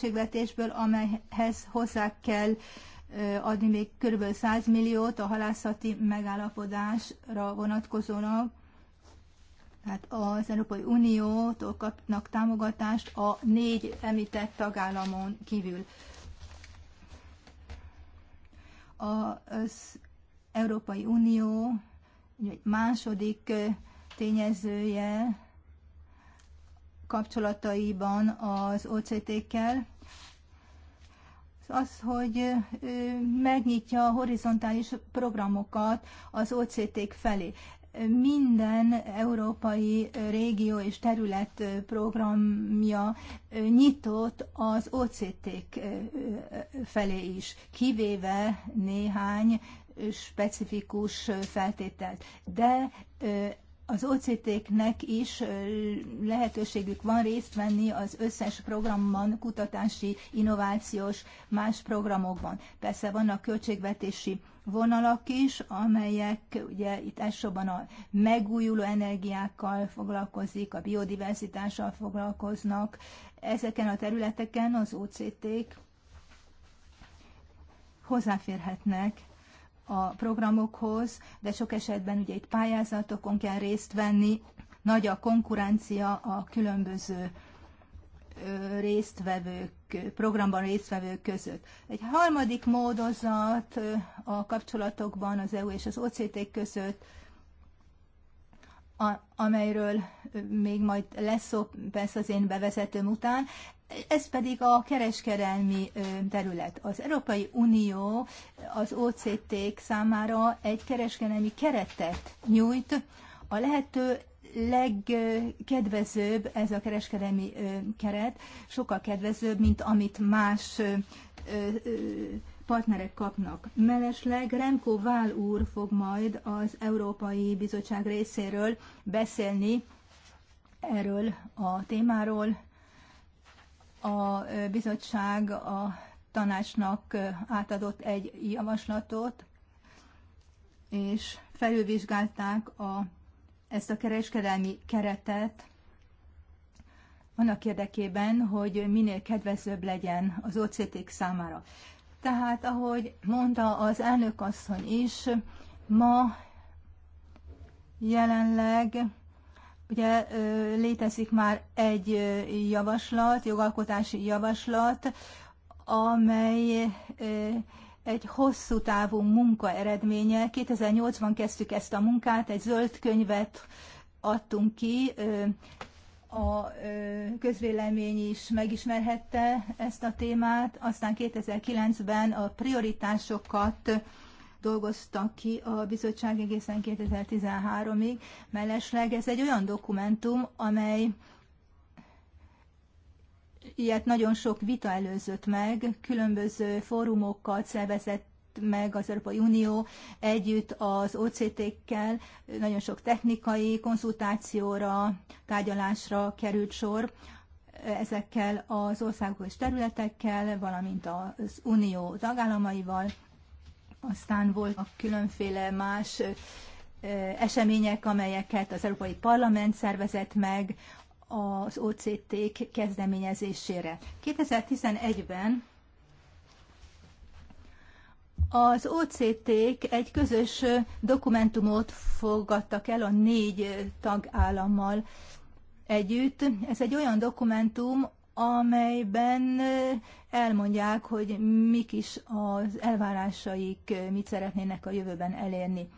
költségvetésből, amelyhez hozzá kell adni még kb. 100 milliót a halászati megállapodásra vonatkozónak. Tehát az Európai Uniótól kapnak támogatást a négy említett tagállamon kívül. Az Európai Unió második tényezője kapcsolataiban az OCT-kkel az, hogy megnyitja a horizontális programokat az OCT-k felé. Minden európai régió és terület programja nyitott az OCT-k felé is, kivéve néhány specifikus feltételt. De az OCT-knek is lehetőségük van részt venni az összes programban, kutatási, innovációs, más programokban. Persze vannak költségvetési vonalak is, amelyek ugye itt elsősorban a megújuló energiákkal foglalkozik, a biodiverzitással foglalkoznak. Ezeken a területeken az OCT-k hozzáférhetnek a programokhoz, de sok esetben ugye itt pályázatokon kell részt venni, nagy a konkurencia a különböző résztvevők, programban résztvevők között. Egy harmadik módozat a kapcsolatokban az EU és az OCT között amelyről még majd lesz szó persze az én bevezetőm után, ez pedig a kereskedelmi terület. Az Európai Unió az oct számára egy kereskedelmi keretet nyújt. A lehető legkedvezőbb ez a kereskedelmi keret, sokkal kedvezőbb, mint amit más partnerek kapnak. Mellesleg Remco Vál úr fog majd az Európai Bizottság részéről beszélni erről a témáról. A bizottság a tanácsnak átadott egy javaslatot, és felülvizsgálták a, ezt a kereskedelmi keretet annak érdekében, hogy minél kedvezőbb legyen az OCT számára. Tehát, ahogy mondta az elnökasszony is, ma jelenleg Ugye létezik már egy javaslat, jogalkotási javaslat, amely egy hosszú távú munka eredménye. 2008-ban kezdtük ezt a munkát, egy zöld könyvet adtunk ki a közvélemény is megismerhette ezt a témát, aztán 2009-ben a prioritásokat dolgoztak ki a bizottság egészen 2013-ig. Mellesleg ez egy olyan dokumentum, amely ilyet nagyon sok vita előzött meg, különböző fórumokkal szervezett meg az Európai Unió együtt az OCT-kkel nagyon sok technikai konzultációra, tárgyalásra került sor ezekkel az országok és területekkel, valamint az Unió tagállamaival. Aztán voltak különféle más események, amelyeket az Európai Parlament szervezett meg az OCT-k kezdeményezésére. 2011-ben az oct egy közös dokumentumot fogadtak el a négy tagállammal együtt. Ez egy olyan dokumentum, amelyben elmondják, hogy mik is az elvárásaik, mit szeretnének a jövőben elérni.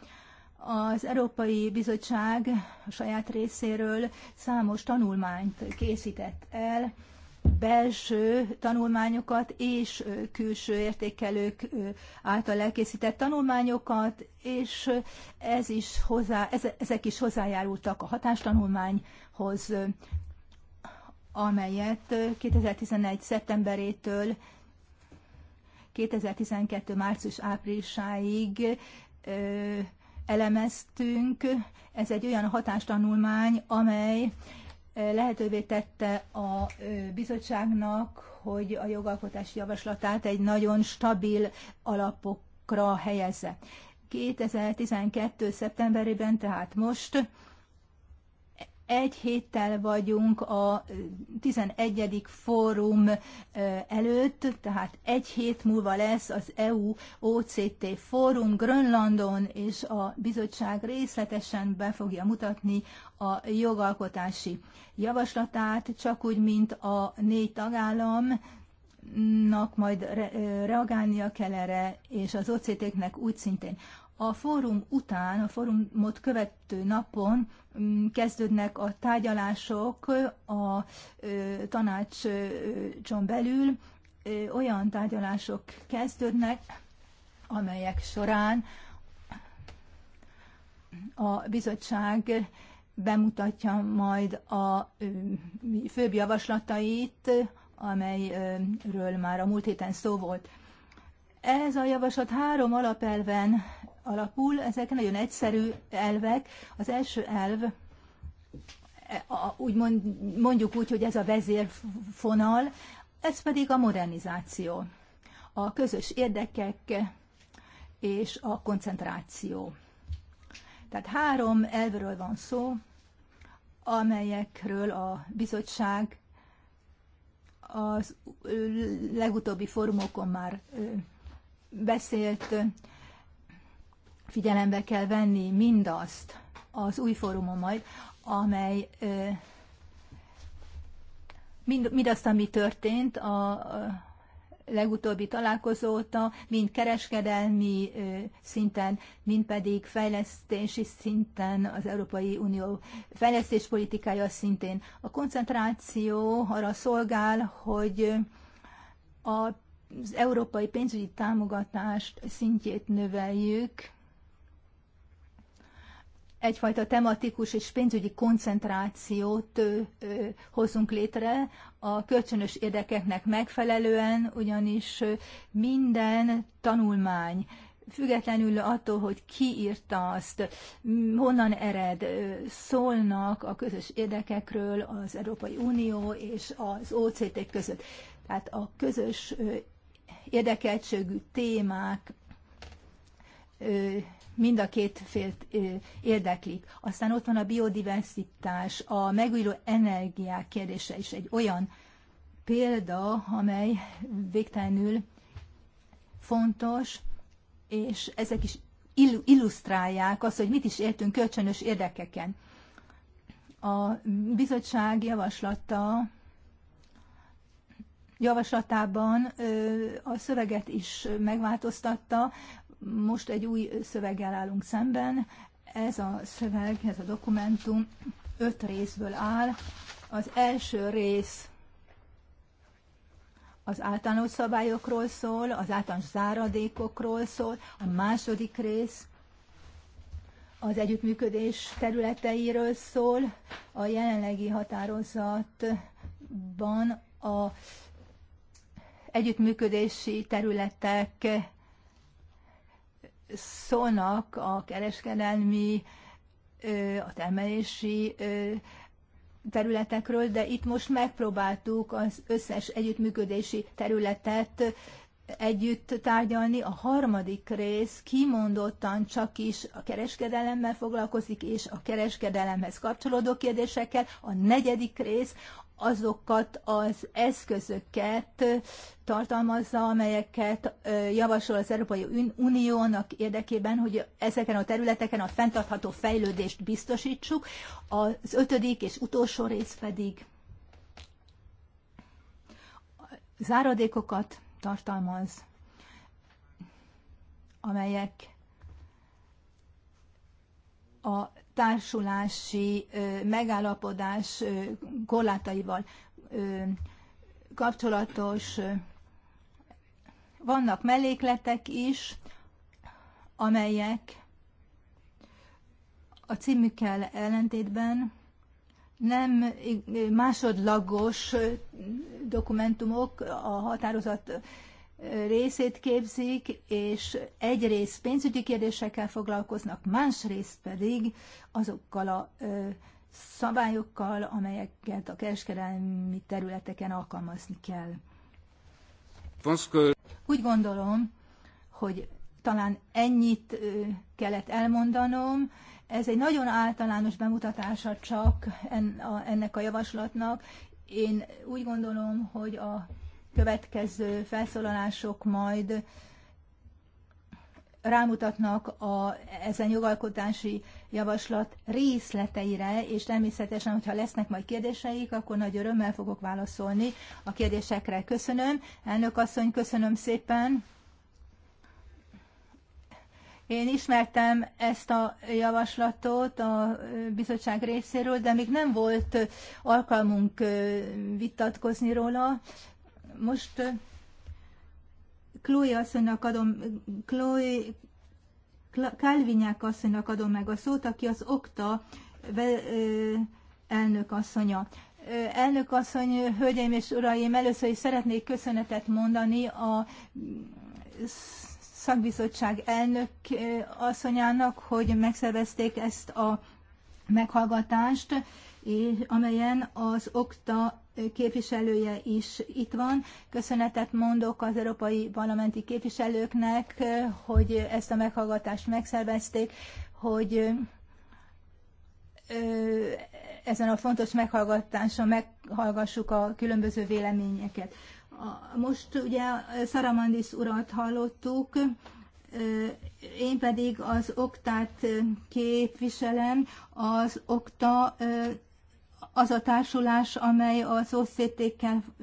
Az Európai Bizottság a saját részéről számos tanulmányt készített el, belső tanulmányokat és külső értékelők által elkészített tanulmányokat, és ez is hozzá, ezek is hozzájárultak a hatástanulmányhoz, amelyet 2011. szeptemberétől 2012. március-áprilisáig elemeztünk. Ez egy olyan hatástanulmány, amely lehetővé tette a bizottságnak, hogy a jogalkotási javaslatát egy nagyon stabil alapokra helyezze. 2012. szeptemberében, tehát most egy héttel vagyunk a 11. fórum előtt, tehát egy hét múlva lesz az EU OCT fórum Grönlandon, és a bizottság részletesen be fogja mutatni a jogalkotási javaslatát, csak úgy, mint a négy tagállam, majd re, reagálnia kell erre, és az OCT-knek úgy szintén. A fórum után, a fórumot követő napon mm, kezdődnek a tárgyalások a tanácson belül, olyan tárgyalások kezdődnek, amelyek során a bizottság bemutatja majd a főbb javaslatait, amelyről már a múlt héten szó volt. Ez a javaslat három alapelven alapul, ezek nagyon egyszerű elvek. Az első elv, e, a, úgy mond, mondjuk úgy, hogy ez a vezérfonal, ez pedig a modernizáció, a közös érdekek és a koncentráció. Tehát három elvről van szó, amelyekről a bizottság az legutóbbi formókon már beszélt, Figyelembe kell venni mindazt az új fórumon majd, amely mind, mindazt, ami történt a legutóbbi találkozó óta, mind kereskedelmi szinten, mind pedig fejlesztési szinten, az Európai Unió fejlesztéspolitikája szintén. A koncentráció arra szolgál, hogy az európai pénzügyi támogatást szintjét növeljük, egyfajta tematikus és pénzügyi koncentrációt hozunk létre a kölcsönös érdekeknek megfelelően, ugyanis minden tanulmány, függetlenül attól, hogy ki írta azt, honnan ered, szólnak a közös érdekekről az Európai Unió és az OCT között. Tehát a közös érdekeltségű témák mind a két félt érdeklik. Aztán ott van a biodiversitás, a megújuló energiák kérdése is egy olyan példa, amely végtelenül fontos, és ezek is illusztrálják azt, hogy mit is értünk kölcsönös érdekeken. A bizottság javaslata javaslatában a szöveget is megváltoztatta, most egy új szöveggel állunk szemben. Ez a szöveg, ez a dokumentum öt részből áll. Az első rész az általános szabályokról szól, az általános záradékokról szól, a második rész az együttműködés területeiről szól, a jelenlegi határozatban a együttműködési területek szólnak a kereskedelmi, a termelési területekről, de itt most megpróbáltuk az összes együttműködési területet együtt tárgyalni. A harmadik rész kimondottan csak is a kereskedelemmel foglalkozik, és a kereskedelemhez kapcsolódó kérdésekkel. A negyedik rész azokat az eszközöket tartalmazza, amelyeket javasol az Európai Uniónak érdekében, hogy ezeken a területeken a fenntartható fejlődést biztosítsuk. Az ötödik és utolsó rész pedig záradékokat tartalmaz, amelyek a társulási megállapodás korlátaival kapcsolatos vannak mellékletek is, amelyek a címükkel ellentétben nem másodlagos dokumentumok a határozat részét képzik, és egyrészt pénzügyi kérdésekkel foglalkoznak, másrészt pedig azokkal a szabályokkal, amelyeket a kereskedelmi területeken alkalmazni kell. Úgy gondolom, hogy talán ennyit kellett elmondanom. Ez egy nagyon általános bemutatása csak ennek a javaslatnak. Én úgy gondolom, hogy a következő felszólalások majd rámutatnak a, ezen jogalkotási javaslat részleteire, és természetesen, hogyha lesznek majd kérdéseik, akkor nagy örömmel fogok válaszolni a kérdésekre. Köszönöm. Elnök asszony, köszönöm szépen. Én ismertem ezt a javaslatot a bizottság részéről, de még nem volt alkalmunk vitatkozni róla. Most Chloe asszonynak adom, Chloe Kálvinyák asszonynak adom meg a szót, aki az Okta elnök asszonya. Elnök asszony, hölgyeim és uraim, először is szeretnék köszönetet mondani a szakbizottság elnök asszonyának, hogy megszervezték ezt a meghallgatást, és amelyen az okta képviselője is itt van. Köszönetet mondok az európai parlamenti képviselőknek, hogy ezt a meghallgatást megszervezték, hogy ezen a fontos meghallgatáson meghallgassuk a különböző véleményeket. Most ugye Szaramandis urat hallottuk, én pedig az oktát képviselem, az okta az a társulás, amely az oct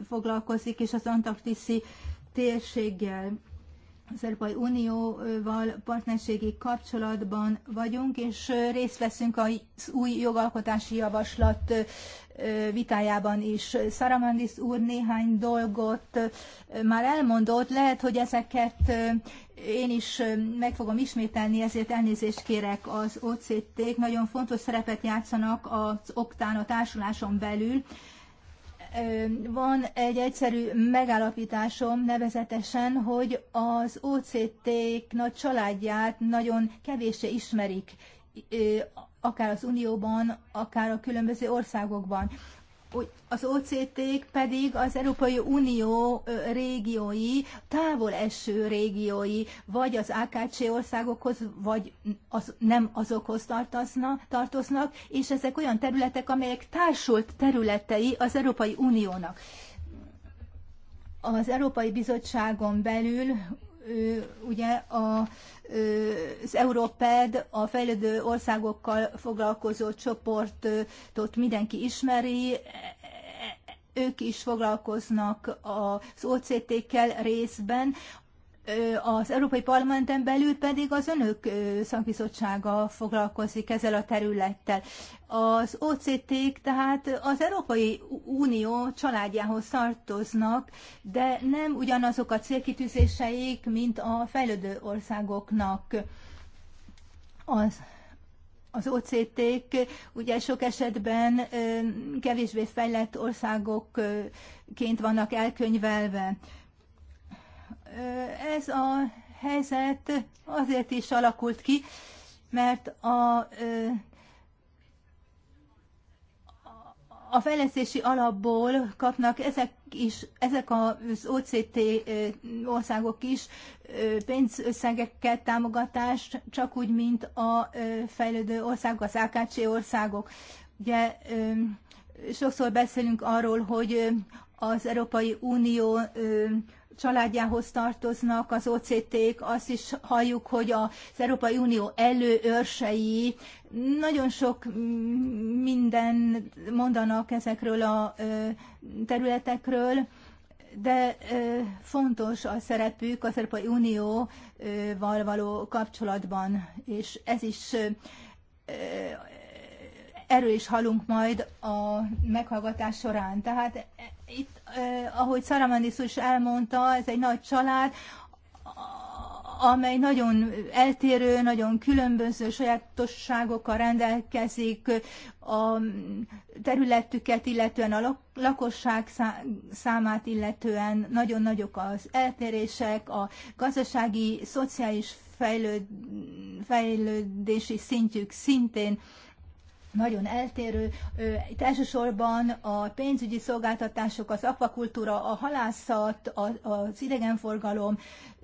foglalkozik, és az antarktiszi térséggel az Európai Unióval partnerségi kapcsolatban vagyunk, és részt veszünk az új jogalkotási javaslat vitájában is. Szaramandis úr néhány dolgot már elmondott, lehet, hogy ezeket én is meg fogom ismételni, ezért elnézést kérek az OCT-k. Nagyon fontos szerepet játszanak az oktán a társuláson belül van egy egyszerű megállapításom nevezetesen, hogy az oct nagy családját nagyon kevése ismerik, akár az Unióban, akár a különböző országokban az oct pedig az Európai Unió régiói, távol eső régiói, vagy az AKC országokhoz, vagy az, nem azokhoz tartoznak, és ezek olyan területek, amelyek társult területei az Európai Uniónak. Az Európai Bizottságon belül ugye a az Európed, a fejlődő országokkal foglalkozó csoportot mindenki ismeri, ők is foglalkoznak az oct kkel részben az Európai Parlamenten belül pedig az önök szakbizottsága foglalkozik ezzel a területtel. Az oct tehát az Európai Unió családjához tartoznak, de nem ugyanazok a célkitűzéseik, mint a fejlődő országoknak. Az az oct ugye sok esetben kevésbé fejlett országokként vannak elkönyvelve. Ez a helyzet azért is alakult ki, mert a, a fejlesztési alapból kapnak ezek is, ezek az OCT országok is pénzösszegekkel támogatást, csak úgy, mint a fejlődő országok, az AKC országok. Ugye sokszor beszélünk arról, hogy az Európai Unió családjához tartoznak az OCT-k, azt is halljuk, hogy az Európai Unió előörsei nagyon sok minden mondanak ezekről a területekről, de fontos a szerepük az Európai Unióval való kapcsolatban, és ez is erről is hallunk majd a meghallgatás során. Tehát e, itt, e, ahogy Szaramandis is elmondta, ez egy nagy család, amely nagyon eltérő, nagyon különböző sajátosságokkal rendelkezik a területüket, illetően a lakosság számát, illetően nagyon nagyok az eltérések, a gazdasági, szociális fejlődési szintjük szintén nagyon eltérő. Itt elsősorban a pénzügyi szolgáltatások, az akvakultúra, a halászat, az idegenforgalom,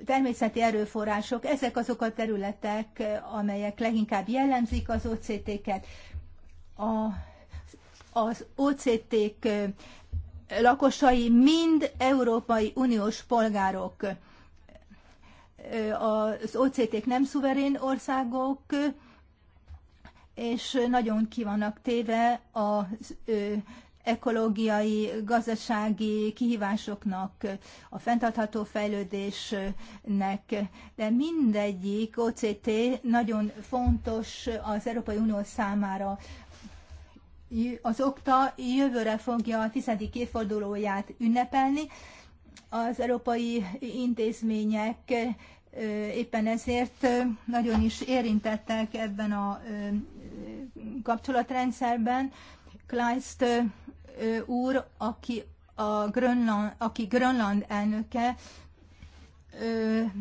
természeti erőforrások, ezek azok a területek, amelyek leginkább jellemzik az OCT-ket. A, az OCT-k lakosai mind Európai Uniós polgárok. Az OCT-k nem szuverén országok, és nagyon vannak téve az ökológiai, gazdasági kihívásoknak, a fenntartható fejlődésnek, de mindegyik OCT nagyon fontos az Európai Unió számára. Az OKTA jövőre fogja a tizedik évfordulóját ünnepelni, az európai intézmények éppen ezért nagyon is érintettek ebben a kapcsolatrendszerben. Kleist úr, aki a Grönland, aki Grönland elnöke,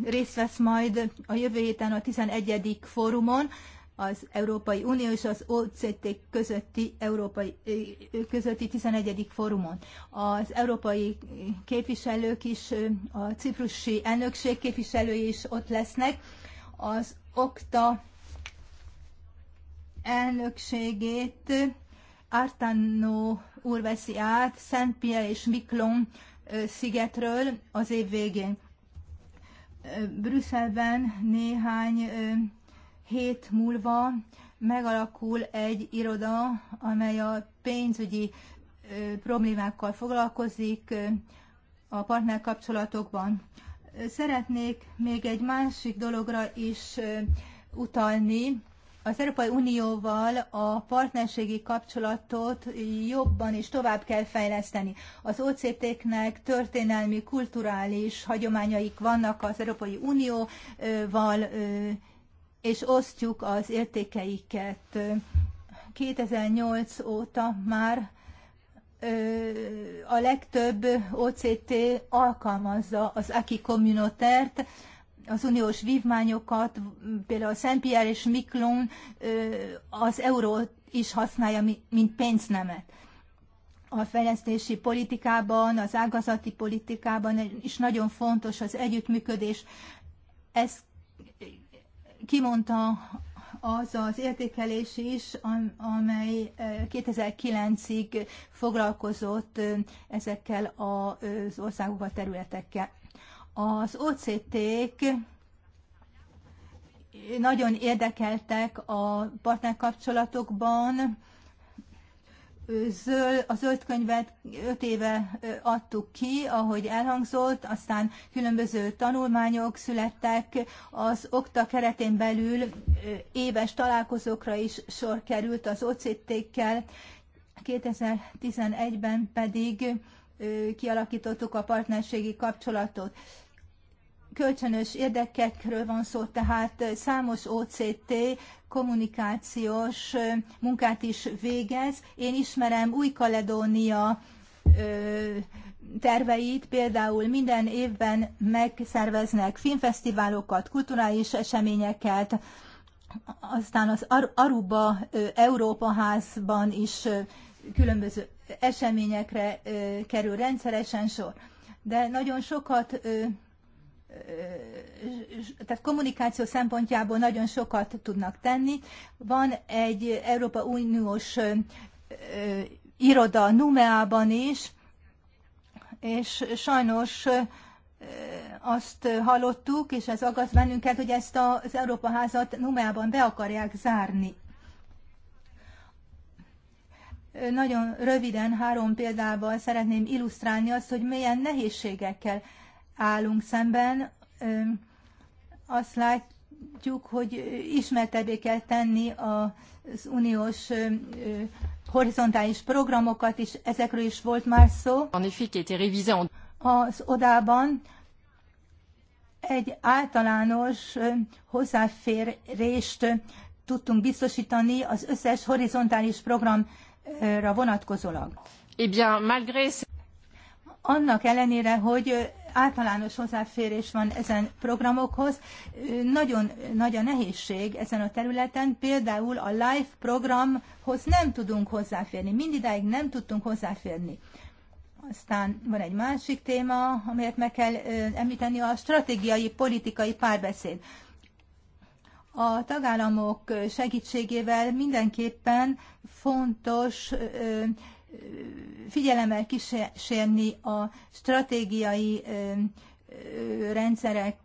részt vesz majd a jövő héten a 11. fórumon, az Európai Unió és az OCT közötti, Európai, közötti 11. fórumon. Az európai képviselők is, a ciprusi elnökség képviselői is ott lesznek. Az OKTA elnökségét Artano úr veszi át Szentpia és Miklón szigetről az év végén. Brüsszelben néhány hét múlva megalakul egy iroda, amely a pénzügyi problémákkal foglalkozik a partnerkapcsolatokban. Szeretnék még egy másik dologra is utalni, az Európai Unióval a partnerségi kapcsolatot jobban és tovább kell fejleszteni. Az OCT-knek történelmi, kulturális hagyományaik vannak az Európai Unióval, és osztjuk az értékeiket. 2008 óta már a legtöbb OCT alkalmazza az Aki Communautert, az uniós vívmányokat, például Pierre és Miklón az eurót is használja, mint pénznemet. A fejlesztési politikában, az ágazati politikában is nagyon fontos az együttműködés. Ezt kimondta az az értékelés is, amely 2009-ig foglalkozott ezekkel az országokkal, területekkel. Az OCT-k nagyon érdekeltek a partnerkapcsolatokban. Zöld, a zöld könyvet öt éve adtuk ki, ahogy elhangzott, aztán különböző tanulmányok születtek, az okta keretén belül éves találkozókra is sor került az OCT-kkel, 2011-ben pedig kialakítottuk a partnerségi kapcsolatot kölcsönös érdekekről van szó, tehát számos OCT kommunikációs munkát is végez. Én ismerem Új-Kaledónia terveit, például minden évben megszerveznek filmfesztiválokat, kulturális eseményeket, aztán az Aruba Európa házban is különböző eseményekre kerül rendszeresen sor. De nagyon sokat tehát kommunikáció szempontjából nagyon sokat tudnak tenni. Van egy Európa Uniós iroda Numeában is, és sajnos azt hallottuk, és ez aggaszt bennünket, hogy ezt az Európa házat Numeában be akarják zárni. Nagyon röviden három példával szeretném illusztrálni azt, hogy milyen nehézségekkel állunk szemben. Azt látjuk, hogy ismertebbé kell tenni az uniós horizontális programokat is, ezekről is volt már szó. Az odában egy általános hozzáférést tudtunk biztosítani az összes horizontális programra vonatkozólag. Eh bien, malgré... Annak ellenére, hogy általános hozzáférés van ezen programokhoz. Nagyon nagy a nehézség ezen a területen, például a LIFE programhoz nem tudunk hozzáférni, mindidáig nem tudtunk hozzáférni. Aztán van egy másik téma, amelyet meg kell említeni, a stratégiai politikai párbeszéd. A tagállamok segítségével mindenképpen fontos figyelemmel kísérni a stratégiai rendszerek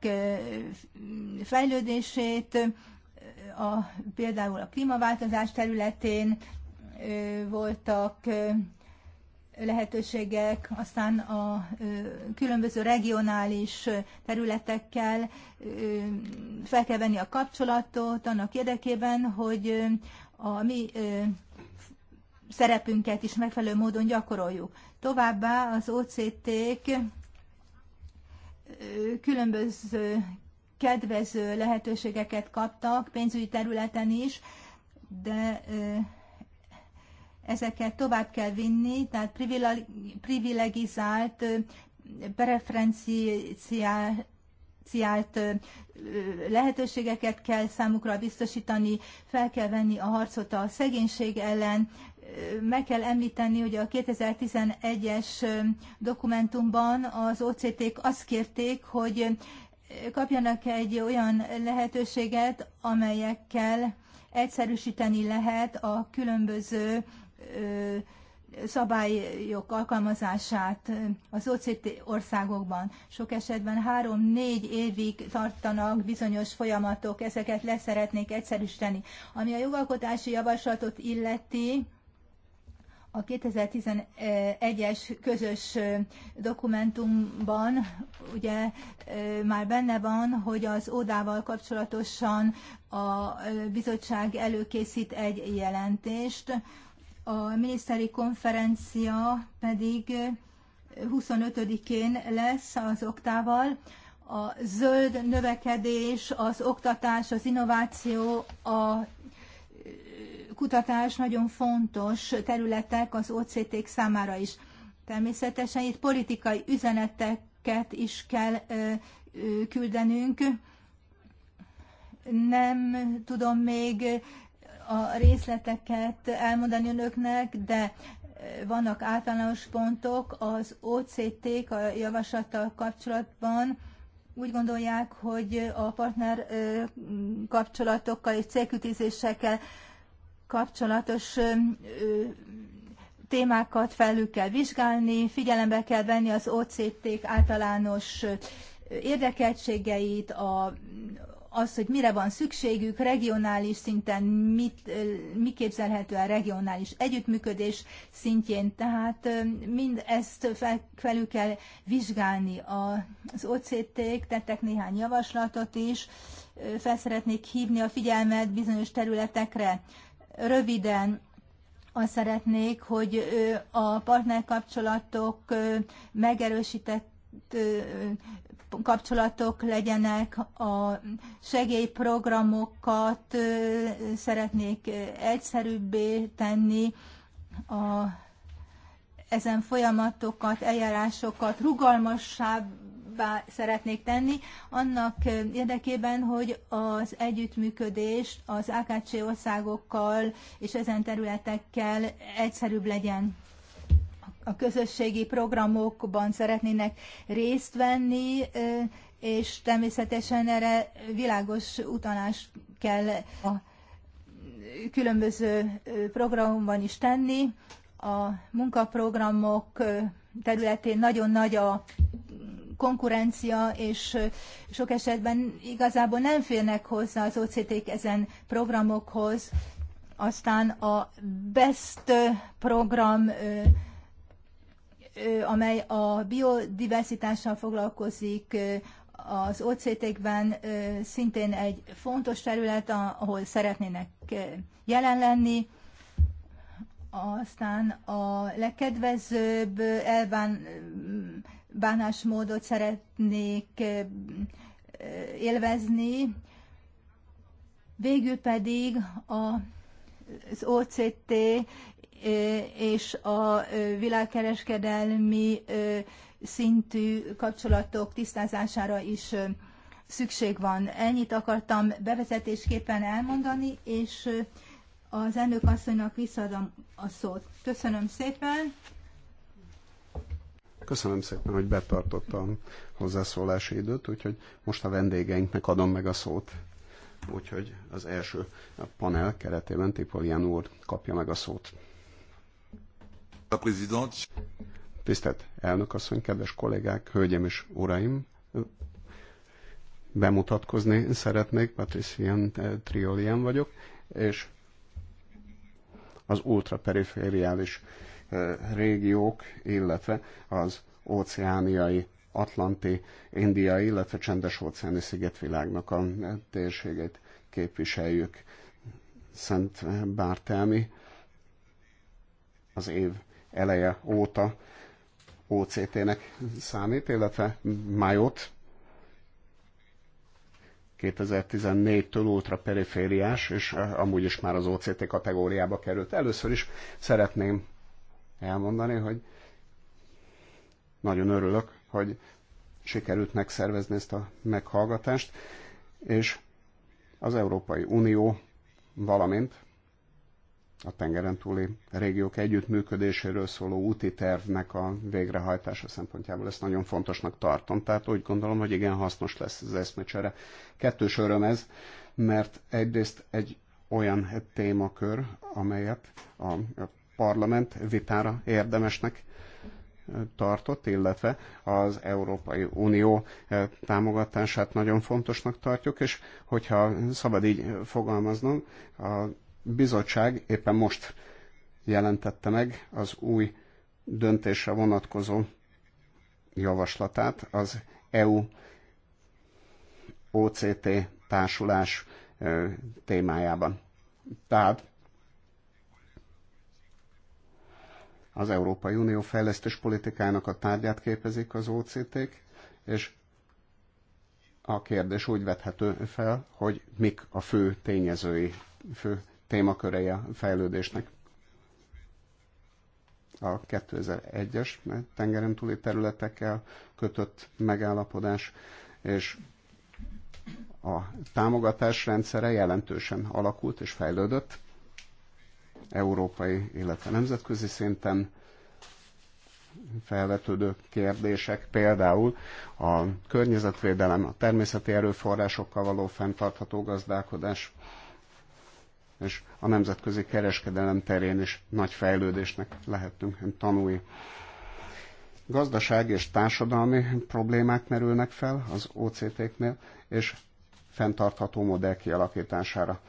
fejlődését, a, például a klímaváltozás területén voltak lehetőségek, aztán a különböző regionális területekkel fel kell venni a kapcsolatot annak érdekében, hogy a mi szerepünket is megfelelő módon gyakoroljuk. Továbbá az OCT-k különböző kedvező lehetőségeket kaptak pénzügyi területen is, de ezeket tovább kell vinni, tehát privilegizált, preferenciált lehetőségeket kell számukra biztosítani, fel kell venni a harcot a szegénység ellen, meg kell említeni, hogy a 2011-es dokumentumban az OCT-k azt kérték, hogy kapjanak egy olyan lehetőséget, amelyekkel egyszerűsíteni lehet a különböző szabályok alkalmazását az OCT országokban. Sok esetben három-négy évig tartanak bizonyos folyamatok, ezeket leszeretnék egyszerűsíteni. Ami a jogalkotási javaslatot illeti, a 2011-es közös dokumentumban ugye már benne van, hogy az ódával kapcsolatosan a bizottság előkészít egy jelentést, a miniszteri konferencia pedig 25-én lesz az oktával. A zöld növekedés, az oktatás, az innováció, a kutatás nagyon fontos területek az OCT-k számára is. Természetesen itt politikai üzeneteket is kell küldenünk. Nem tudom még a részleteket elmondani önöknek, de vannak általános pontok az OCT-k a javaslattal kapcsolatban. Úgy gondolják, hogy a partner kapcsolatokkal és célkütézésekkel kapcsolatos témákat felül kell vizsgálni, figyelembe kell venni az OCT-k általános érdekeltségeit, a, az, hogy mire van szükségük regionális szinten, mit, mi képzelhető a regionális együttműködés szintjén. Tehát mind ezt fel, felül kell vizsgálni. A, az OCT-k tettek néhány javaslatot is, felszeretnék hívni a figyelmet bizonyos területekre. Röviden azt szeretnék, hogy a partnerkapcsolatok megerősített kapcsolatok legyenek, a segélyprogramokat szeretnék egyszerűbbé tenni, a, ezen folyamatokat, eljárásokat rugalmassább jobbá szeretnék tenni, annak eh, érdekében, hogy az együttműködés az AKC országokkal és ezen területekkel egyszerűbb legyen. A közösségi programokban szeretnének részt venni, eh, és természetesen erre világos utalás kell a különböző eh, programban is tenni. A munkaprogramok területén nagyon nagy a konkurencia, és sok esetben igazából nem férnek hozzá az OCT-k ezen programokhoz. Aztán a BEST program amely a biodiversitással foglalkozik, az OCT-kben szintén egy fontos terület, ahol szeretnének jelen lenni. Aztán a legkedvezőbb elván bánásmódot szeretnék élvezni, végül pedig az OCT és a világkereskedelmi szintű kapcsolatok tisztázására is szükség van. Ennyit akartam bevezetésképpen elmondani, és az elnök asszonynak visszaadom a szót. Köszönöm szépen! Köszönöm szépen, hogy betartottam hozzászólási időt, úgyhogy most a vendégeinknek adom meg a szót. Úgyhogy az első a panel keretében Tipolian úr kapja meg a szót. A prezident. Tisztelt elnök asszony, kedves kollégák, hölgyem és uraim, bemutatkozni szeretnék, Patricien eh, Triolian vagyok, és az ultraperifériális régiók, illetve az óceániai, atlanti, indiai, illetve csendes óceáni szigetvilágnak a térségét képviseljük. Szent Bártelmi az év eleje óta OCT-nek számít, illetve Majot 2014-től ultraperifériás, és amúgy is már az OCT kategóriába került. Először is szeretném elmondani, hogy nagyon örülök, hogy sikerült megszervezni ezt a meghallgatást, és az Európai Unió, valamint a tengeren túli régiók együttműködéséről szóló úti tervnek a végrehajtása szempontjából ezt nagyon fontosnak tartom. Tehát úgy gondolom, hogy igen, hasznos lesz az eszmecsere. Kettős öröm ez, mert egyrészt egy olyan témakör, amelyet a Parlament vitára érdemesnek tartott, illetve az Európai Unió támogatását nagyon fontosnak tartjuk, és hogyha szabad így fogalmaznom, a bizottság éppen most jelentette meg az új döntésre vonatkozó javaslatát az EU OCT társulás témájában. Tehát az Európai Unió fejlesztés politikájának a tárgyát képezik az OCT-k, és a kérdés úgy vethető fel, hogy mik a fő tényezői, fő témakörei a fejlődésnek. A 2001-es tengeren túli területekkel kötött megállapodás, és a támogatás rendszere jelentősen alakult és fejlődött európai, illetve nemzetközi szinten felvetődő kérdések, például a környezetvédelem, a természeti erőforrásokkal való fenntartható gazdálkodás, és a nemzetközi kereskedelem terén is nagy fejlődésnek lehetünk tanulni. Gazdaság és társadalmi problémák merülnek fel az OCT-knél, és fenntartható modell kialakítására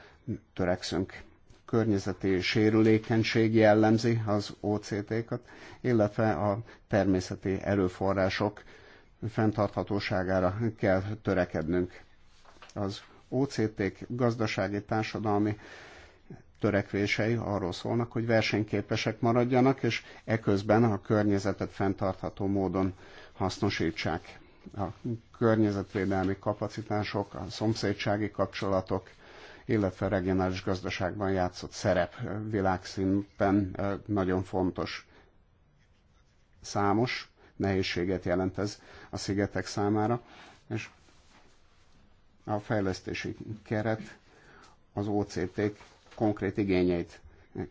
törekszünk környezeti sérülékenység jellemzi az OCT-kat, illetve a természeti erőforrások fenntarthatóságára kell törekednünk. Az OCT-k gazdasági, társadalmi törekvései arról szólnak, hogy versenyképesek maradjanak, és eközben a környezetet fenntartható módon hasznosítsák. A környezetvédelmi kapacitások, a szomszédsági kapcsolatok, illetve a regionális gazdaságban játszott szerep világszinten nagyon fontos. Számos nehézséget jelent ez a szigetek számára, és a fejlesztési keret az OCT konkrét igényeit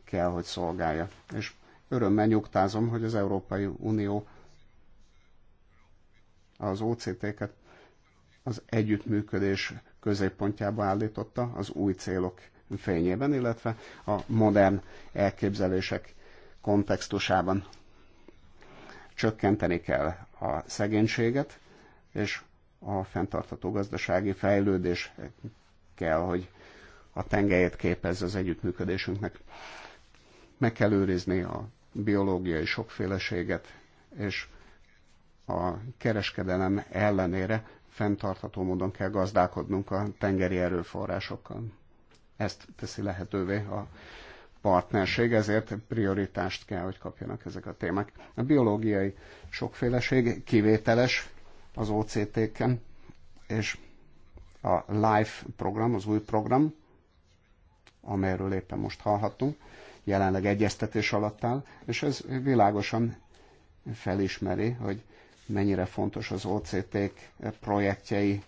kell, hogy szolgálja. És örömmel nyugtázom, hogy az Európai Unió az OCT-ket az együttműködés középpontjába állította az új célok fényében, illetve a modern elképzelések kontextusában. Csökkenteni kell a szegénységet, és a fenntartható gazdasági fejlődés kell, hogy a tengelyet képezze az együttműködésünknek. Meg kell őrizni a biológiai sokféleséget, és a kereskedelem ellenére fenntartható módon kell gazdálkodnunk a tengeri erőforrásokkal. Ezt teszi lehetővé a partnerség, ezért prioritást kell, hogy kapjanak ezek a témák. A biológiai sokféleség kivételes az OCT-ken, és a LIFE program, az új program, amelyről éppen most hallhattunk, jelenleg egyeztetés alatt áll, és ez világosan felismeri, hogy mennyire fontos az oct projektjei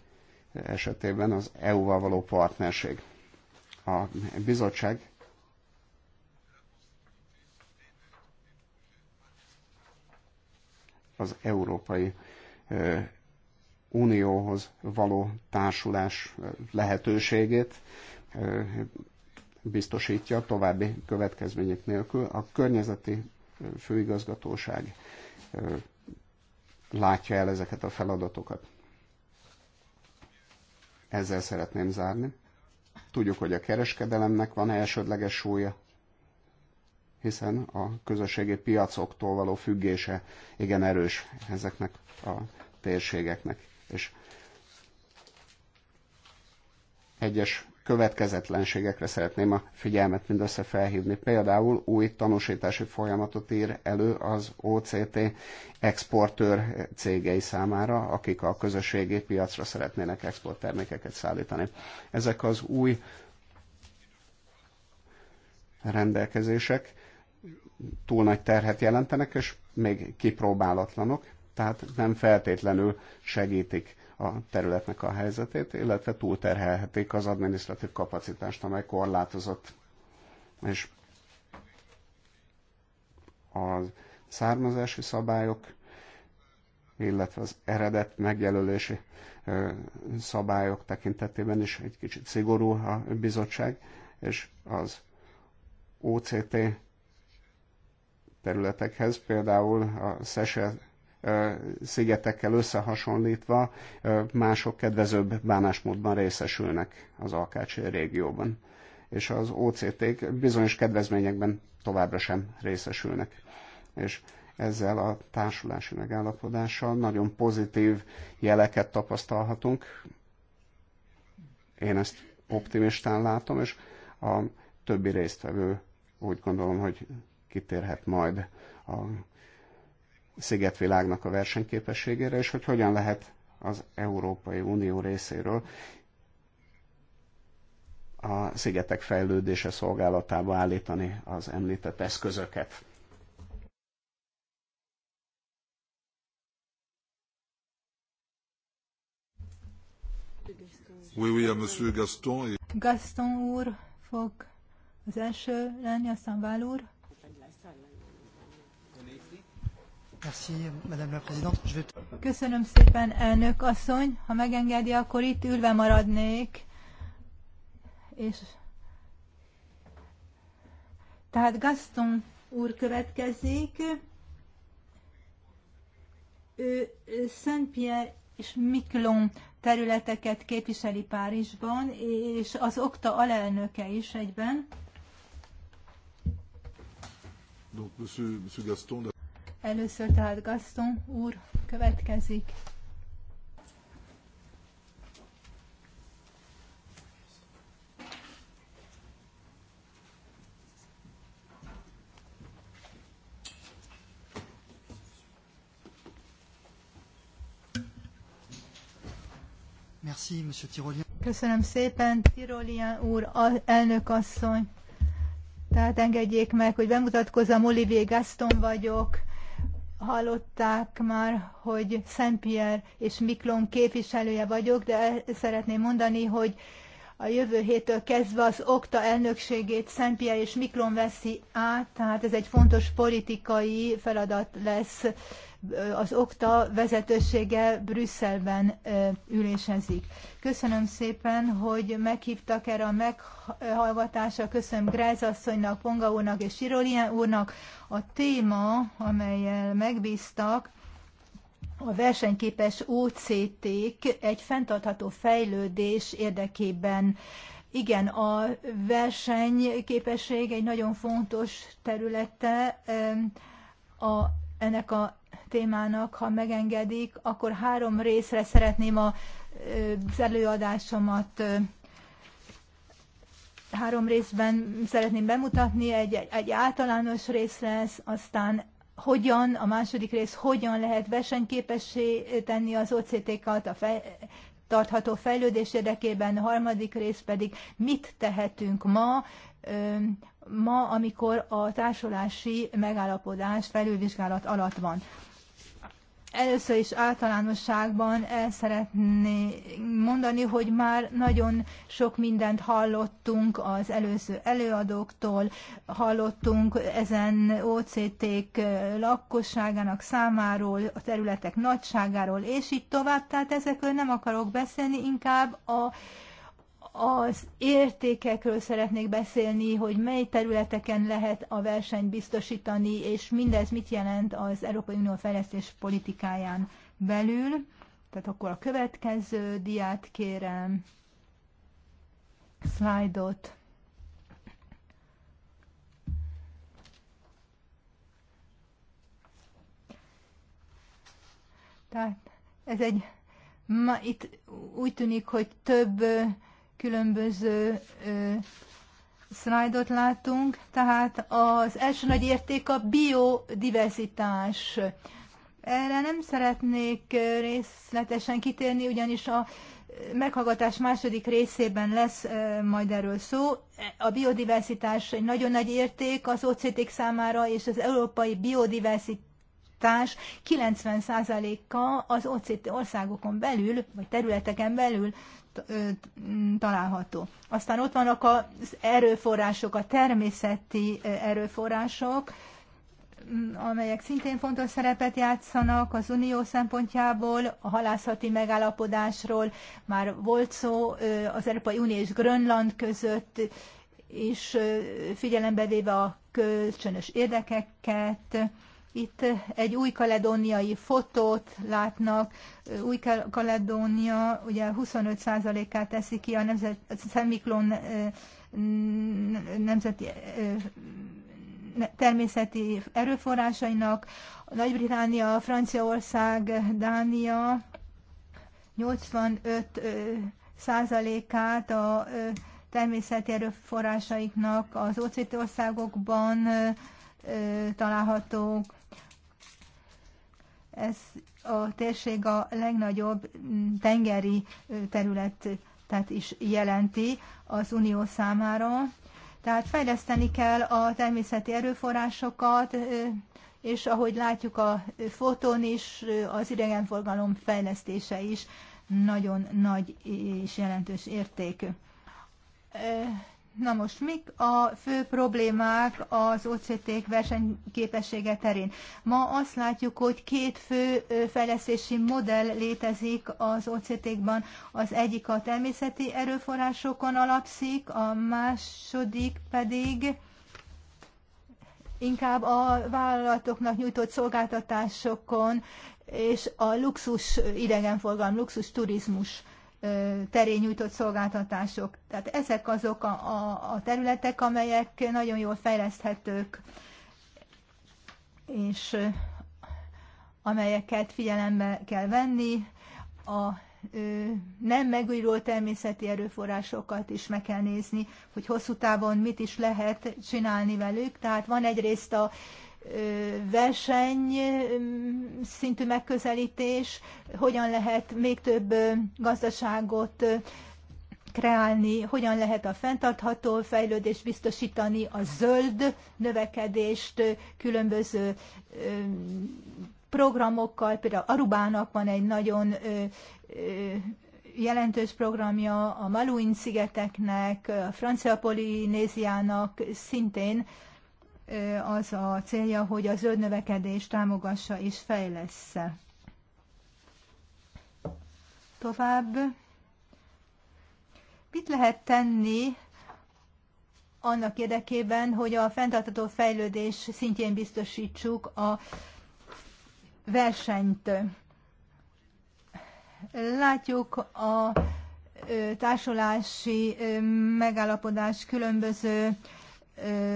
esetében az EU-val való partnerség. A bizottság az Európai Unióhoz való társulás lehetőségét biztosítja további következmények nélkül. A környezeti főigazgatóság látja el ezeket a feladatokat. Ezzel szeretném zárni. Tudjuk, hogy a kereskedelemnek van elsődleges súlya, hiszen a közösségi piacoktól való függése igen erős ezeknek a térségeknek. És egyes következetlenségekre szeretném a figyelmet mindössze felhívni. Például új tanúsítási folyamatot ír elő az OCT exportőr cégei számára, akik a közösségi piacra szeretnének exporttermékeket szállítani. Ezek az új rendelkezések túl nagy terhet jelentenek, és még kipróbálatlanok, tehát nem feltétlenül segítik a területnek a helyzetét, illetve túlterhelhetik az adminisztratív kapacitást, amely korlátozott. És a származási szabályok, illetve az eredet megjelölési szabályok tekintetében is egy kicsit szigorú a bizottság, és az OCT területekhez, például a Szese szigetekkel összehasonlítva mások kedvezőbb bánásmódban részesülnek az Alkácsi régióban. És az OCT-k bizonyos kedvezményekben továbbra sem részesülnek. És ezzel a társulási megállapodással nagyon pozitív jeleket tapasztalhatunk. Én ezt optimistán látom, és a többi résztvevő úgy gondolom, hogy kitérhet majd a szigetvilágnak a versenyképességére, és hogy hogyan lehet az Európai Unió részéről a szigetek fejlődése szolgálatába állítani az említett eszközöket. Oui, oui, Monsieur Gaston. Gaston úr fog az első lenni, aztán Vál úr. Köszönöm szépen, elnök asszony. Ha megengedi, akkor itt ülve maradnék. És... Tehát Gaston úr következik. Ő Saint-Pierre és Miklon területeket képviseli Párizsban, és az okta alelnöke is egyben. Donc, monsieur, monsieur Gaston, Először tehát Gaston úr következik. Merci, Monsieur Tirolien. Köszönöm szépen, Tirolien úr, elnök asszony. Tehát engedjék meg, hogy bemutatkozom Olivier Gaston vagyok, Hallották már, hogy Pierre és Miklón képviselője vagyok, de szeretném mondani, hogy a jövő héttől kezdve az okta elnökségét Pierre és Miklón veszi át, tehát ez egy fontos politikai feladat lesz az okta vezetősége Brüsszelben ülésezik. Köszönöm szépen, hogy meghívtak erre a meghallgatásra. Köszönöm Gráz asszonynak, Ponga úrnak és Sirolien úrnak. A téma, amelyel megbíztak, a versenyképes OCT-k egy fenntartható fejlődés érdekében igen, a versenyképesség egy nagyon fontos területe a, ennek a témának, ha megengedik, akkor három részre szeretném a, az előadásomat három részben szeretném bemutatni, egy, egy általános rész lesz, aztán hogyan, a második rész, hogyan lehet versenyképessé tenni az OCT-kat a fej, tartható fejlődés érdekében, a harmadik rész pedig mit tehetünk ma ma, amikor a társulási megállapodás felülvizsgálat alatt van. Először is általánosságban el szeretné mondani, hogy már nagyon sok mindent hallottunk az előző előadóktól, hallottunk ezen OCT-k lakosságának számáról, a területek nagyságáról, és így tovább. Tehát ezekről nem akarok beszélni, inkább a az értékekről szeretnék beszélni, hogy mely területeken lehet a versenyt biztosítani, és mindez mit jelent az Európai Unió fejlesztés politikáján belül. Tehát akkor a következő diát kérem, szlájdot. Tehát ez egy, ma itt úgy tűnik, hogy több különböző szlájdot látunk, tehát az első nagy érték a biodiverzitás. Erre nem szeretnék részletesen kitérni, ugyanis a meghallgatás második részében lesz majd erről szó. A biodiverzitás egy nagyon nagy érték az oct számára, és az európai biodiverzitás 90%-a az OCT országokon belül, vagy területeken belül található. Aztán ott vannak az erőforrások, a természeti erőforrások, amelyek szintén fontos szerepet játszanak az unió szempontjából, a halászati megállapodásról már volt szó az Európai Unió és Grönland között, és figyelembe véve a kölcsönös érdekeket, itt egy új kaledóniai fotót látnak. Új Kaledónia ugye 25%-át teszi ki a, nemzet, a nemzeti természeti erőforrásainak. nagy británia Franciaország, Dánia 85 százalékát a természeti erőforrásaiknak az OCT országokban találhatók. Ez a térség a legnagyobb tengeri területet is jelenti az Unió számára. Tehát fejleszteni kell a természeti erőforrásokat, és ahogy látjuk a fotón is, az idegenforgalom fejlesztése is nagyon nagy és jelentős értékű. Na most mik a fő problémák az OCT-k versenyképessége terén? Ma azt látjuk, hogy két fő fejlesztési modell létezik az OCT-kban. Az egyik a természeti erőforrásokon alapszik, a második pedig inkább a vállalatoknak nyújtott szolgáltatásokon és a luxus idegenforgalom, luxus turizmus terén nyújtott szolgáltatások. Tehát ezek azok a, a, a területek, amelyek nagyon jól fejleszthetők, és amelyeket figyelembe kell venni. A ö, nem megújuló természeti erőforrásokat is meg kell nézni, hogy hosszú távon mit is lehet csinálni velük. Tehát van egyrészt a verseny szintű megközelítés, hogyan lehet még több gazdaságot kreálni, hogyan lehet a fenntartható fejlődést biztosítani, a zöld növekedést különböző programokkal, például Arubának van egy nagyon jelentős programja, a Maluin szigeteknek, a Francia Polinéziának szintén az a célja, hogy a zöld növekedést támogassa és fejlessze. Tovább. Mit lehet tenni annak érdekében, hogy a fenntartató fejlődés szintjén biztosítsuk a versenyt? Látjuk a társulási megállapodás különböző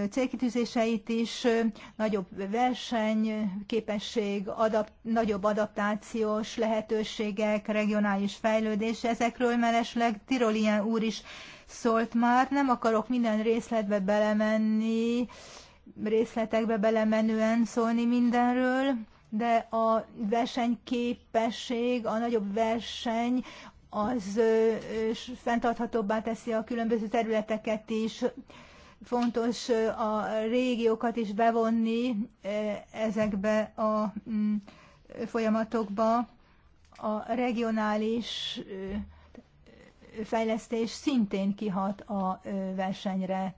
célkitűzéseit is, nagyobb versenyképesség, adap, nagyobb adaptációs lehetőségek, regionális fejlődés, ezekről mellesleg Tirolien úr is szólt már, nem akarok minden részletbe belemenni, részletekbe belemenően szólni mindenről, de a versenyképesség, a nagyobb verseny az fenntarthatóbbá teszi a különböző területeket is, Fontos a régiókat is bevonni ezekbe a mm, folyamatokba. A regionális fejlesztés szintén kihat a versenyre.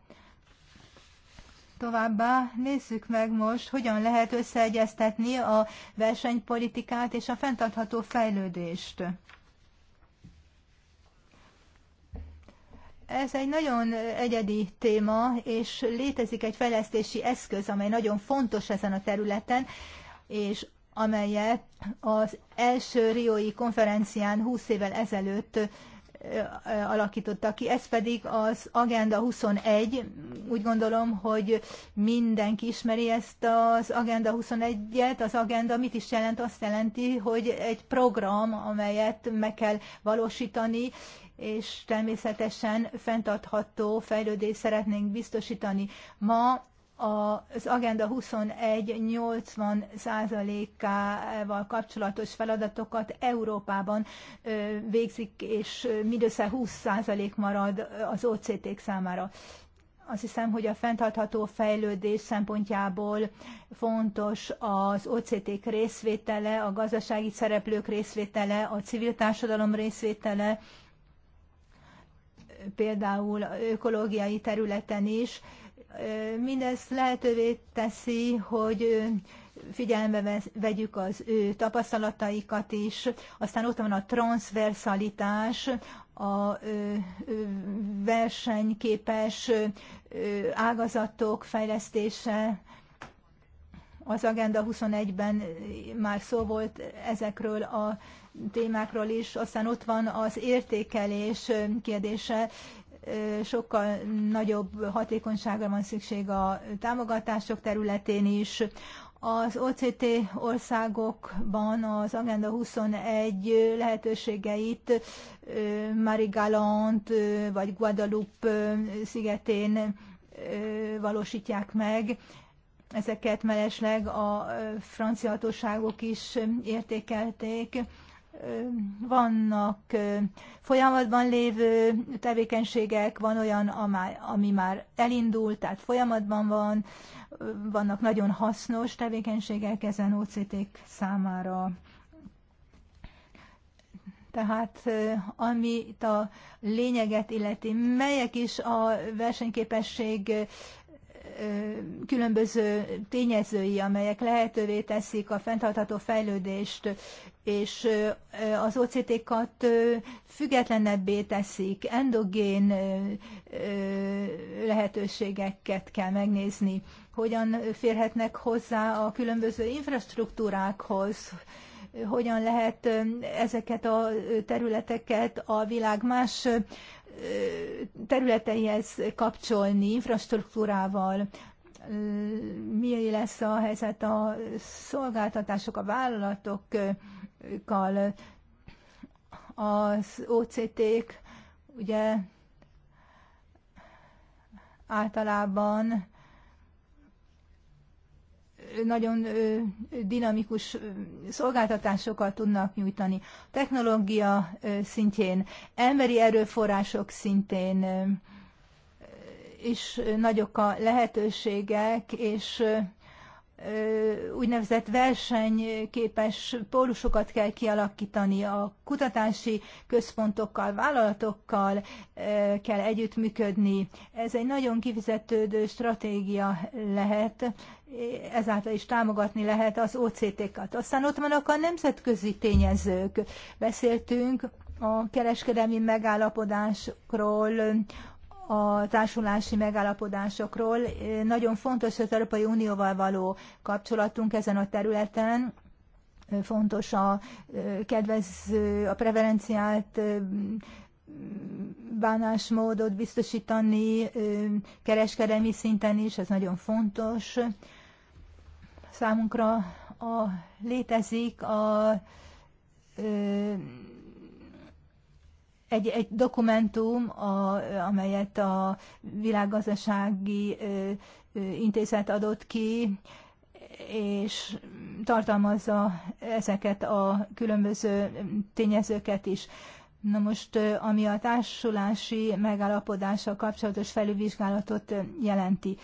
Továbbá nézzük meg most, hogyan lehet összeegyeztetni a versenypolitikát és a fenntartható fejlődést. Ez egy nagyon egyedi téma, és létezik egy fejlesztési eszköz, amely nagyon fontos ezen a területen, és amelyet az első Riói konferencián 20 évvel ezelőtt alakította ki. Ez pedig az Agenda 21. Úgy gondolom, hogy mindenki ismeri ezt az Agenda 21-et. Az agenda mit is jelent? Azt jelenti, hogy egy program, amelyet meg kell valósítani, és természetesen fenntartható fejlődést szeretnénk biztosítani. Ma az Agenda 21 80 ával kapcsolatos feladatokat Európában végzik, és mindössze 20 százalék marad az OCT-k számára. Azt hiszem, hogy a fenntartható fejlődés szempontjából fontos az OCT-k részvétele, a gazdasági szereplők részvétele, a civil társadalom részvétele, például ökológiai területen is. Mindez lehetővé teszi, hogy figyelembe vegyük az ő tapasztalataikat is. Aztán ott van a transversalitás, a versenyképes ágazatok fejlesztése. Az Agenda 21-ben már szó volt ezekről a témákról is, aztán ott van az értékelés kérdése, sokkal nagyobb hatékonyságra van szükség a támogatások területén is. Az OCT országokban az Agenda 21 lehetőségeit Marie Galant vagy Guadalupe szigetén valósítják meg. Ezeket mellesleg a francia hatóságok is értékelték vannak folyamatban lévő tevékenységek, van olyan, ami már elindult, tehát folyamatban van, vannak nagyon hasznos tevékenységek ezen OCT-k számára. Tehát amit a lényeget illeti, melyek is a versenyképesség különböző tényezői, amelyek lehetővé teszik a fenntartható fejlődést, és az OCT-kat függetlenebbé teszik, endogén lehetőségeket kell megnézni, hogyan férhetnek hozzá a különböző infrastruktúrákhoz, hogyan lehet ezeket a területeket a világ más területeihez kapcsolni, infrastruktúrával, mi lesz a helyzet a szolgáltatások, a vállalatokkal, az OCT-k, ugye általában nagyon dinamikus szolgáltatásokat tudnak nyújtani. Technológia szintjén, emberi erőforrások szintén is nagyok a lehetőségek, és úgynevezett versenyképes pólusokat kell kialakítani a kutatási központokkal, vállalatokkal kell együttműködni. Ez egy nagyon kifizetődő stratégia lehet, ezáltal is támogatni lehet az OCT-kat. Aztán ott vannak a nemzetközi tényezők. Beszéltünk a kereskedelmi megállapodásokról, a társulási megállapodásokról. Nagyon fontos az Európai Unióval való kapcsolatunk ezen a területen. Fontos a kedvező, a preferenciált bánásmódot biztosítani kereskedelmi szinten is, ez nagyon fontos. Számunkra a, létezik a egy, egy dokumentum, a, amelyet a világgazdasági ö, ö, intézet adott ki, és tartalmazza ezeket a különböző tényezőket is. Na most, ami a társulási megállapodással kapcsolatos felülvizsgálatot jelenti.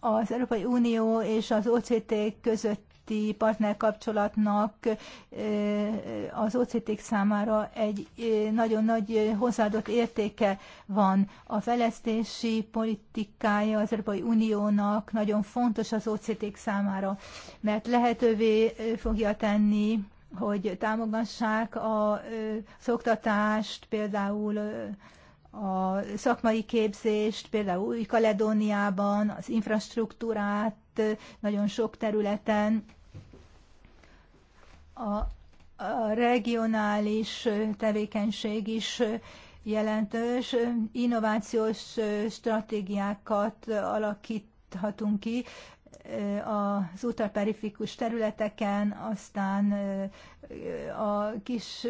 Az Európai Unió és az OCT között közötti partnerkapcsolatnak eh, az OCT számára egy eh, nagyon nagy eh, hozzáadott értéke van. A fejlesztési politikája az Európai Uniónak nagyon fontos az OCT számára, mert lehetővé fogja tenni hogy támogassák a szoktatást, például a szakmai képzést, például Új-Kaledóniában, az infrastruktúrát nagyon sok területen, a, a regionális tevékenység is jelentős. Innovációs stratégiákat alakíthatunk ki az ultraperifikus területeken, aztán a kis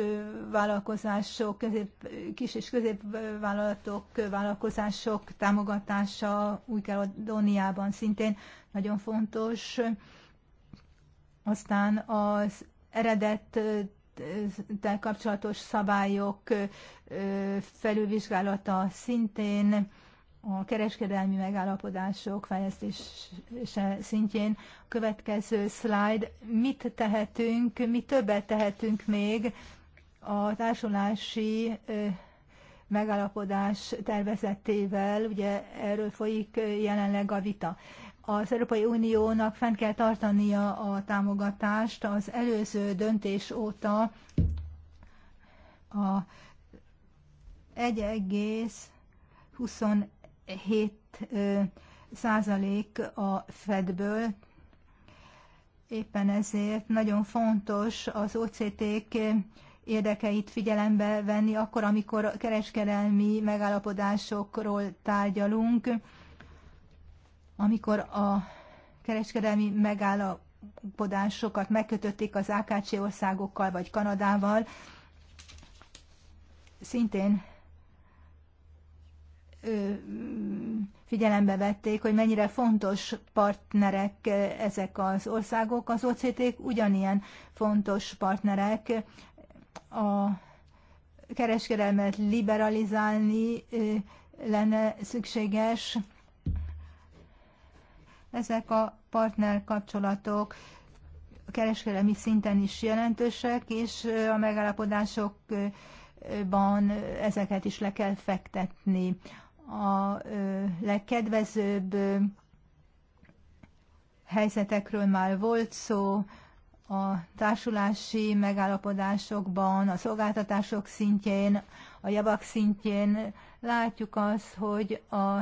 vállalkozások, közép, kis és középvállalatok, vállalkozások támogatása Új-Kaledóniában szintén nagyon fontos. Aztán az eredettel kapcsolatos szabályok felülvizsgálata szintén, a kereskedelmi megállapodások fejlesztése szintjén. A következő slide, mit tehetünk, mi többet tehetünk még a társulási megállapodás tervezetével, ugye erről folyik jelenleg a vita az Európai Uniónak fenn kell tartania a támogatást az előző döntés óta a 1,27 százalék a Fedből. Éppen ezért nagyon fontos az OCT-k érdekeit figyelembe venni akkor, amikor kereskedelmi megállapodásokról tárgyalunk amikor a kereskedelmi megállapodásokat megkötötték az AKC országokkal vagy Kanadával, szintén figyelembe vették, hogy mennyire fontos partnerek ezek az országok. Az oct ugyanilyen fontos partnerek. A kereskedelmet liberalizálni lenne szükséges, ezek a kapcsolatok a kereskedelmi szinten is jelentősek, és a megállapodásokban ezeket is le kell fektetni. A legkedvezőbb helyzetekről már volt szó, a társulási megállapodásokban, a szolgáltatások szintjén, a javak szintjén látjuk azt, hogy a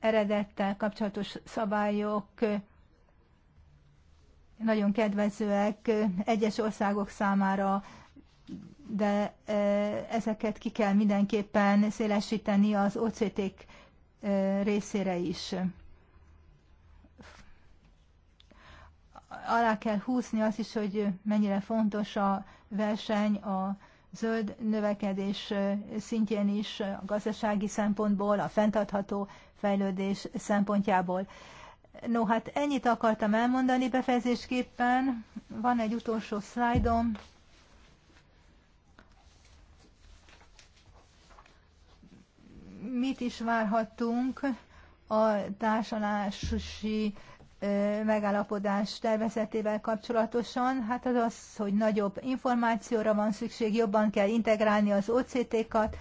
eredettel kapcsolatos szabályok nagyon kedvezőek egyes országok számára, de e, ezeket ki kell mindenképpen szélesíteni az oct e, részére is. Alá kell húzni azt is, hogy mennyire fontos a verseny a zöld növekedés e, szintjén is, a gazdasági szempontból, a fenntartható fejlődés szempontjából. No, hát ennyit akartam elmondani befejezésképpen. Van egy utolsó szlájdom. Mit is várhattunk a társalási megállapodás tervezetével kapcsolatosan? Hát az az, hogy nagyobb információra van szükség, jobban kell integrálni az OCT-kat,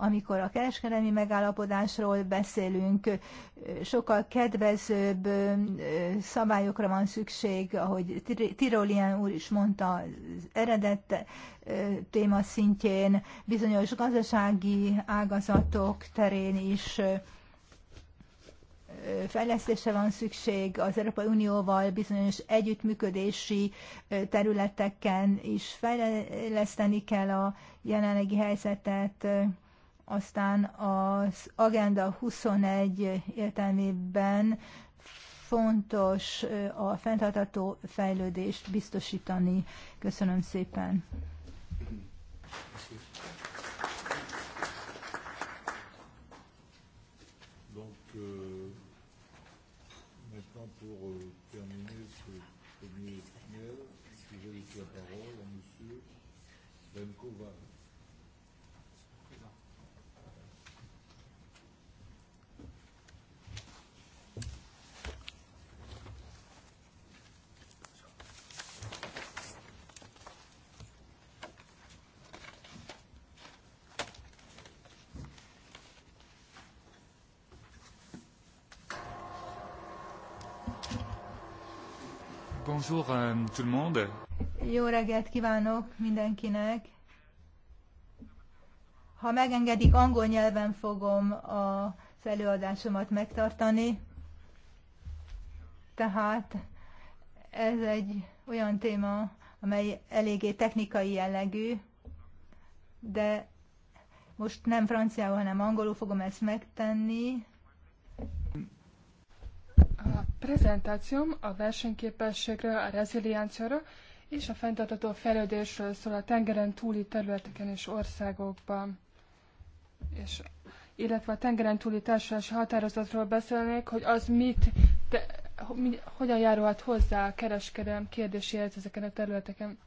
amikor a kereskedelmi megállapodásról beszélünk, sokkal kedvezőbb szabályokra van szükség, ahogy Tirolian úr is mondta, az eredet téma szintjén, bizonyos gazdasági ágazatok terén is fejlesztése van szükség, az Európai Unióval bizonyos együttműködési területeken is fejleszteni kell a jelenlegi helyzetet. Aztán az Agenda 21 értelmében fontos a fenntartható fejlődést biztosítani. Köszönöm szépen. Köszönöm. Bonjour euh, tout le monde. Jó reggelt kívánok mindenkinek. Ha megengedik, angol nyelven fogom a előadásomat megtartani. Tehát ez egy olyan téma, amely eléggé technikai jellegű, de most nem franciául, hanem angolul fogom ezt megtenni prezentációm a versenyképességről, a rezilienciáról és a fenntartató fejlődésről szól a tengeren túli területeken és országokban. És, illetve a tengeren túli társadalmi határozatról beszélnék, hogy az mit, te, mi, hogyan járulhat hozzá a kereskedelem kérdéséhez ezeken a területeken.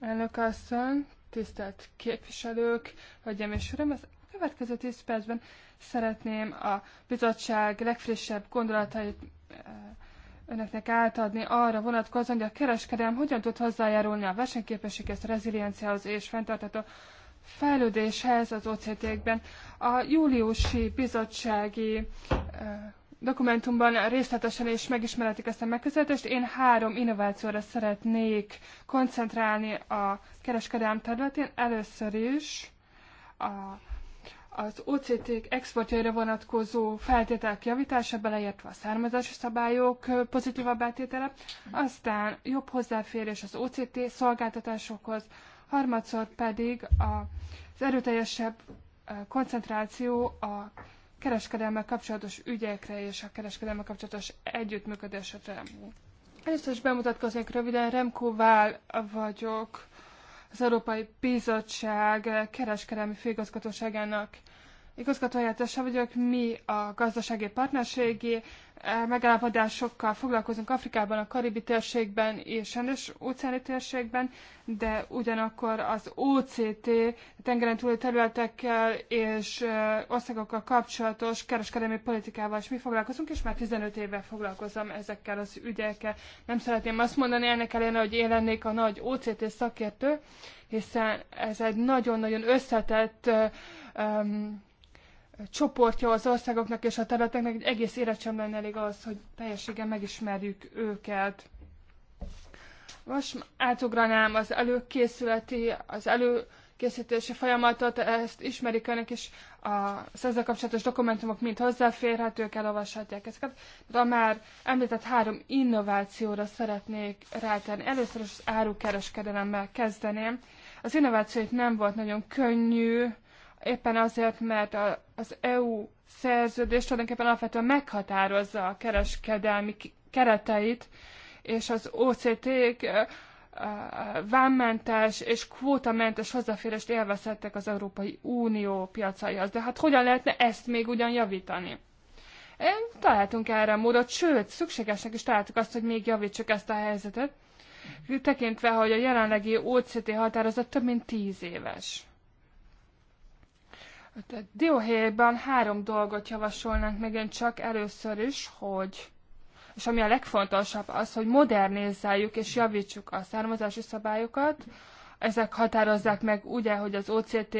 Elnök asszony, tisztelt képviselők, hölgyeim és uram, az következő 10 percben szeretném a bizottság legfrissebb gondolatait eh, önöknek átadni arra vonatkozóan, hogy a kereskedelem hogyan tud hozzájárulni a versenyképességhez, rezilienciához és fenntartható fejlődéshez az OCT-kben. A júliusi bizottsági eh, dokumentumban részletesen is megismerhetik ezt a megközelítést. Én három innovációra szeretnék koncentrálni a kereskedelem területén. Először is a az OCT-k exportjaira vonatkozó feltételek javítása, beleértve a származási szabályok pozitívabb átétele, aztán jobb hozzáférés az OCT szolgáltatásokhoz, harmadszor pedig az erőteljesebb koncentráció a kereskedelme kapcsolatos ügyekre és a kereskedelme kapcsolatos együttműködésre. Először is bemutatkoznék röviden, Remco Vál vagyok, az Európai Bizottság kereskedelmi főigazgatóságának igazgatóhelyettese vagyok. Mi a gazdasági partnerségi eh, megállapodásokkal foglalkozunk Afrikában, a Karibi térségben és Rendes óceáni térségben, de ugyanakkor az OCT, tengeren túli területekkel és eh, országokkal kapcsolatos kereskedelmi politikával is mi foglalkozunk, és már 15 éve foglalkozom ezekkel az ügyekkel. Nem szeretném azt mondani ennek ellenére, hogy én lennék a nagy OCT szakértő, hiszen ez egy nagyon-nagyon összetett um, csoportja az országoknak és a területeknek, egy egész élet sem lenne elég az, hogy teljesen megismerjük őket. Most átugranám az előkészületi, az előkészítési folyamatot, ezt ismerik önök is, az ezzel kapcsolatos dokumentumok mind hozzáférhetők, elolvashatják ezeket, de a már említett három innovációra szeretnék rátenni. Először is az árukereskedelemmel kezdeném. Az innovációit nem volt nagyon könnyű, éppen azért, mert a, az EU szerződés tulajdonképpen alapvetően meghatározza a kereskedelmi kereteit, és az oct vámmentes és kvótamentes hozzáférést élvezhettek az Európai Unió piacaihoz. De hát hogyan lehetne ezt még ugyan javítani? Találtunk erre a módot, sőt, szükségesnek is találtuk azt, hogy még javítsuk ezt a helyzetet, tekintve, hogy a jelenlegi OCT határozat több mint tíz éves. Tehát hát, dióhéjban három dolgot javasolnánk megint csak először is, hogy és ami a legfontosabb az, hogy modernizáljuk és javítsuk a származási szabályokat. Ezek határozzák meg ugye, hogy az OCT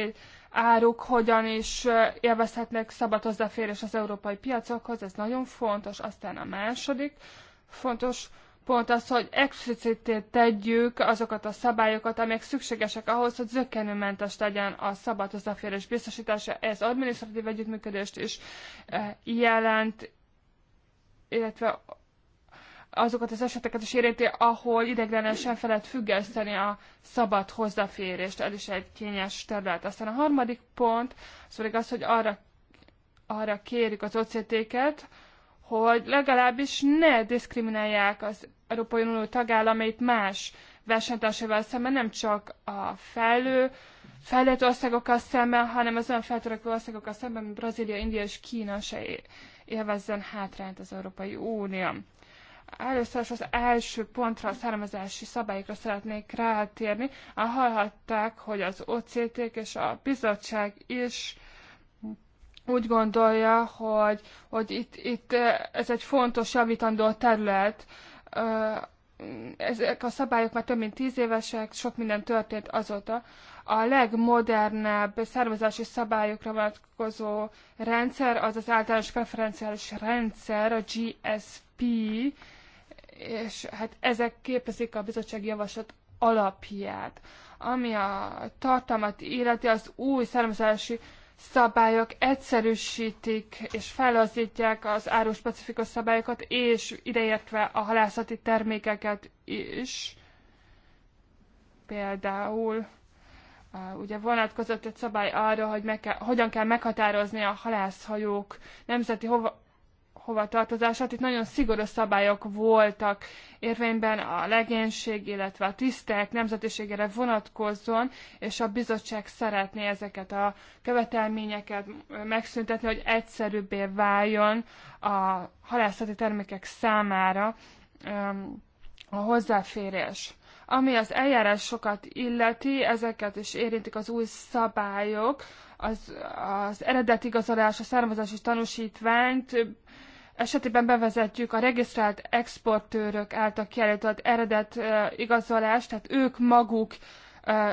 áruk hogyan is élvezhetnek szabad hozzáférés az európai piacokhoz, ez nagyon fontos. Aztán a második fontos, pont az, hogy explicitét tegyük azokat a szabályokat, amelyek szükségesek ahhoz, hogy zökkenőmentes legyen a szabad hozzáférés biztosítása. Ez adminisztratív együttműködést is eh, jelent, illetve azokat az eseteket is érinti, ahol ideglenesen fel lehet függeszteni a szabad hozzáférést. Ez is egy kényes terület. Aztán a harmadik pont, az pedig az, hogy arra, arra kérjük az OCT-ket, hogy legalábbis ne diszkriminálják az Európai Unió tagállamait más versenytársaival szemben, nem csak a fejlő, fejlett országokkal szemben, hanem az olyan feltörekvő országokkal szemben, mint Brazília, India és Kína se élvezzen hátrányt az Európai Unió. Először az első pontra, a származási szabályokra szeretnék rátérni. Hallhatták, hogy az oct és a bizottság is úgy gondolja, hogy, hogy itt, itt eh, ez egy fontos javítandó terület ezek a szabályok már több mint tíz évesek, sok minden történt azóta. A legmodernebb származási szabályokra vonatkozó rendszer az az általános preferenciális rendszer, a GSP, és hát ezek képezik a bizottsági javaslat alapját. Ami a tartalmat illeti, az új származási szabályok egyszerűsítik és felazítják az áruspecifikus szabályokat, és ideértve a halászati termékeket is. Például ugye vonatkozott egy szabály arra, hogy meg kell, hogyan kell meghatározni a halászhajók nemzeti hova, hova tartozását. Itt nagyon szigorú szabályok voltak érvényben a legénység, illetve a tisztek nemzetiségére vonatkozzon, és a bizottság szeretné ezeket a követelményeket megszüntetni, hogy egyszerűbbé váljon a halászati termékek számára a hozzáférés. Ami az eljárásokat illeti, ezeket is érintik az új szabályok, az, az eredeti igazolás, a származási tanúsítványt esetében bevezetjük a regisztrált exportőrök által kiállított eredet igazolást, tehát ők maguk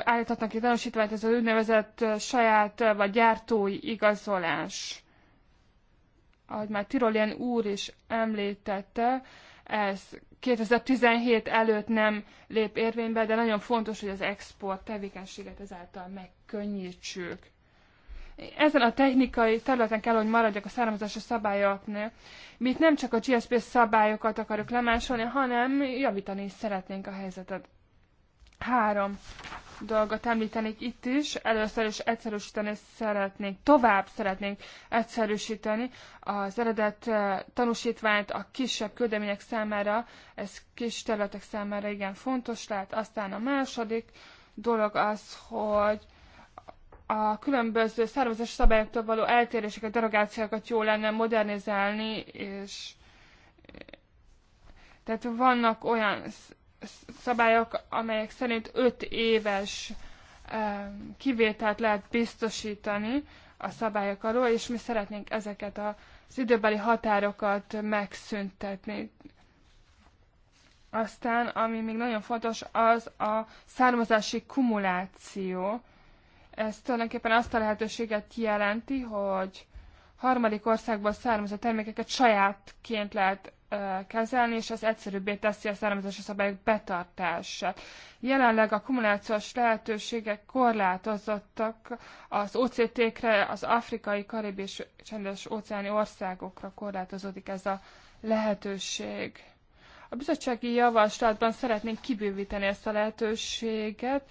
állíthatnak egy tanúsítványt, ez az úgynevezett saját vagy gyártói igazolás. Ahogy már Tirolien úr is említette, ez 2017 előtt nem lép érvénybe, de nagyon fontos, hogy az export tevékenységet ezáltal megkönnyítsük ezen a technikai területen kell, hogy maradjak a származási szabályoknál. Mi itt nem csak a GSP szabályokat akarjuk lemásolni, hanem javítani is szeretnénk a helyzetet. Három dolgot említenék itt is. Először is egyszerűsíteni szeretnénk, tovább szeretnénk egyszerűsíteni az eredet eh, tanúsítványt a kisebb küldemények számára, ez kis területek számára igen fontos lehet. Aztán a második dolog az, hogy a különböző szervezés szabályoktól való eltéréseket, derogációkat jó lenne modernizálni, és tehát vannak olyan szabályok, amelyek szerint 5 éves kivételt lehet biztosítani a szabályok alól, és mi szeretnénk ezeket az időbeli határokat megszüntetni. Aztán, ami még nagyon fontos, az a származási kumuláció, ez tulajdonképpen azt a lehetőséget jelenti, hogy harmadik országból származó termékeket sajátként lehet kezelni, és ez egyszerűbbé teszi a származási szabályok betartását. Jelenleg a kumulációs lehetőségek korlátozottak az OCT-kre, az afrikai, karib és csendes óceáni országokra korlátozódik ez a lehetőség. A bizottsági javaslatban szeretnénk kibővíteni ezt a lehetőséget,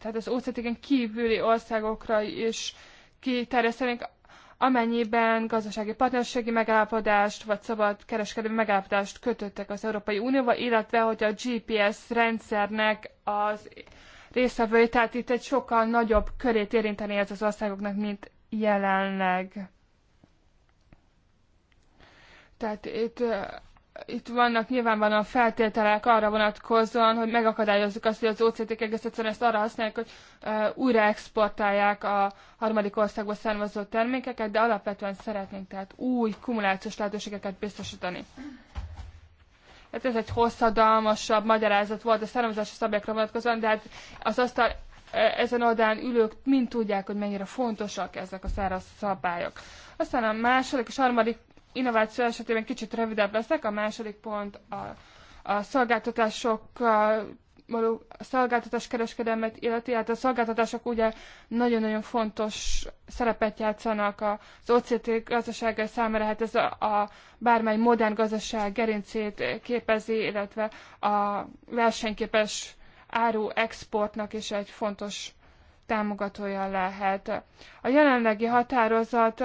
tehát az OCT-en kívüli országokra is kiterjesztenénk, amennyiben gazdasági partnerségi megállapodást vagy szabad kereskedelmi megállapodást kötöttek az Európai Unióval, illetve hogy a GPS rendszernek az részevői, tehát itt egy sokkal nagyobb körét érinteni ez az országoknak, mint jelenleg. Tehát itt itt vannak nyilvánvalóan feltételek arra vonatkozóan, hogy megakadályozzuk azt, hogy az OCT-k egész egyszerűen ezt arra használják, hogy újra exportálják a harmadik országból származó termékeket, de alapvetően szeretnénk tehát új kumulációs lehetőségeket biztosítani. Hát ez egy hosszadalmasabb magyarázat volt a származási szabályokra vonatkozóan, de hát az asztal ezen oldalán ülők mind tudják, hogy mennyire fontosak ezek a száraz szabályok. Aztán a második és harmadik innováció esetében kicsit rövidebb leszek. A második pont a, a szolgáltatások való szolgáltatás kereskedelmet illeti, hát a szolgáltatások ugye nagyon-nagyon fontos szerepet játszanak az OCT gazdasága számára, hát ez a, a bármely modern gazdaság gerincét képezi, illetve a versenyképes áru exportnak is egy fontos támogatója lehet. A jelenlegi határozat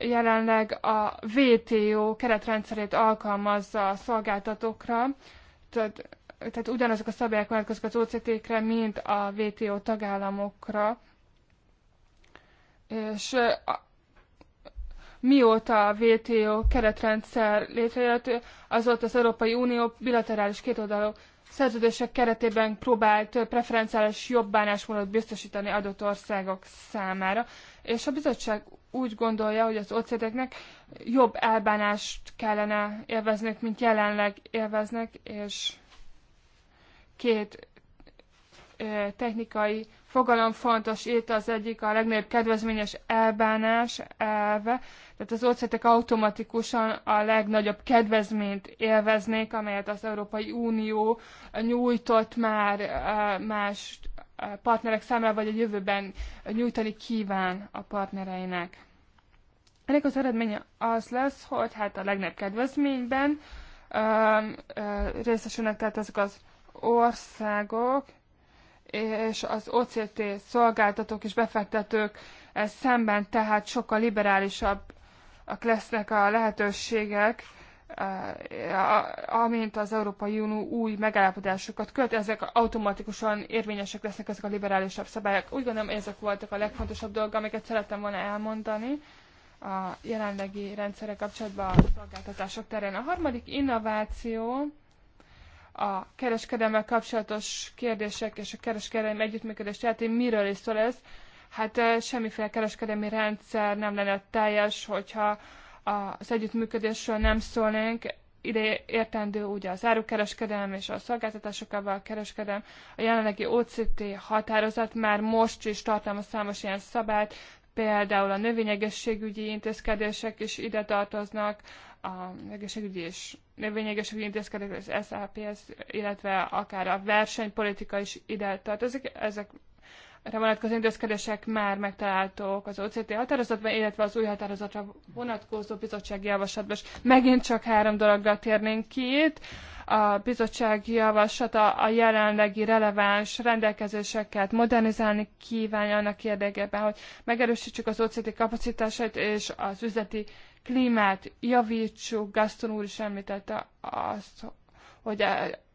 jelenleg a VTO keretrendszerét alkalmazza a szolgáltatókra, tehát, tehát ugyanazok a szabályok vonatkoznak az OCT-kre, mint a VTO tagállamokra. És a, mióta a VTO keretrendszer létrejött, azóta az Európai Unió bilaterális kétoldalú szerződések keretében próbált preferenciális jobb bánásmódot biztosítani adott országok számára, és a bizottság úgy gondolja, hogy az OCD-knek jobb elbánást kellene élveznek, mint jelenleg élveznek, és két technikai fogalom fontos, itt az egyik a legnagyobb kedvezményes elbánás elve, tehát az országok automatikusan a legnagyobb kedvezményt élveznék, amelyet az Európai Unió nyújtott már más partnerek számára, vagy a jövőben nyújtani kíván a partnereinek. Ennek az eredménye az lesz, hogy hát a legnagyobb kedvezményben részesülnek tehát ezek az országok, és az OCT szolgáltatók és befektetők eh, szemben tehát sokkal liberálisabbak lesznek a lehetőségek, eh, amint az Európai Unió új megállapodásokat köt, ezek automatikusan érvényesek lesznek ezek a liberálisabb szabályok. Úgy gondolom, ezek voltak a legfontosabb dolgok, amiket szerettem volna elmondani a jelenlegi rendszerek kapcsolatban a szolgáltatások terén. A harmadik innováció a kereskedelmel kapcsolatos kérdések és a kereskedelmi együttműködés tehát miről is szól ez? Hát semmiféle kereskedelmi rendszer nem lenne teljes, hogyha az együttműködésről nem szólnánk, ide értendő ugye az árukereskedelem és a szolgáltatásokkal a kereskedelem. A jelenlegi OCT határozat már most is tartalmaz számos ilyen szabályt, például a növényegészségügyi intézkedések is ide tartoznak, a egészségügyi és növényegészségügyi intézkedés, az SAPS, illetve akár a versenypolitika is ide tartozik. Ezek erre vonatkozó intézkedések már megtaláltók az OCT határozatban, illetve az új határozatra vonatkozó bizottsági javaslatban, és megint csak három dologra térnénk ki itt. A bizottsági javaslata a jelenlegi releváns rendelkezéseket modernizálni kívánja annak érdekében, hogy megerősítsük az OCT kapacitását és az üzleti klímát javítsuk. Gaston úr is említette azt, hogy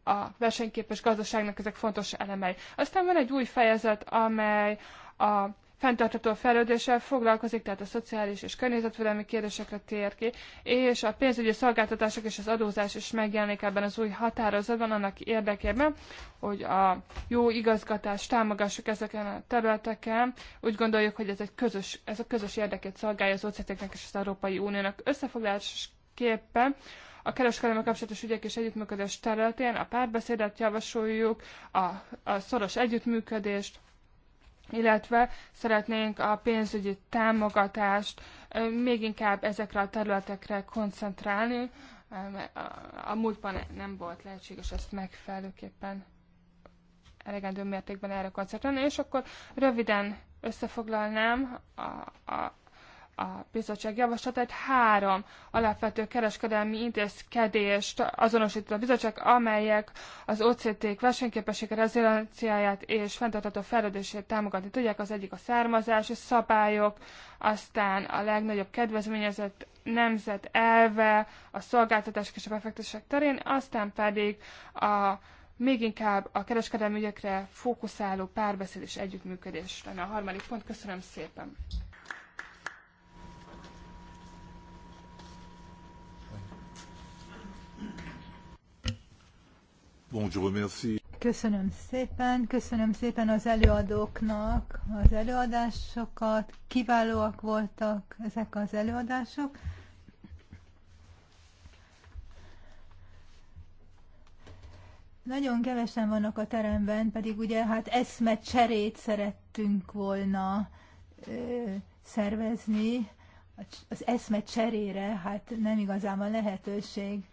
a versenyképes gazdaságnak ezek fontos elemei. Aztán van egy új fejezet, amely a fenntartható fejlődéssel foglalkozik, tehát a szociális és környezetvédelmi kérdésekre tér ki, és a pénzügyi szolgáltatások és az adózás is megjelenik ebben az új határozatban annak érdekében, hogy a jó igazgatást támogassuk ezeken a területeken. Úgy gondoljuk, hogy ez, egy közös, ez a közös érdekét szolgálja az oct és az Európai Uniónak összefoglalásképpen a kereskedelmi kapcsolatos ügyek és együttműködés területén a párbeszédet javasoljuk, a, a szoros együttműködést, illetve szeretnénk a pénzügyi támogatást még inkább ezekre a területekre koncentrálni. A múltban nem volt lehetséges ezt megfelelőképpen elegendő mértékben erre koncentrálni, és akkor röviden összefoglalnám a, a, a bizottság javaslatát. Három alapvető kereskedelmi intézkedést azonosított a bizottság, amelyek az OCT-k versenyképessége, rezilenciáját és fenntartató fejlődését támogatni tudják. Az egyik a származási szabályok, aztán a legnagyobb kedvezményezett nemzet elve a szolgáltatások és a befektetések terén, aztán pedig a még inkább a kereskedelmi ügyekre fókuszáló párbeszéd és együttműködés lenne a harmadik pont. Köszönöm szépen! Köszönöm szépen, köszönöm szépen az előadóknak az előadásokat, kiválóak voltak ezek az előadások. Nagyon kevesen vannak a teremben, pedig ugye hát eszme cserét szerettünk volna ö, szervezni. Az eszme cserére hát nem igazán van lehetőség.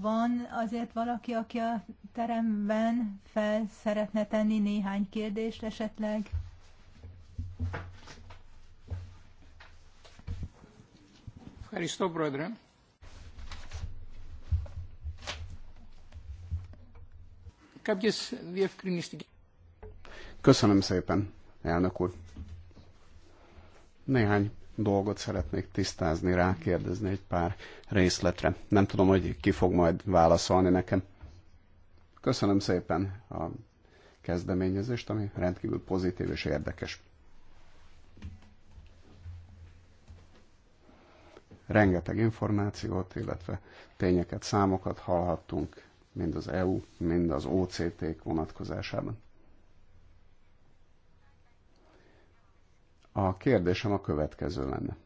Van azért valaki, aki a teremben fel szeretne tenni néhány kérdést esetleg? Ευχαριστώ, Πρόεδρε. Köszönöm szépen, elnök úr. Néhány dolgot szeretnék tisztázni, rákérdezni egy pár részletre. Nem tudom, hogy ki fog majd válaszolni nekem. Köszönöm szépen a kezdeményezést, ami rendkívül pozitív és érdekes. Rengeteg információt, illetve tényeket, számokat hallhattunk, mind az EU, mind az OCT vonatkozásában. A kérdésem a következő lenne.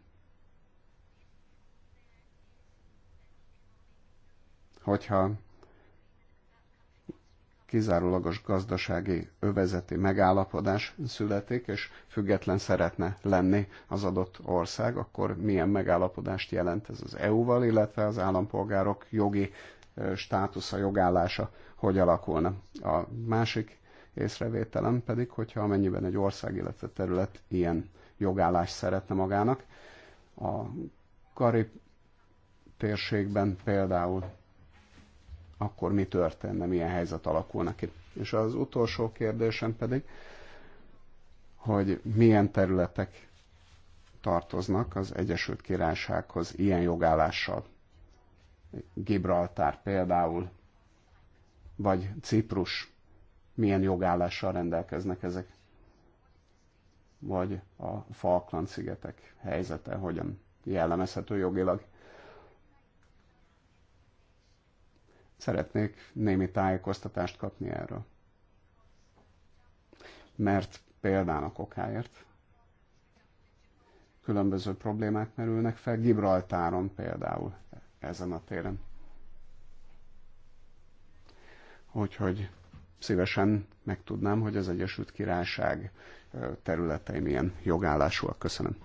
Hogyha kizárólagos gazdasági övezeti megállapodás születik, és független szeretne lenni az adott ország, akkor milyen megállapodást jelent ez az EU-val, illetve az állampolgárok jogi státusza, jogállása hogy alakulna. A másik észrevételem pedig, hogyha amennyiben egy ország, illetve terület ilyen jogállást szeretne magának. A Karib térségben például akkor mi történne, milyen helyzet alakulna ki. És az utolsó kérdésem pedig, hogy milyen területek tartoznak az Egyesült Királysághoz ilyen jogállással. Gibraltár például, vagy Ciprus, milyen jogállással rendelkeznek ezek vagy a Falkland-szigetek helyzete hogyan jellemezhető jogilag. Szeretnék némi tájékoztatást kapni erről. Mert példának okáért különböző problémák merülnek fel, Gibraltáron például ezen a téren. Úgyhogy szívesen megtudnám, hogy az Egyesült Királyság területein ilyen jogállásúak. Köszönöm.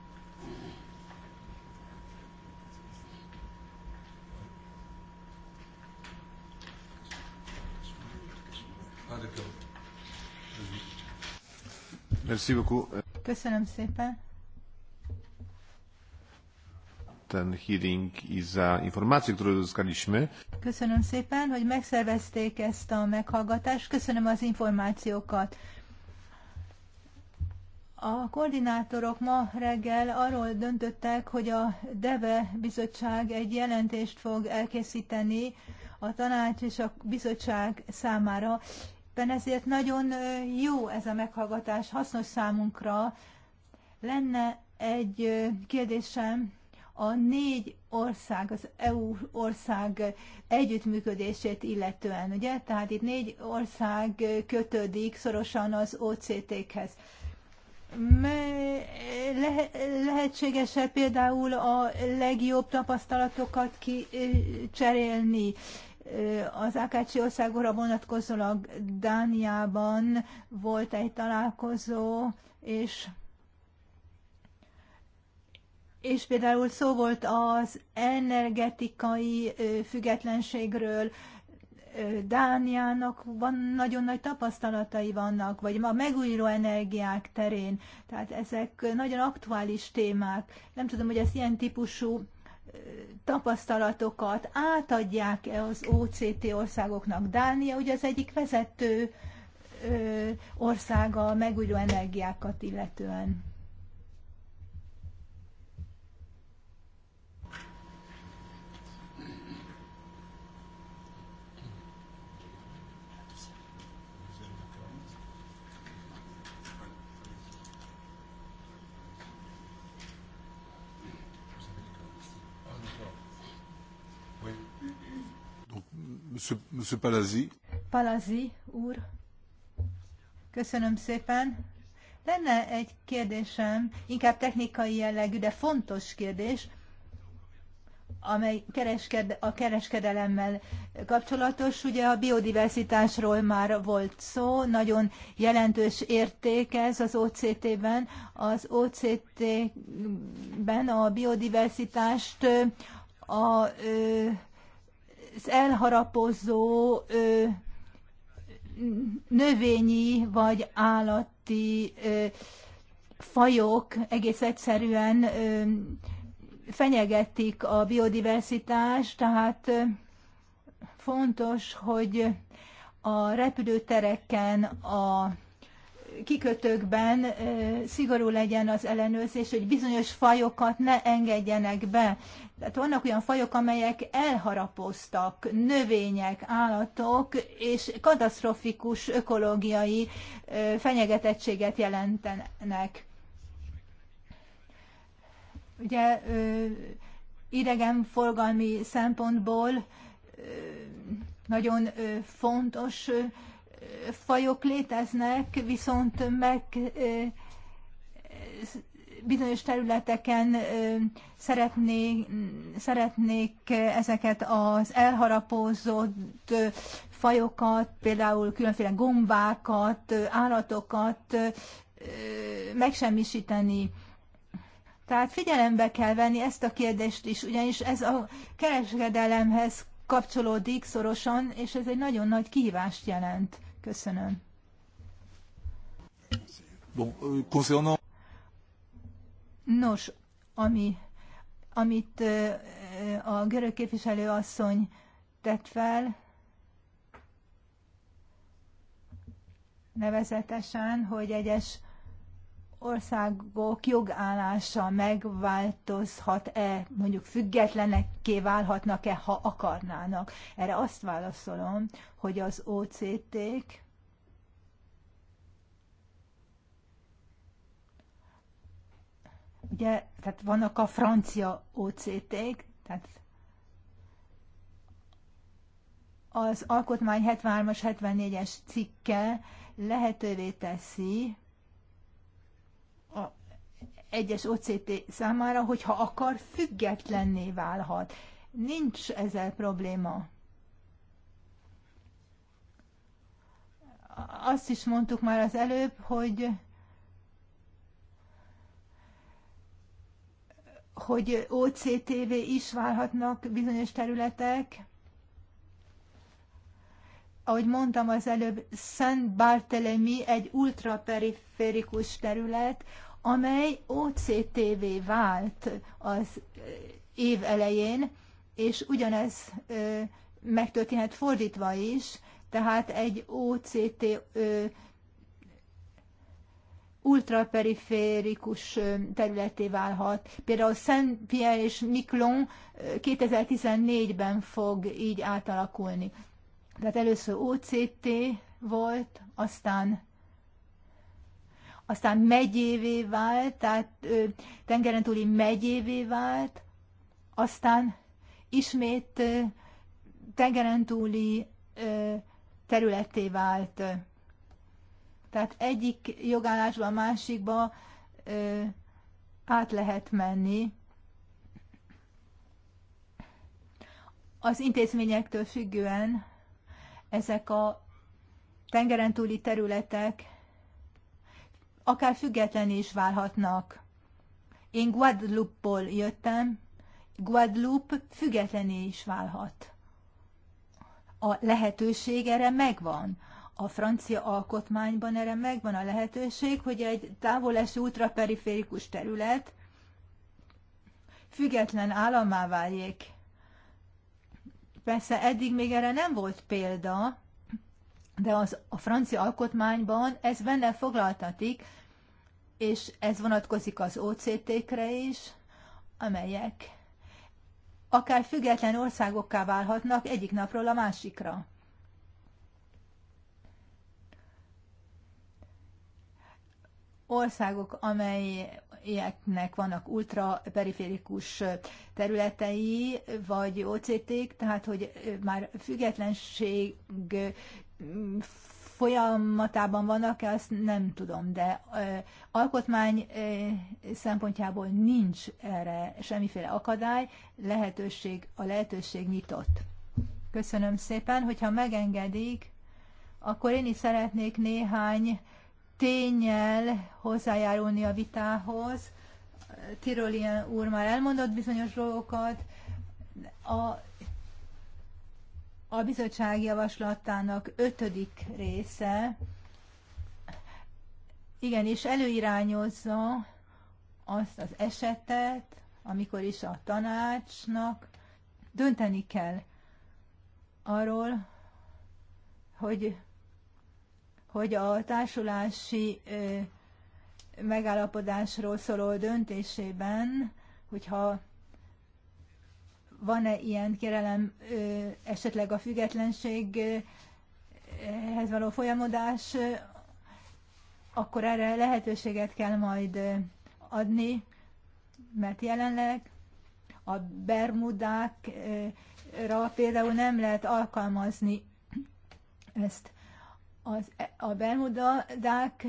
Köszönöm szépen. Ten hearing is a információ, które uzyskaliśmy. Köszönöm szépen, hogy megszervezték ezt a meghallgatást. Köszönöm az információkat. A koordinátorok ma reggel arról döntöttek, hogy a DEVE bizottság egy jelentést fog elkészíteni a tanács és a bizottság számára. Ben ezért nagyon jó ez a meghallgatás, hasznos számunkra. Lenne egy kérdésem a négy ország, az EU ország együttműködését illetően, ugye? Tehát itt négy ország kötődik szorosan az OCT-khez lehetséges-e például a legjobb tapasztalatokat kicserélni az Ákácsi országokra vonatkozólag Dániában volt egy találkozó, és és például szó volt az energetikai függetlenségről, Dániának van nagyon nagy tapasztalatai vannak, vagy ma megújuló energiák terén, tehát ezek nagyon aktuális témák. Nem tudom, hogy ezt ilyen típusú tapasztalatokat átadják-e az OCT országoknak. Dánia ugye az egyik vezető országa a megújuló energiákat illetően. Monsieur, Palazzi. Palazzi úr, köszönöm szépen. Lenne egy kérdésem, inkább technikai jellegű, de fontos kérdés, amely keresked, a kereskedelemmel kapcsolatos. Ugye a biodiversitásról már volt szó, nagyon jelentős érték ez az OCT-ben. Az OCT-ben a biodiversitást a az elharapozó növényi vagy állati fajok egész egyszerűen fenyegetik a biodiversitást, tehát fontos, hogy a repülőtereken, a kikötőkben szigorú legyen az ellenőrzés, hogy bizonyos fajokat ne engedjenek be. Tehát vannak olyan fajok, amelyek elharapoztak, növények, állatok, és katasztrofikus ökológiai fenyegetettséget jelentenek. Ugye idegenforgalmi szempontból nagyon fontos fajok léteznek, viszont meg bizonyos területeken szeretnék, szeretnék ezeket az elharapózott fajokat, például különféle gombákat, állatokat megsemmisíteni. Tehát figyelembe kell venni ezt a kérdést is, ugyanis ez a kereskedelemhez kapcsolódik szorosan, és ez egy nagyon nagy kihívást jelent. Köszönöm. Euh, Nos, ami, amit a görög képviselő asszony tett fel, nevezetesen, hogy egyes országok jogállása megváltozhat-e, mondjuk függetlenekké válhatnak-e, ha akarnának. Erre azt válaszolom, hogy az OCT-k ugye, tehát vannak a francia OCT-k, tehát az alkotmány 73-as, 74-es cikke lehetővé teszi, egyes OCT számára, hogyha akar, függetlenné válhat. Nincs ezzel probléma. Azt is mondtuk már az előbb, hogy hogy OCTV is válhatnak bizonyos területek. Ahogy mondtam az előbb, Szent Barthélemy egy ultraperiférikus terület, amely OCTV vált az eh, év elején, és ugyanez eh, megtörténhet fordítva is, tehát egy OCT eh, ultraperiférikus területé válhat. Például Saint-Pierre és Miklón 2014-ben fog így átalakulni. Tehát először OCT volt, aztán aztán megyévé vált, tehát ö, tengeren túli megyévé vált, aztán ismét ö, tengeren túli ö, területé vált. Tehát egyik jogállásba a másikba ö, át lehet menni. Az intézményektől függően ezek a tengeren túli területek akár független is válhatnak. Én guadeloupe ból jöttem, Guadeloupe független is válhat. A lehetőség erre megvan. A francia alkotmányban erre megvan a lehetőség, hogy egy távoleső ultraperiférikus terület független állammá váljék. Persze eddig még erre nem volt példa, de az, a francia alkotmányban ez benne foglaltatik, és ez vonatkozik az OCT-kre is, amelyek akár független országokká válhatnak egyik napról a másikra. Országok, amelyeknek vannak ultraperiférikus területei, vagy OCT-k, tehát hogy már függetlenség folyamatában vannak -e, azt nem tudom, de alkotmány szempontjából nincs erre semmiféle akadály, lehetőség, a lehetőség nyitott. Köszönöm szépen, hogyha megengedik, akkor én is szeretnék néhány tényel hozzájárulni a vitához. Tirolien úr már elmondott bizonyos dolgokat. A a bizottság javaslatának ötödik része igenis előirányozza azt az esetet, amikor is a tanácsnak dönteni kell arról, hogy, hogy a társulási ö, megállapodásról szóló döntésében, hogyha van-e ilyen kérelem esetleg a függetlenséghez való folyamodás, akkor erre lehetőséget kell majd adni, mert jelenleg a bermudákra például nem lehet alkalmazni ezt. Az, a bermudák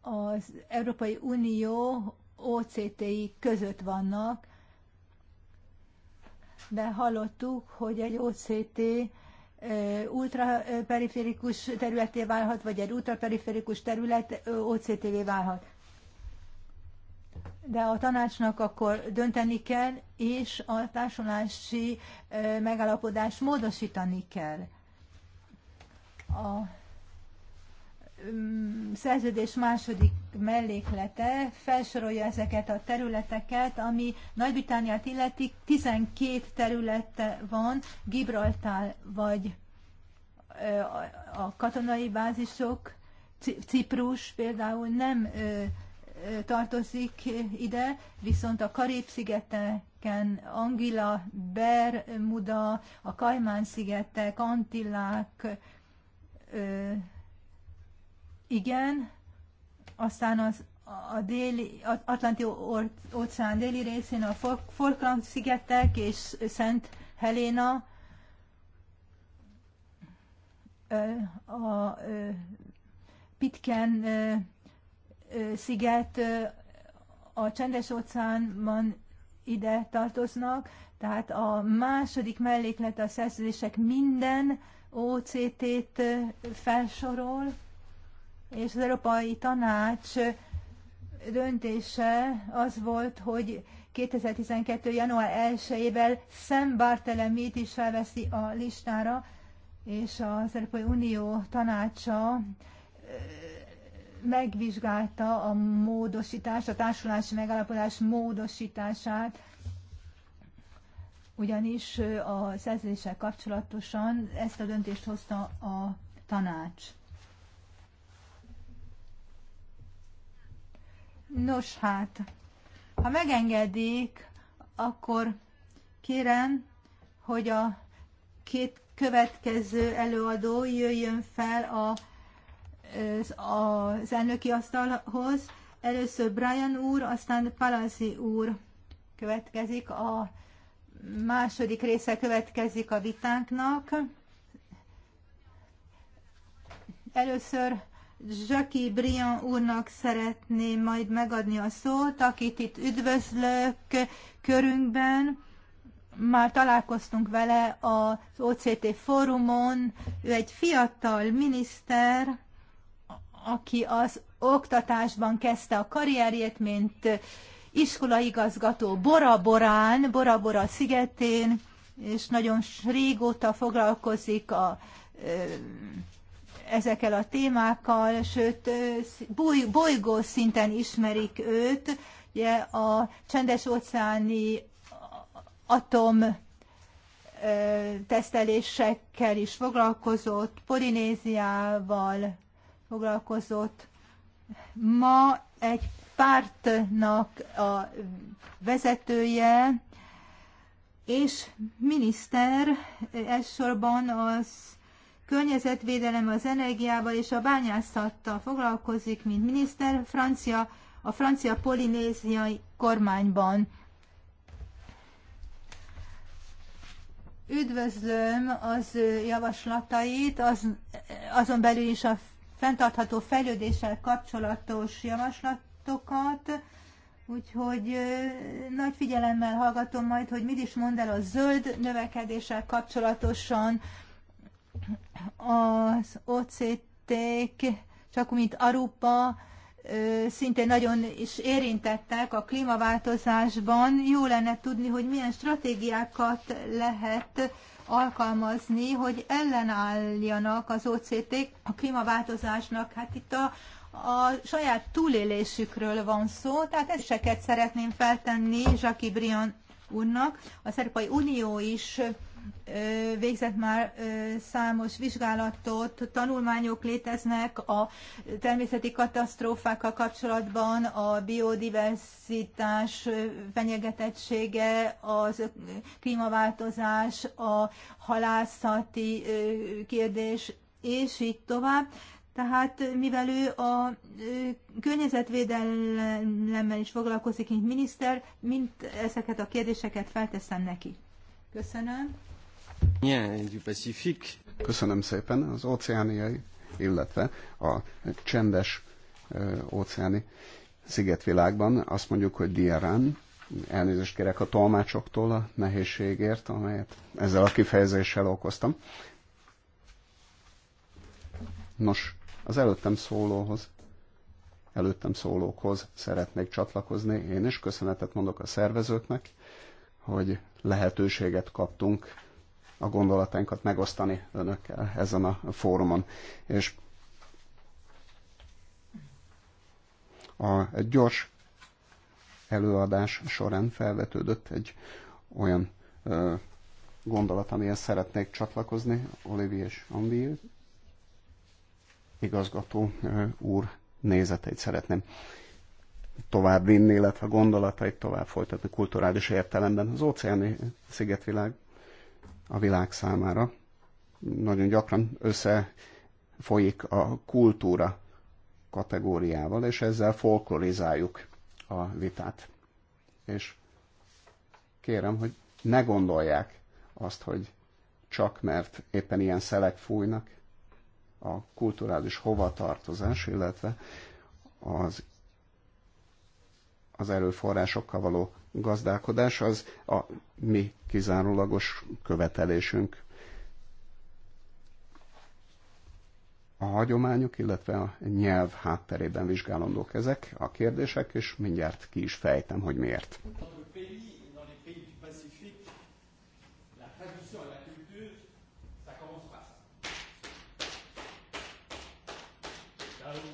az Európai Unió OCTI között vannak, de hallottuk, hogy egy OCT ultraperiférikus területé válhat, vagy egy ultraperiférikus terület OCT-vé válhat. De a tanácsnak akkor dönteni kell, és a társulási megalapodást módosítani kell. A szerződés második melléklete felsorolja ezeket a területeket, ami Nagy-Britániát illeti 12 területe van, Gibraltar vagy a katonai bázisok, Ciprus például nem tartozik ide, viszont a Karib-szigeteken, Angila, Bermuda, a Kajmán-szigetek, Antillák, igen, aztán az, a déli, Atlanti óceán déli részén a Falkland-szigetek és Szent Helena a Pitken sziget a csendes óceánban ide tartoznak, tehát a második melléklet a szerződések minden OCT-t felsorol, és az Európai Tanács döntése az volt, hogy 2012. január 1-ével Sam Bartelemit is felveszi a listára, és az Európai Unió tanácsa megvizsgálta a módosítás, a társulási megállapodás módosítását, ugyanis a szerződéssel kapcsolatosan ezt a döntést hozta a tanács. Nos hát, ha megengedik, akkor kérem, hogy a két következő előadó jöjjön fel a, az, az elnöki asztalhoz. Először Brian úr, aztán Palazzi úr következik. A második része következik a vitánknak. Először Zsaki Brian úrnak szeretném majd megadni a szót, akit itt üdvözlök körünkben. Már találkoztunk vele az OCT fórumon. Ő egy fiatal miniszter, aki az oktatásban kezdte a karrierjét, mint iskolaigazgató Bora-Borán, Bora-Bora szigetén, és nagyon régóta foglalkozik a ezekkel a témákkal, sőt boly, bolygó szinten ismerik őt, ugye a csendes óceáni atom tesztelésekkel is foglalkozott, Polinéziával foglalkozott. Ma egy pártnak a vezetője és miniszter, elsősorban az környezetvédelem az energiával és a bányászattal foglalkozik, mint miniszter francia, a francia polinéziai kormányban. Üdvözlöm az ő javaslatait, az, azon belül is a fenntartható fejlődéssel kapcsolatos javaslatokat, úgyhogy nagy figyelemmel hallgatom majd, hogy mit is mond el a zöld növekedéssel kapcsolatosan, az OCT-k, csak mint Arupa, szintén nagyon is érintettek a klímaváltozásban. Jó lenne tudni, hogy milyen stratégiákat lehet alkalmazni, hogy ellenálljanak az oct a klímaváltozásnak. Hát itt a, a saját túlélésükről van szó, tehát ezeket szeretném feltenni Zsaki Brian úrnak. Az Európai Unió is végzett már számos vizsgálatot, tanulmányok léteznek a természeti katasztrófákkal kapcsolatban, a biodiverzitás fenyegetettsége, az klímaváltozás, a halászati kérdés, és így tovább. Tehát mivel ő a környezetvédelemmel is foglalkozik, mint miniszter, mint ezeket a kérdéseket felteszem neki. Köszönöm. Köszönöm szépen. Az óceániai, illetve a csendes óceáni szigetvilágban azt mondjuk, hogy diarán, elnézést kérek a tolmácsoktól a nehézségért, amelyet ezzel a kifejezéssel okoztam. Nos, az előttem szólóhoz, előttem szólókhoz szeretnék csatlakozni. Én is köszönetet mondok a szervezőknek, hogy lehetőséget kaptunk a gondolatainkat megosztani önökkel ezen a fórumon. És a gyors előadás során felvetődött egy olyan ö, gondolat, amihez szeretnék csatlakozni, Olivier és Andy igazgató ö, úr nézeteit szeretném tovább vinni, illetve gondolatait tovább folytatni kulturális értelemben. Az óceáni szigetvilág a világ számára. Nagyon gyakran összefolyik a kultúra kategóriával, és ezzel folklorizáljuk a vitát. És kérem, hogy ne gondolják azt, hogy csak mert éppen ilyen szelek fújnak, a kulturális hovatartozás, illetve az, az erőforrásokkal való gazdálkodás az a mi kizárólagos követelésünk. A hagyományok, illetve a nyelv hátterében vizsgálandók ezek a kérdések, és mindjárt ki is fejtem, hogy miért.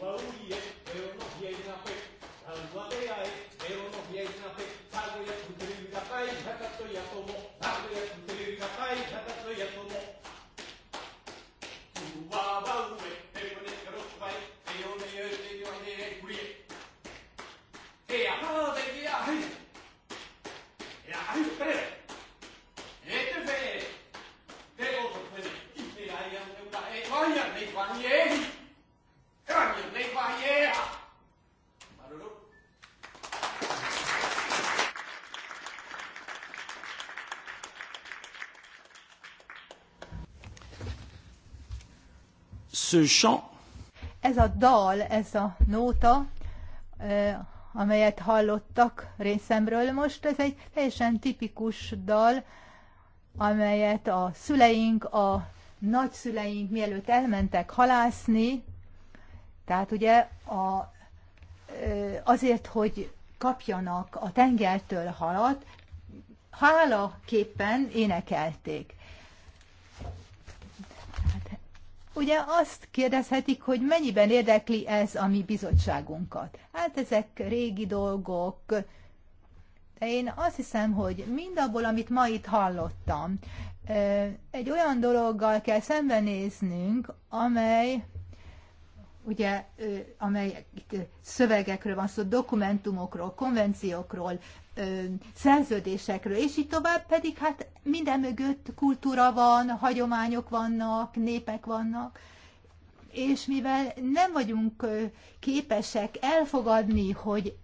Well, Ce chant. Ez a dal, ez a nóta, amelyet hallottak részemről most. Ez egy teljesen tipikus dal, amelyet a szüleink, a nagyszüleink mielőtt elmentek halászni, tehát ugye a, azért, hogy kapjanak a tengertől halat, hálaképpen énekelték. ugye azt kérdezhetik, hogy mennyiben érdekli ez a mi bizottságunkat. Hát ezek régi dolgok, de én azt hiszem, hogy mindabból, amit ma itt hallottam, egy olyan dologgal kell szembenéznünk, amely ugye, amely itt szövegekről van szó, dokumentumokról, konvenciókról, szerződésekről, és így tovább pedig hát minden mögött kultúra van, hagyományok vannak, népek vannak, és mivel nem vagyunk képesek elfogadni, hogy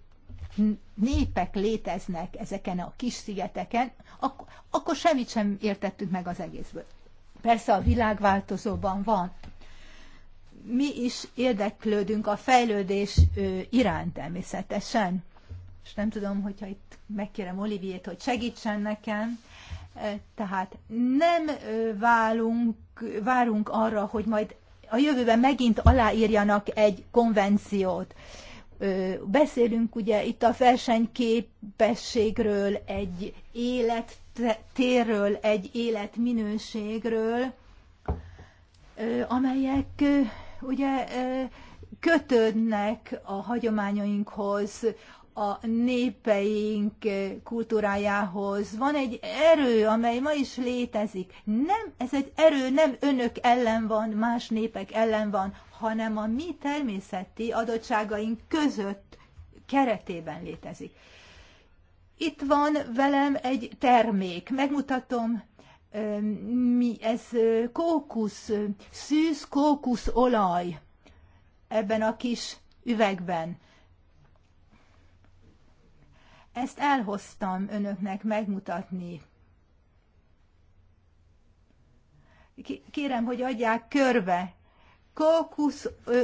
népek léteznek ezeken a kis szigeteken, akkor, akkor semmit sem értettünk meg az egészből. Persze a világváltozóban van, mi is érdeklődünk a fejlődés iránt természetesen. És nem tudom, hogyha itt megkérem Oliviét, hogy segítsen nekem. Tehát nem válunk, várunk arra, hogy majd a jövőben megint aláírjanak egy konvenciót. Beszélünk ugye itt a versenyképességről, egy élettérről, egy életminőségről, amelyek ugye kötődnek a hagyományainkhoz, a népeink kultúrájához. Van egy erő, amely ma is létezik. Nem, ez egy erő nem önök ellen van, más népek ellen van, hanem a mi természeti adottságaink között keretében létezik. Itt van velem egy termék. Megmutatom mi, ez kókusz, szűz olaj ebben a kis üvegben. Ezt elhoztam önöknek megmutatni. Kérem, hogy adják körbe.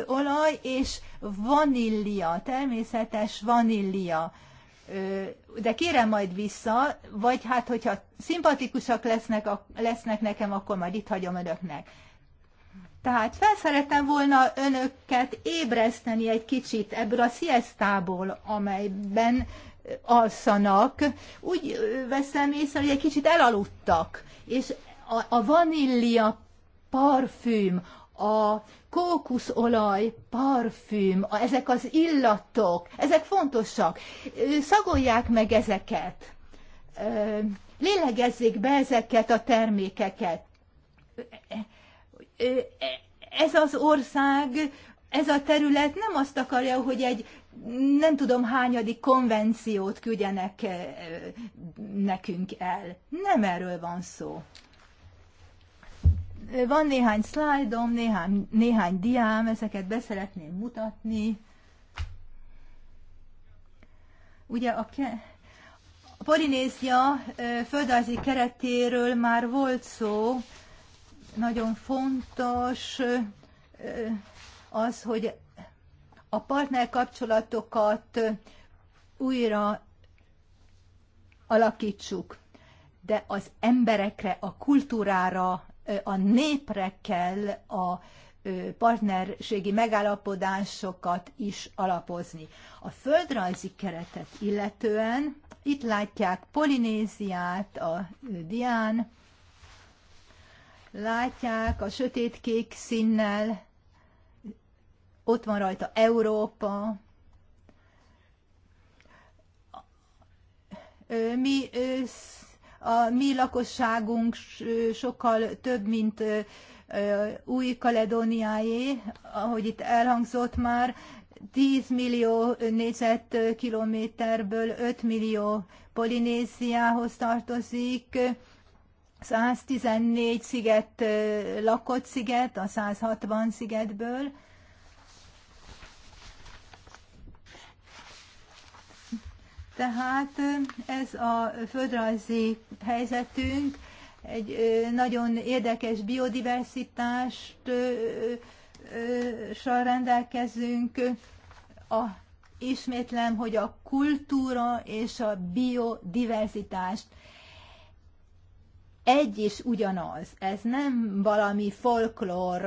olaj és vanília, természetes vanília de kérem majd vissza, vagy hát, hogyha szimpatikusak lesznek, lesznek nekem, akkor majd itt hagyom önöknek. Tehát felszerettem volna önöket ébreszteni egy kicsit ebből a sziesztából, amelyben alszanak. Úgy veszem észre, hogy egy kicsit elaludtak. És a, a vanília parfüm, a kókuszolaj, parfüm, ezek az illatok, ezek fontosak. Szagolják meg ezeket. Lélegezzék be ezeket a termékeket. E, ez az ország, ez a terület nem azt akarja, hogy egy nem tudom hányadik konvenciót küldjenek nekünk el. Nem erről van szó. Van néhány szlájdom, néhány, néhány diám, ezeket beszeretném mutatni. Ugye a, ke- a Polinézia földrajzi keretéről már volt szó, nagyon fontos az, hogy a partner kapcsolatokat újra alakítsuk, de az emberekre, a kultúrára a népre kell a partnerségi megállapodásokat is alapozni. A földrajzi keretet illetően itt látják Polinéziát a dián, látják a sötétkék színnel, ott van rajta Európa, mi a mi lakosságunk sokkal több, mint Új-Kaledóniáé, ahogy itt elhangzott már, 10 millió négyzetkilométerből 5 millió Polinéziához tartozik, 114 sziget, lakott sziget a 160 szigetből, Tehát ez a földrajzi helyzetünk egy nagyon érdekes sal rendelkezünk. A, ismétlem, hogy a kultúra és a biodiverzitást egy is ugyanaz. Ez nem valami folklór.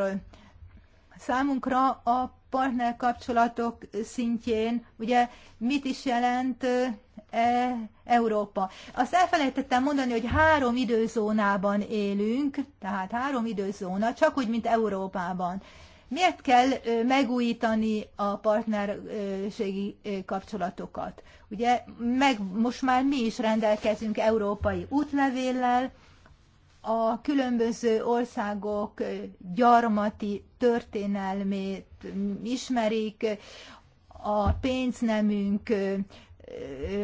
Számunkra a partnerkapcsolatok szintjén, ugye mit is jelent e, Európa. Azt elfelejtettem mondani, hogy három időzónában élünk, tehát három időzóna, csak úgy, mint Európában. Miért kell megújítani a partnerségi kapcsolatokat? Ugye meg, most már mi is rendelkezünk európai útlevéllel, a különböző országok gyarmati történelmét ismerik, a pénznemünk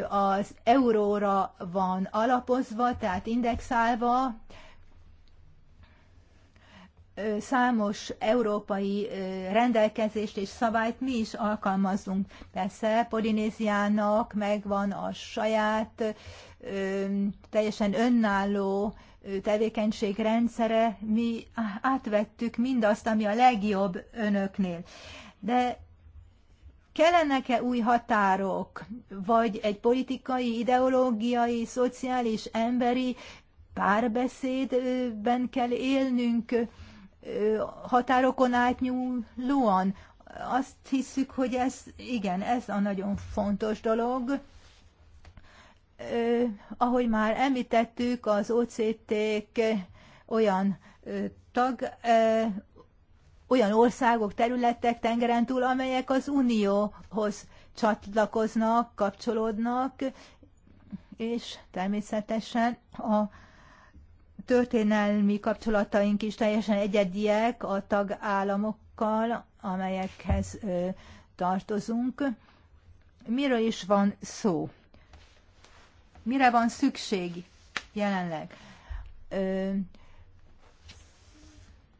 az euróra van alapozva, tehát indexálva, számos európai rendelkezést és szabályt mi is alkalmazunk. Persze Polinéziának megvan a saját teljesen önálló tevékenység rendszere, mi átvettük mindazt, ami a legjobb önöknél. De kellenek-e új határok, vagy egy politikai, ideológiai, szociális, emberi párbeszédben kell élnünk határokon átnyúlóan? Azt hiszük, hogy ez, igen, ez a nagyon fontos dolog ahogy már említettük, az OCT-k olyan tag, olyan országok, területek tengeren túl, amelyek az Unióhoz csatlakoznak, kapcsolódnak, és természetesen a történelmi kapcsolataink is teljesen egyediek a tagállamokkal, amelyekhez tartozunk. Miről is van szó? Mire van szükség jelenleg? Ö,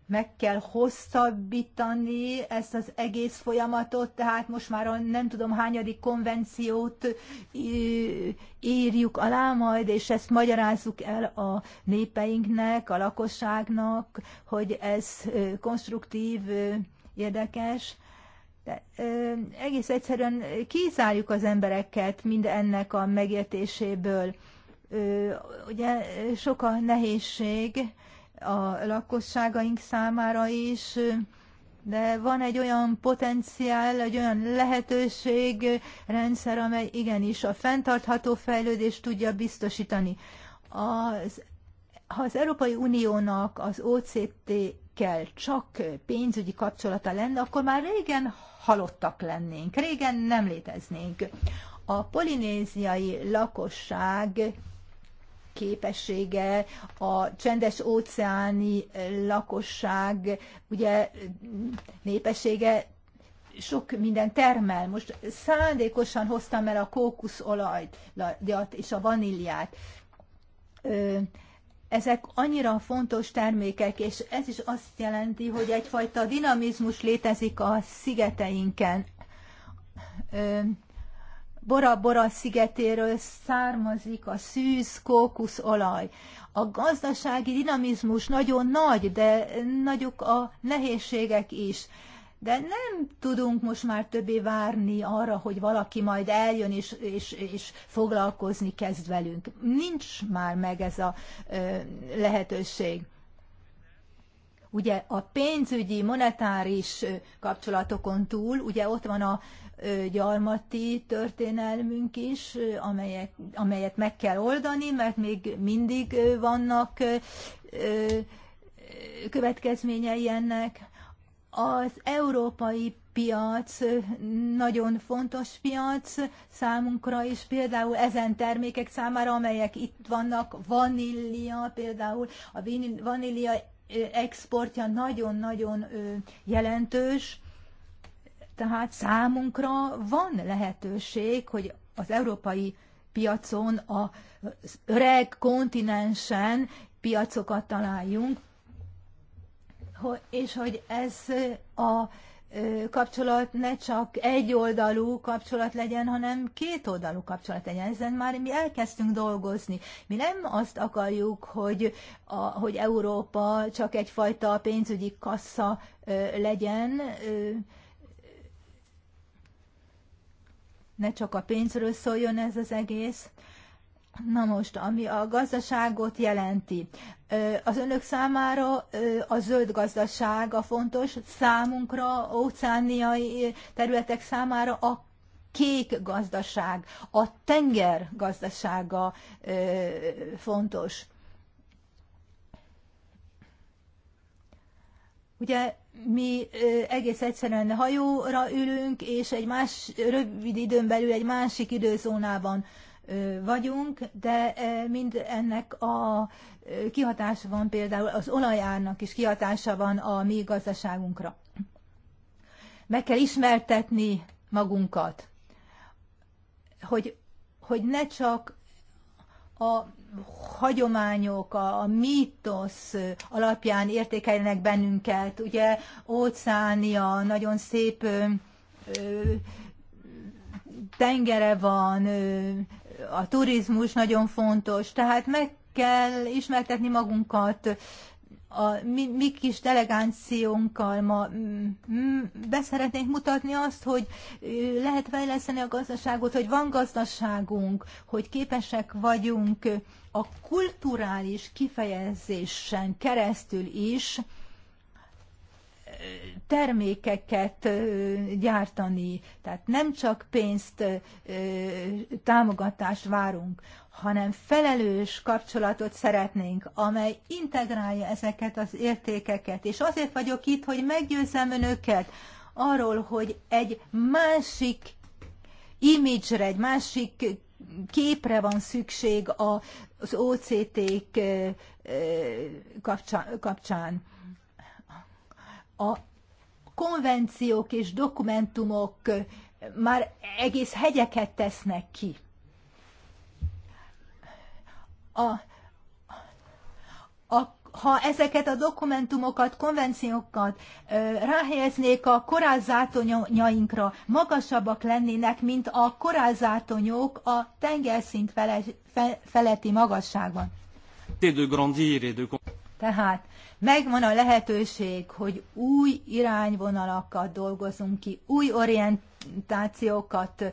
meg kell hosszabbítani ezt az egész folyamatot, tehát most már a nem tudom hányadik konvenciót írjuk alá majd, és ezt magyarázzuk el a népeinknek, a lakosságnak, hogy ez konstruktív, érdekes. De ö, egész egyszerűen kizárjuk az embereket mind ennek a megértéséből. Ö, ugye sok a nehézség a lakosságaink számára is, de van egy olyan potenciál, egy olyan lehetőség, rendszer, amely igenis a fenntartható fejlődést tudja biztosítani. Az, ha az Európai Uniónak az OCT kell csak pénzügyi kapcsolata lenne, akkor már régen halottak lennénk. Régen nem léteznénk. A polinéziai lakosság képessége, a csendes óceáni lakosság, ugye népessége sok minden termel. Most szándékosan hoztam el a kókuszolajat és a vaníliát ezek annyira fontos termékek, és ez is azt jelenti, hogy egyfajta dinamizmus létezik a szigeteinken. Bora-Bora szigetéről származik a szűz kókuszolaj. A gazdasági dinamizmus nagyon nagy, de nagyok a nehézségek is de nem tudunk most már többé várni arra, hogy valaki majd eljön és, és, és foglalkozni kezd velünk. Nincs már meg ez a ö, lehetőség. Ugye a pénzügyi, monetáris kapcsolatokon túl, ugye ott van a ö, gyarmati történelmünk is, ö, amelyek, amelyet meg kell oldani, mert még mindig ö, vannak következményei ennek az európai piac nagyon fontos piac számunkra is, például ezen termékek számára, amelyek itt vannak, vanília például, a vanília exportja nagyon-nagyon jelentős, tehát számunkra van lehetőség, hogy az európai piacon, az öreg kontinensen piacokat találjunk, és hogy ez a kapcsolat ne csak egy oldalú kapcsolat legyen, hanem két oldalú kapcsolat legyen. Ezen már mi elkezdtünk dolgozni. Mi nem azt akarjuk, hogy, a, hogy Európa csak egyfajta pénzügyi kassa ö, legyen, ö, ne csak a pénzről szóljon ez az egész, Na most, ami a gazdaságot jelenti. Az önök számára a zöld gazdaság a fontos, számunkra, óceániai területek számára a kék gazdaság, a tenger gazdasága fontos. Ugye mi egész egyszerűen hajóra ülünk, és egy más rövid időn belül egy másik időzónában vagyunk, de mind ennek a kihatása van például az olajárnak is kihatása van a mi gazdaságunkra. Meg kell ismertetni magunkat, hogy, hogy ne csak a hagyományok, a, a mítosz alapján értékeljenek bennünket. Ugye óceánia nagyon szép ö, ö, tengere van, ö, a turizmus nagyon fontos, tehát meg kell ismertetni magunkat, a mi, mi kis delegációnkkal ma mm, beszeretnénk mutatni azt, hogy lehet fejleszteni a gazdaságot, hogy van gazdaságunk, hogy képesek vagyunk a kulturális kifejezésen keresztül is termékeket gyártani, tehát nem csak pénzt, támogatást várunk, hanem felelős kapcsolatot szeretnénk, amely integrálja ezeket az értékeket. És azért vagyok itt, hogy meggyőzzem önöket arról, hogy egy másik imidzsre, egy másik képre van szükség az OCT-k kapcsán a konvenciók és dokumentumok már egész hegyeket tesznek ki. A, a, ha ezeket a dokumentumokat, konvenciókat ö, ráhelyeznék a korázátonyainkra, magasabbak lennének, mint a korázátonyok a tengerszint fele, fe, feletti magasságban. Tehát megvan a lehetőség, hogy új irányvonalakat dolgozunk ki, új orientációkat ö,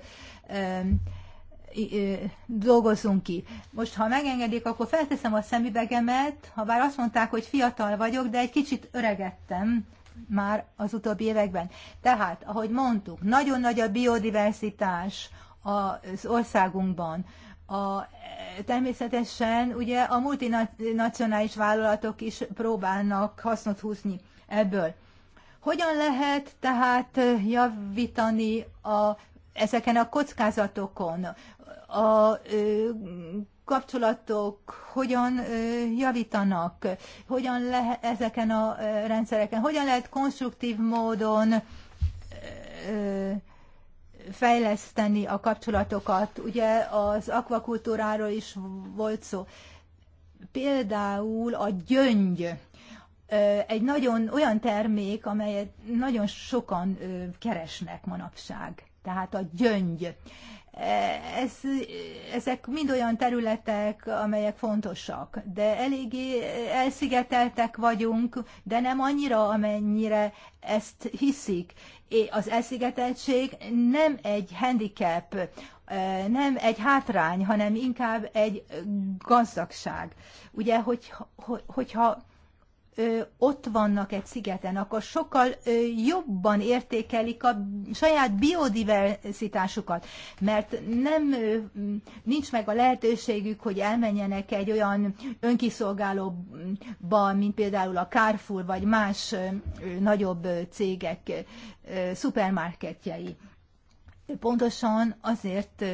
ö, dolgozunk ki. Most, ha megengedik, akkor felteszem a szemüvegemet, ha bár azt mondták, hogy fiatal vagyok, de egy kicsit öregettem már az utóbbi években. Tehát, ahogy mondtuk, nagyon nagy a biodiversitás az országunkban a, természetesen ugye a multinacionális vállalatok is próbálnak hasznot húzni ebből. Hogyan lehet tehát javítani a, ezeken a kockázatokon? A ö, kapcsolatok hogyan ö, javítanak, hogyan lehet ezeken a rendszereken, hogyan lehet konstruktív módon ö, fejleszteni a kapcsolatokat. Ugye az akvakultúráról is volt szó. Például a gyöngy egy nagyon olyan termék, amelyet nagyon sokan keresnek manapság. Tehát a gyöngy. E, ez, ezek mind olyan területek, amelyek fontosak, de eléggé elszigeteltek vagyunk, de nem annyira, amennyire ezt hiszik az elszigeteltség nem egy handicap, nem egy hátrány, hanem inkább egy gazdagság. Ugye, hogy, hogy, hogyha ott vannak egy szigeten, akkor sokkal jobban értékelik a saját biodiverzitásukat, mert nem nincs meg a lehetőségük, hogy elmenjenek egy olyan önkiszolgálóba, mint például a Carrefour vagy más nagyobb cégek szupermarketjei. Pontosan azért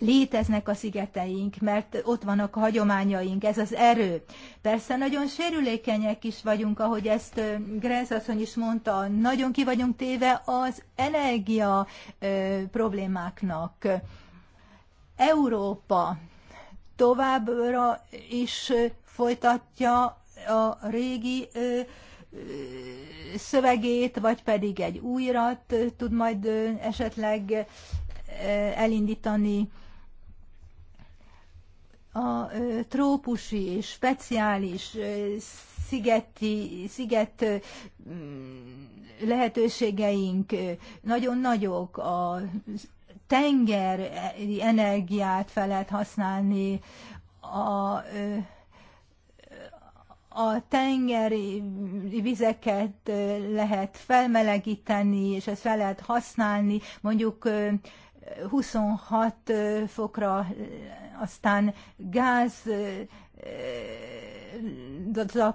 léteznek a szigeteink, mert ott vannak a hagyományaink, ez az erő. Persze nagyon sérülékenyek is vagyunk, ahogy ezt Grenz asszony is mondta, nagyon ki vagyunk téve az energia ö, problémáknak. Európa továbbra is folytatja a régi ö, szövegét, vagy pedig egy újrat tud majd esetleg elindítani a trópusi és speciális szigeti, sziget mm, lehetőségeink nagyon nagyok, a tengeri energiát fel lehet használni, a, a tengeri vizeket lehet felmelegíteni, és ezt fel lehet használni, mondjuk 26 fokra, aztán gáz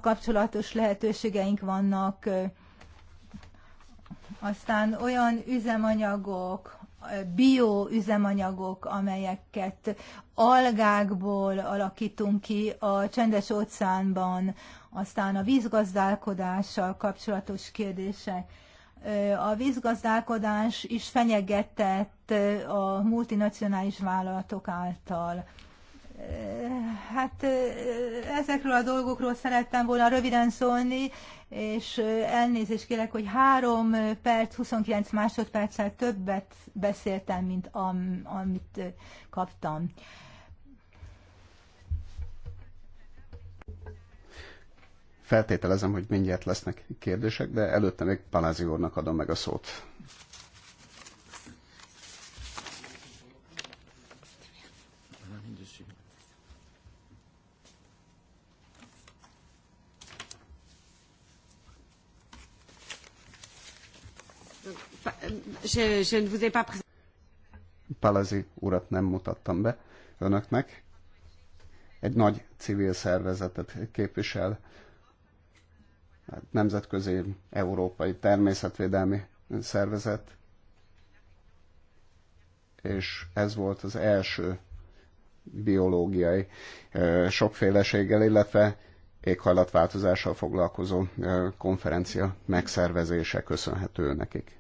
kapcsolatos lehetőségeink vannak, aztán olyan üzemanyagok, bio üzemanyagok, amelyeket algákból alakítunk ki a csendes óceánban, aztán a vízgazdálkodással kapcsolatos kérdések a vízgazdálkodás is fenyegetett a multinacionális vállalatok által. Hát ezekről a dolgokról szerettem volna röviden szólni, és elnézést kérek, hogy három perc, 29 másodperccel többet beszéltem, mint am, amit kaptam. Feltételezem, hogy mindjárt lesznek kérdések, de előtte még Palázi úrnak adom meg a szót. Palazi urat nem mutattam be önöknek. Egy nagy civil szervezetet képvisel, Hát nemzetközi európai természetvédelmi szervezet, és ez volt az első biológiai sokféleséggel, illetve éghajlatváltozással foglalkozó konferencia megszervezése köszönhető nekik.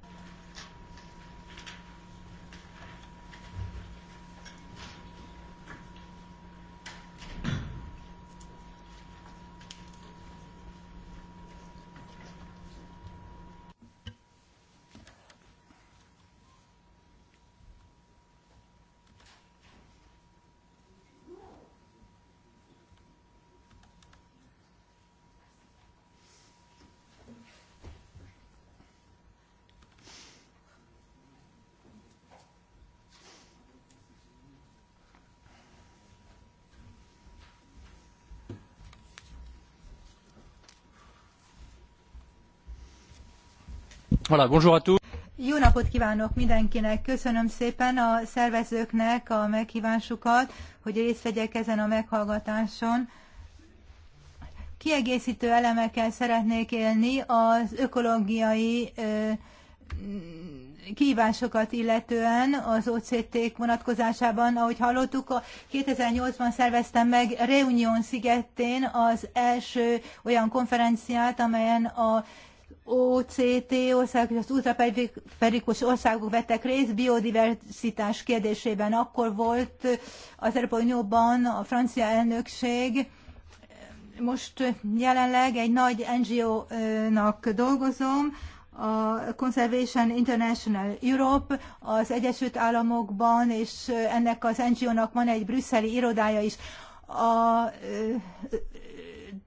Voilà, bonjour à tous. Jó napot kívánok mindenkinek! Köszönöm szépen a szervezőknek a meghívásukat, hogy részt vegyek ezen a meghallgatáson. Kiegészítő elemekkel szeretnék élni az ökológiai ö, illetően az OCT-k vonatkozásában, ahogy hallottuk, 2008-ban szerveztem meg Reunion szigetén az első olyan konferenciát, amelyen a OCT országok és az ultraperikus országok vettek részt biodiversitás kérdésében. Akkor volt az Európai Unióban a francia elnökség, most jelenleg egy nagy NGO-nak dolgozom, a Conservation International Europe az Egyesült Államokban, és ennek az NGO-nak van egy brüsszeli irodája is. A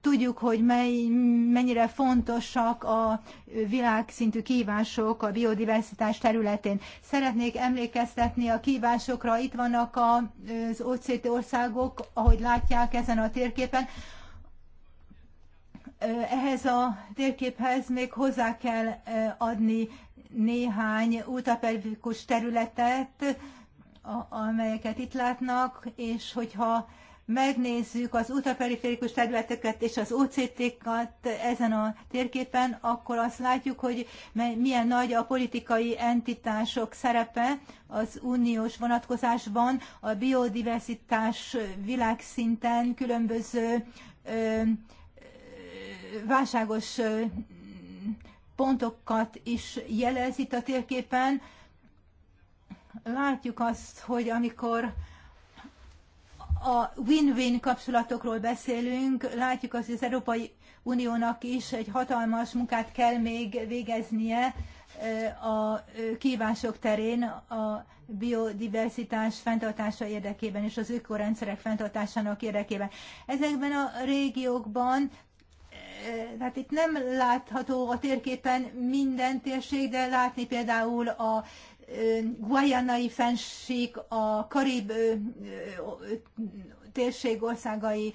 Tudjuk, hogy mely, mennyire fontosak a világszintű kívások a biodiversitás területén. Szeretnék emlékeztetni a kívásokra. Itt vannak az OCT országok, ahogy látják ezen a térképen. Ehhez a térképhez még hozzá kell adni néhány ultrapervikus területet, amelyeket itt látnak, és hogyha megnézzük az ultraperiférikus területeket és az OCT-kat ezen a térképen, akkor azt látjuk, hogy milyen nagy a politikai entitások szerepe az uniós vonatkozásban, a biodiversitás világszinten különböző ö, válságos pontokat is jelez itt a térképen. Látjuk azt, hogy amikor a win-win kapcsolatokról beszélünk, látjuk azt, hogy az Európai Uniónak is egy hatalmas munkát kell még végeznie a kívások terén a biodiverzitás fenntartása érdekében és az ökorendszerek fenntartásának érdekében. Ezekben a régiókban tehát itt nem látható a térképen minden térség, de látni például a guajanai fenség, a karib térség országai,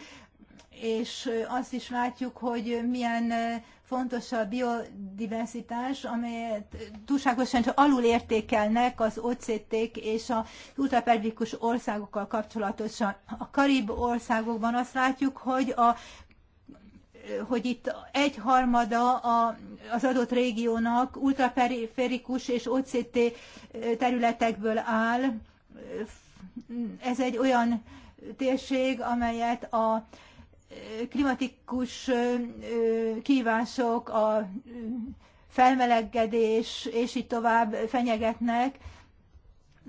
és azt is látjuk, hogy milyen fontos a biodiverzitás, amelyet túlságosan csak alul értékelnek az oct és a ultrapervikus országokkal kapcsolatosan. A karib országokban azt látjuk, hogy a hogy itt egyharmada a, az adott régiónak ultraperiférikus és OCT területekből áll. Ez egy olyan térség, amelyet a klimatikus kívások, a felmelegedés és így tovább fenyegetnek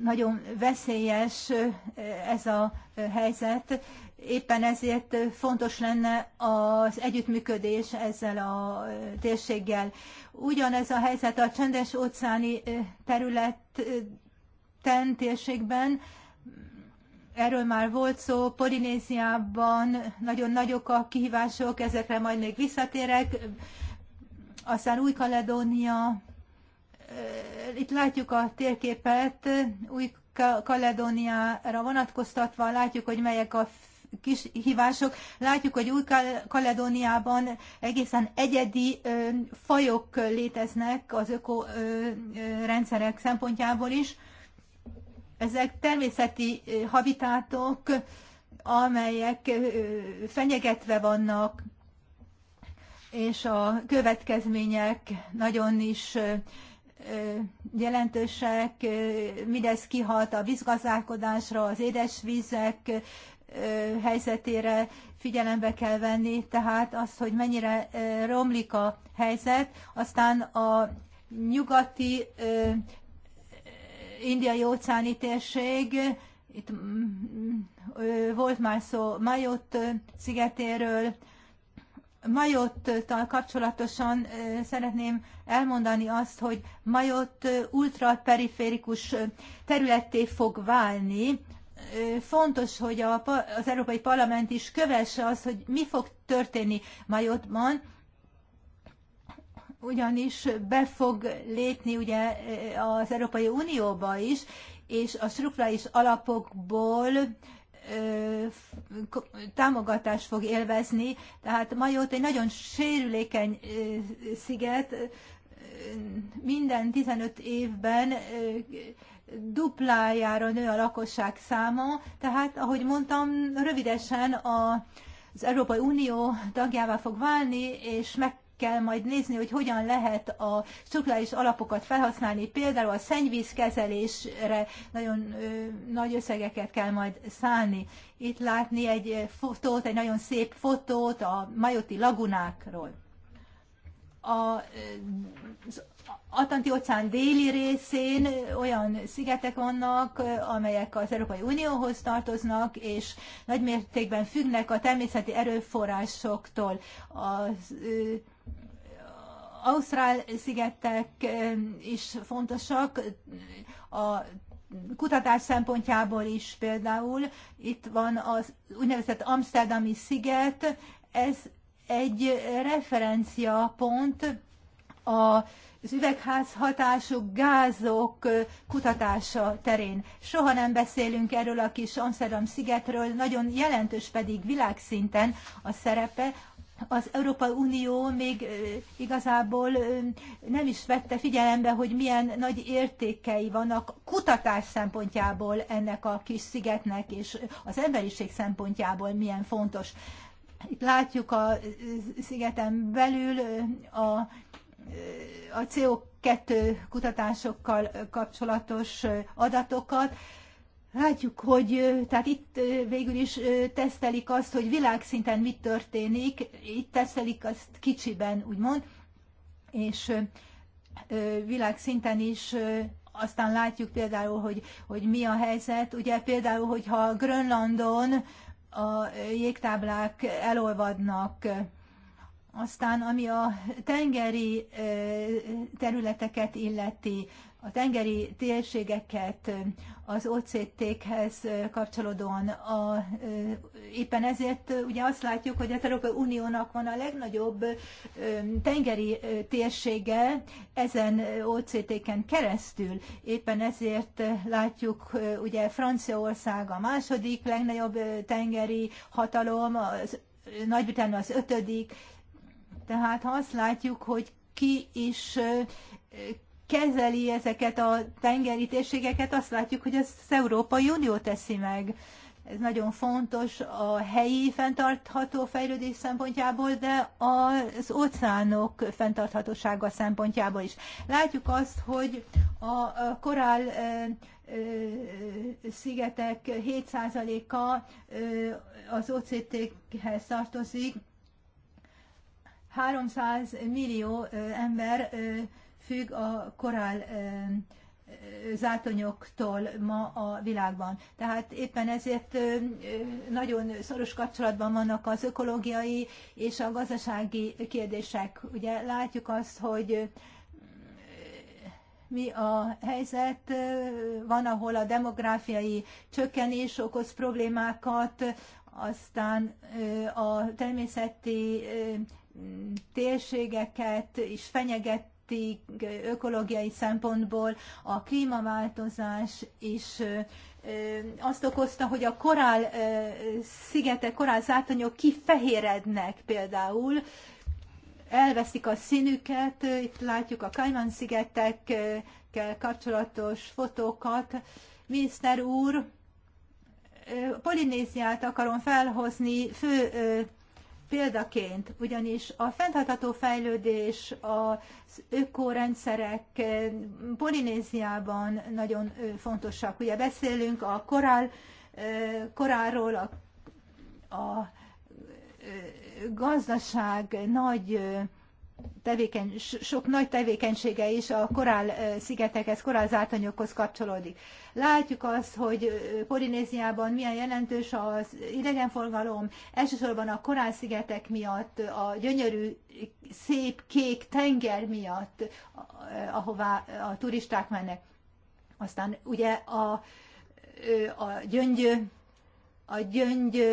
nagyon veszélyes ez a helyzet. Éppen ezért fontos lenne az együttműködés ezzel a térséggel. Ugyanez a helyzet a csendes óceáni területen, térségben, erről már volt szó, Polinéziában nagyon nagyok a kihívások, ezekre majd még visszatérek. Aztán Új-Kaledónia itt látjuk a térképet, új Kaledóniára vonatkoztatva látjuk, hogy melyek a kis hívások. Látjuk, hogy új Kaledóniában egészen egyedi fajok léteznek az ökorendszerek szempontjából is. Ezek természeti habitátok, amelyek fenyegetve vannak, és a következmények nagyon is jelentősek, mindez kihat a vízgazdálkodásra, az édesvízek helyzetére figyelembe kell venni, tehát az hogy mennyire romlik a helyzet, aztán a nyugati indiai óceáni térség, itt mm, mm, volt már szó Majott szigetéről, Majottal kapcsolatosan szeretném elmondani azt, hogy Majot ultraperiférikus területté fog válni. Fontos, hogy a, az Európai Parlament is kövesse azt, hogy mi fog történni Majotban, ugyanis be fog lépni ugye az Európai Unióba is, és a struktúrális alapokból támogatást fog élvezni, tehát Majót egy nagyon sérülékeny sziget, minden 15 évben duplájára nő a lakosság száma, tehát ahogy mondtam, rövidesen a, az Európai Unió tagjává fog válni, és meg kell majd nézni, hogy hogyan lehet a struktúrális alapokat felhasználni, például a szennyvízkezelésre nagyon ö, nagy összegeket kell majd szállni. Itt látni egy fotót, egy nagyon szép fotót a majoti lagunákról. A, az Atlanti óceán déli részén olyan szigetek vannak, amelyek az Európai Unióhoz tartoznak, és nagymértékben függnek a természeti erőforrásoktól. Az, Ausztrál szigetek is fontosak, a kutatás szempontjából is például. Itt van az úgynevezett Amsterdami sziget, ez egy referencia pont a az üvegház hatású gázok kutatása terén. Soha nem beszélünk erről a kis Amsterdam szigetről, nagyon jelentős pedig világszinten a szerepe az Európai Unió még igazából nem is vette figyelembe, hogy milyen nagy értékei vannak kutatás szempontjából ennek a kis szigetnek, és az emberiség szempontjából milyen fontos. Itt látjuk a szigeten belül a, a CO2 kutatásokkal kapcsolatos adatokat. Látjuk, hogy tehát itt végül is tesztelik azt, hogy világszinten mit történik, itt tesztelik azt kicsiben, úgymond, és világszinten is aztán látjuk például, hogy, hogy mi a helyzet. Ugye például, hogyha Grönlandon a jégtáblák elolvadnak, aztán ami a tengeri területeket illeti, a tengeri térségeket az oct hez kapcsolódóan. A, éppen ezért ugye azt látjuk, hogy az Európai Uniónak van a legnagyobb tengeri térsége ezen OCT-ken keresztül. Éppen ezért látjuk ugye Franciaország a második legnagyobb tengeri hatalom, az Nagy-Britannia az ötödik. Tehát ha azt látjuk, hogy ki is kezeli ezeket a tengeri térségeket, azt látjuk, hogy ezt az Európai Unió teszi meg. Ez nagyon fontos a helyi fenntartható fejlődés szempontjából, de az óceánok fenntarthatósága szempontjából is. Látjuk azt, hogy a korál szigetek 7%-a az OCT-hez tartozik, 300 millió ember függ a korál zátonyoktól ma a világban. Tehát éppen ezért nagyon szoros kapcsolatban vannak az ökológiai és a gazdasági kérdések. Ugye látjuk azt, hogy mi a helyzet, van, ahol a demográfiai csökkenés okoz problémákat, aztán a természeti térségeket is fenyeget politik, ökológiai szempontból a klímaváltozás is azt okozta, hogy a korál szigetek, korál zátonyok kifehérednek például, elveszik a színüket, itt látjuk a Kajman szigetekkel kapcsolatos fotókat. Miniszter úr, Polinéziát akarom felhozni fő példaként, ugyanis a fenntartható fejlődés, az ökorendszerek eh, Polinéziában nagyon eh, fontosak. Ugye beszélünk a korál, eh, korálról, a, a gazdaság nagy tevékeny, sok nagy tevékenysége is a korál szigetekhez, korál zátonyokhoz kapcsolódik. Látjuk azt, hogy Polinéziában milyen jelentős az idegenforgalom, elsősorban a korál szigetek miatt, a gyönyörű, szép kék tenger miatt, ahová a turisták mennek. Aztán ugye a, a gyöngy, a gyöngy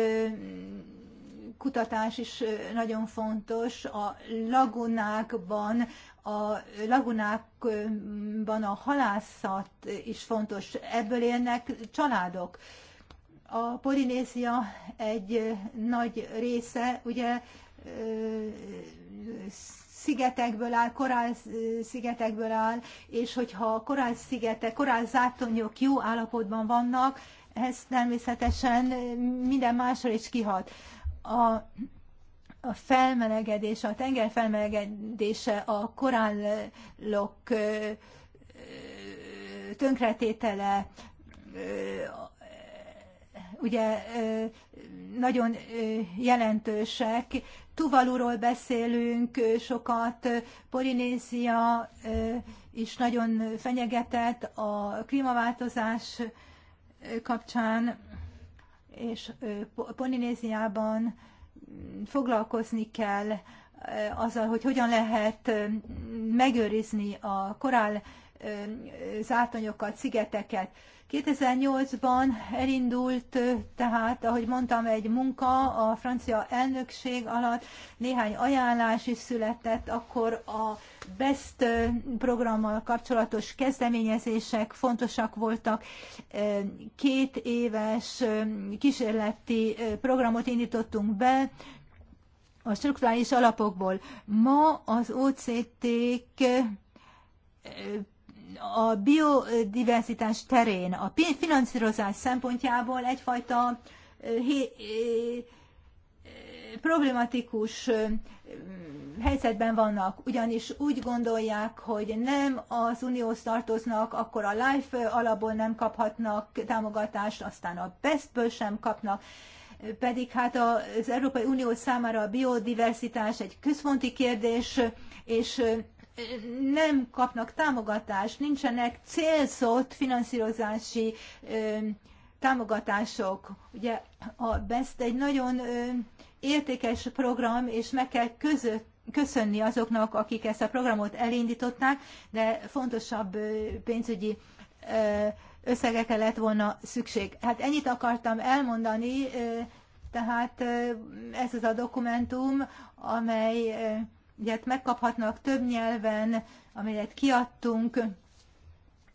kutatás is nagyon fontos. A lagunákban, a lagunákban a halászat is fontos. Ebből élnek családok. A Polinézia egy nagy része, ugye szigetekből áll, korál szigetekből áll, és hogyha a korál szigetek, korál zátonyok jó állapotban vannak, ez természetesen minden másra is kihat a, a felmelegedése, a tenger felmelegedése, a korállok tönkretétele, ugye nagyon jelentősek. Tuvaluról beszélünk sokat, Polinézia is nagyon fenyegetett a klímaváltozás kapcsán és Polinéziában foglalkozni kell azzal, hogy hogyan lehet megőrizni a korál zátonyokat, szigeteket. 2008-ban elindult, tehát, ahogy mondtam, egy munka a francia elnökség alatt, néhány ajánlás is született, akkor a BEST programmal kapcsolatos kezdeményezések fontosak voltak. Két éves kísérleti programot indítottunk be, a struktúrális alapokból. Ma az OCT-k a biodiverzitás terén, a finanszírozás szempontjából egyfajta problematikus helyzetben vannak, ugyanis úgy gondolják, hogy nem az unióhoz tartoznak, akkor a LIFE alapból nem kaphatnak támogatást, aztán a best sem kapnak, pedig hát az Európai Unió számára a biodiversitás egy központi kérdés, és nem kapnak támogatást, nincsenek célzott finanszírozási támogatások. Ugye a BEST egy nagyon értékes program, és meg kell között köszönni azoknak, akik ezt a programot elindították, de fontosabb pénzügyi összegekre lett volna szükség. Hát ennyit akartam elmondani, tehát ez az a dokumentum, amely hát megkaphatnak több nyelven, amelyet kiadtunk,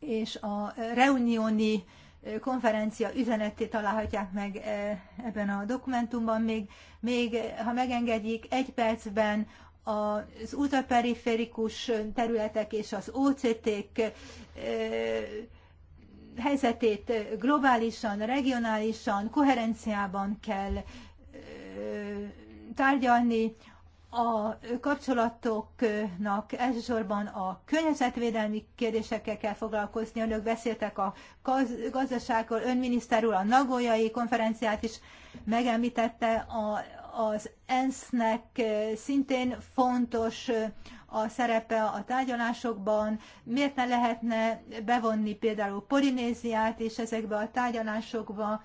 és a reunióni konferencia üzenetét találhatják meg e, ebben a dokumentumban. Még, még ha megengedjék, egy percben az ultraperiférikus területek és az OCT-k e, helyzetét globálisan, regionálisan, koherenciában kell e, tárgyalni a kapcsolatoknak elsősorban a környezetvédelmi kérdésekkel kell foglalkozni. Önök beszéltek a gazdaságról, önminiszter úr a Nagoyai konferenciát is megemlítette, a, az ENSZ-nek szintén fontos a szerepe a tárgyalásokban. Miért ne lehetne bevonni például Polinéziát és ezekbe a tárgyalásokba?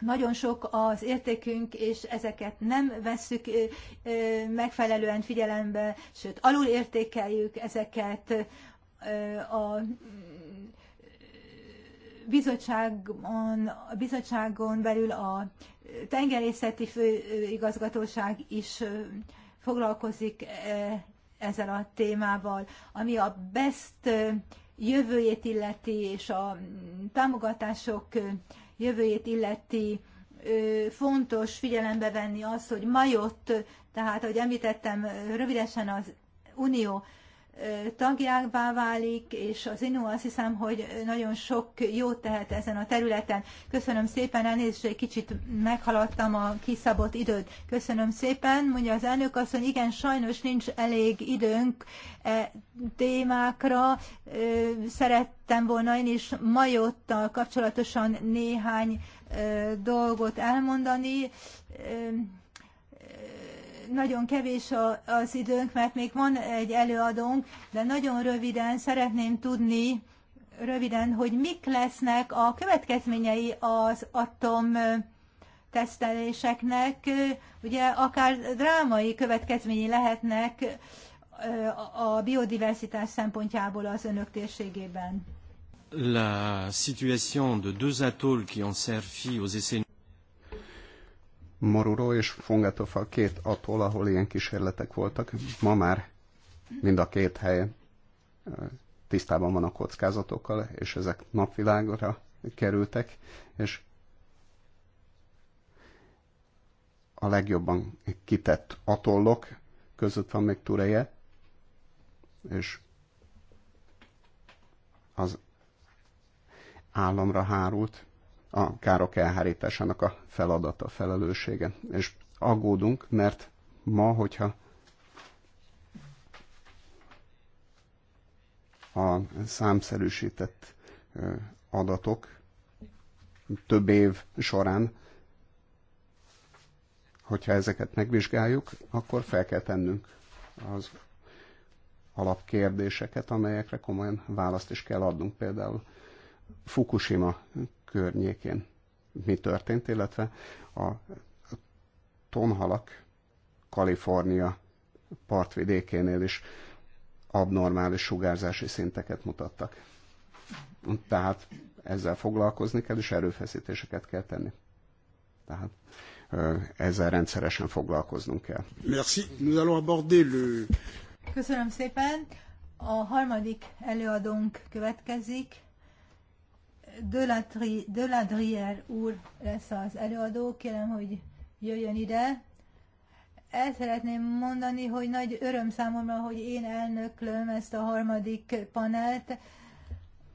nagyon sok az értékünk, és ezeket nem vesszük megfelelően figyelembe, sőt, alul értékeljük ezeket a bizottságon, a bizottságon belül a tengerészeti főigazgatóság is foglalkozik ezzel a témával, ami a BEST jövőjét illeti, és a támogatások jövőjét illeti fontos figyelembe venni azt, hogy Majott, tehát ahogy említettem, rövidesen az Unió tagjává válik, és az INU azt hiszem, hogy nagyon sok jót tehet ezen a területen. Köszönöm szépen, elnézést, egy kicsit meghaladtam a kiszabott időt. Köszönöm szépen, mondja az elnök azt, hogy igen, sajnos nincs elég időnk e témákra. Szerettem volna én is Majottal kapcsolatosan néhány dolgot elmondani nagyon kevés az időnk, mert még van egy előadónk, de nagyon röviden szeretném tudni, röviden, hogy mik lesznek a következményei az atom teszteléseknek, ugye akár drámai következményei lehetnek a biodiversitás szempontjából az önök térségében. La situation de deux atolls qui ont servi aux essais Moruro és Fongatofa két attól, ahol ilyen kísérletek voltak, ma már mind a két hely tisztában van a kockázatokkal, és ezek napvilágra kerültek, és a legjobban kitett atollok között van még Tureje, és az államra hárult a károk elhárításának a feladata, a felelőssége. És aggódunk, mert ma, hogyha a számszerűsített adatok több év során, hogyha ezeket megvizsgáljuk, akkor fel kell tennünk az alapkérdéseket, amelyekre komolyan választ is kell adnunk. Például Fukushima környékén mi történt, illetve a tonhalak Kalifornia partvidékénél is abnormális sugárzási szinteket mutattak. Tehát ezzel foglalkozni kell, és erőfeszítéseket kell tenni. Tehát ezzel rendszeresen foglalkoznunk kell. Merci. Nous allons aborder le... Köszönöm szépen. A harmadik előadónk következik. Dölatri, Döladrier úr lesz az előadó, kérem, hogy jöjjön ide. El szeretném mondani, hogy nagy öröm számomra, hogy én elnöklöm ezt a harmadik panelt.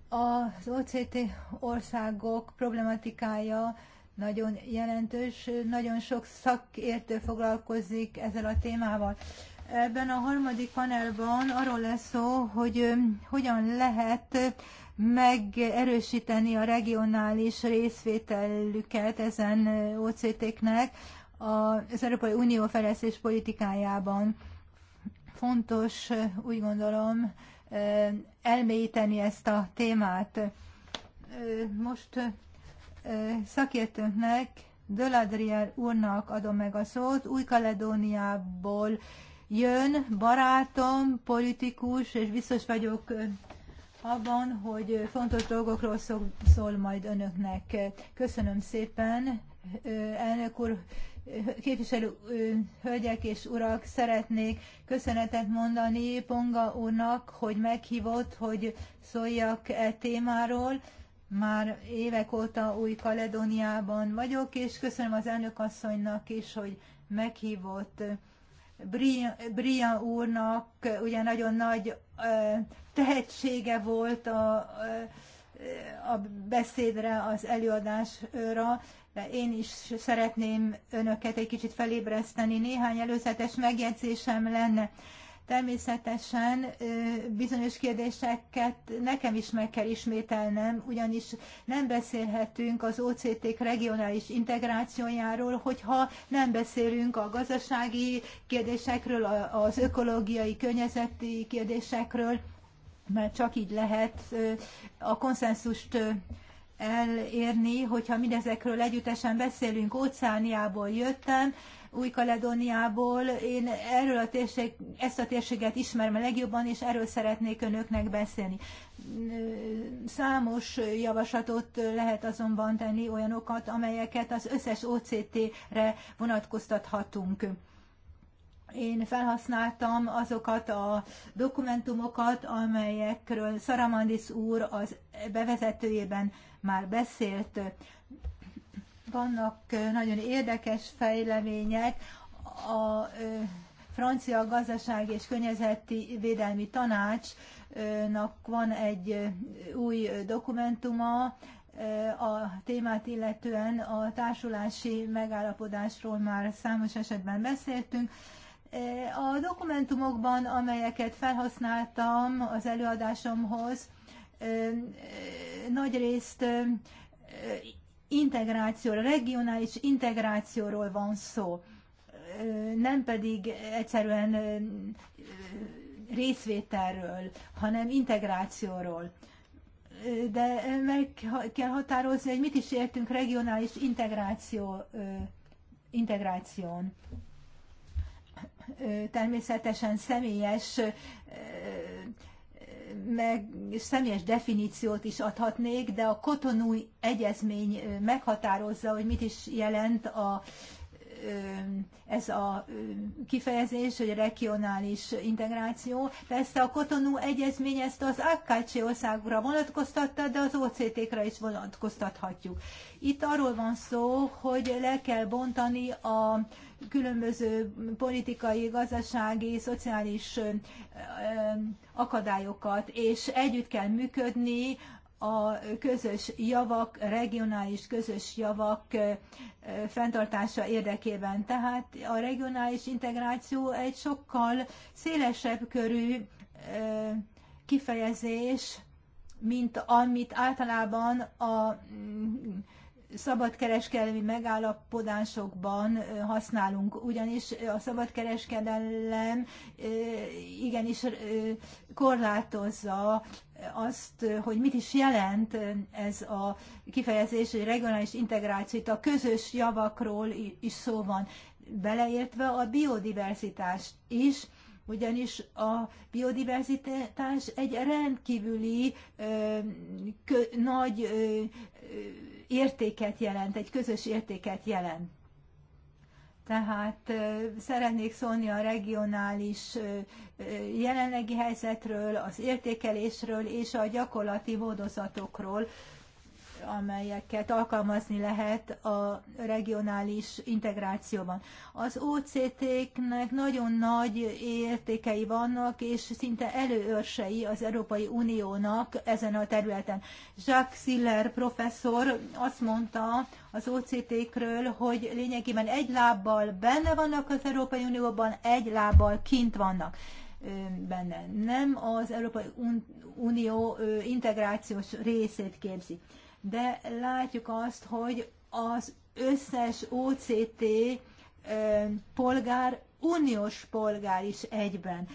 Az OCT országok problematikája nagyon jelentős, nagyon sok szakértő foglalkozik ezzel a témával. Ebben a harmadik panelban arról lesz szó, hogy hogyan lehet megerősíteni a regionális részvételüket ezen OCT-knek az Európai Unió fejlesztés politikájában. Fontos, úgy gondolom, elmélyíteni ezt a témát. Most szakértőnknek, Döladriel úrnak adom meg a szót, Új-Kaledóniából jön, barátom, politikus, és biztos vagyok abban, hogy fontos dolgokról szó, szól majd önöknek. Köszönöm szépen, elnök úr, képviselő hölgyek és urak, szeretnék köszönetet mondani Ponga úrnak, hogy meghívott, hogy szóljak e témáról. Már évek óta Új-Kaledóniában vagyok, és köszönöm az elnök asszonynak is, hogy meghívott. Bria, Bria úrnak ugye nagyon nagy tehetsége volt a, a beszédre, az előadásra, de én is szeretném önöket egy kicsit felébreszteni. Néhány előzetes megjegyzésem lenne. Természetesen bizonyos kérdéseket nekem is meg kell ismételnem, ugyanis nem beszélhetünk az OCT-k regionális integrációjáról, hogyha nem beszélünk a gazdasági kérdésekről, az ökológiai, környezeti kérdésekről, mert csak így lehet a konszenzust elérni, hogyha mindezekről együttesen beszélünk. Óceániából jöttem, új-Kaledóniából. Én erről a térség, ezt a térséget ismerem a legjobban, és erről szeretnék önöknek beszélni. Számos javaslatot lehet azonban tenni olyanokat, amelyeket az összes OCT-re vonatkoztathatunk én felhasználtam azokat a dokumentumokat, amelyekről Szaramandis úr az bevezetőjében már beszélt vannak nagyon érdekes fejlemények. A francia gazdaság és környezeti védelmi tanácsnak van egy új dokumentuma a témát illetően a társulási megállapodásról már számos esetben beszéltünk. A dokumentumokban, amelyeket felhasználtam az előadásomhoz, nagyrészt integrációra, regionális integrációról van szó, nem pedig egyszerűen részvételről, hanem integrációról. De meg kell határozni, hogy mit is értünk regionális integráció, integráción természetesen személyes meg személyes definíciót is adhatnék, de a kotonúi egyezmény meghatározza, hogy mit is jelent a ez a kifejezés, hogy regionális integráció. Persze a Kotonú egyezmény ezt az Akkácsi országra vonatkoztatta, de az OCT-kra is vonatkoztathatjuk. Itt arról van szó, hogy le kell bontani a különböző politikai, gazdasági, szociális akadályokat, és együtt kell működni a közös javak, regionális közös javak fenntartása érdekében. Tehát a regionális integráció egy sokkal szélesebb körű kifejezés, mint amit általában a szabadkereskedelmi megállapodásokban használunk, ugyanis a szabadkereskedelem igenis korlátozza azt, hogy mit is jelent ez a kifejezés, hogy regionális integráció, itt a közös javakról is szó van, beleértve a biodiverzitást is, ugyanis a biodiverzitás egy rendkívüli ö, kö, nagy ö, értéket jelent, egy közös értéket jelent. Tehát szeretnék szólni a regionális jelenlegi helyzetről, az értékelésről és a gyakorlati módozatokról, amelyeket alkalmazni lehet a regionális integrációban. Az OCT-knek nagyon nagy értékei vannak, és szinte előörsei az Európai Uniónak ezen a területen. Jacques Siller professzor azt mondta az OCT-kről, hogy lényegében egy lábbal benne vannak az Európai Unióban, egy lábbal kint vannak benne. Nem az Európai Unió integrációs részét képzi de látjuk azt, hogy az összes OCT polgár uniós polgár is egyben.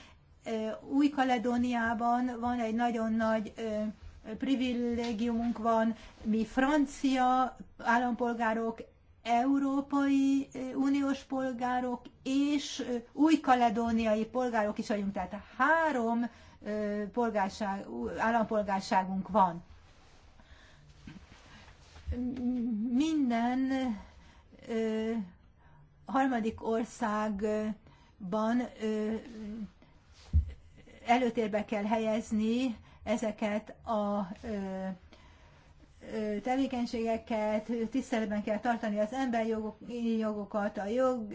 Új-Kaledóniában van egy nagyon nagy privilégiumunk van, mi francia állampolgárok, európai uniós polgárok és új-kaledóniai polgárok is vagyunk, tehát három polgárság, állampolgárságunk van minden ö, harmadik országban ö, előtérbe kell helyezni ezeket a ö, tevékenységeket, tiszteletben kell tartani az emberi jogokat, a jog,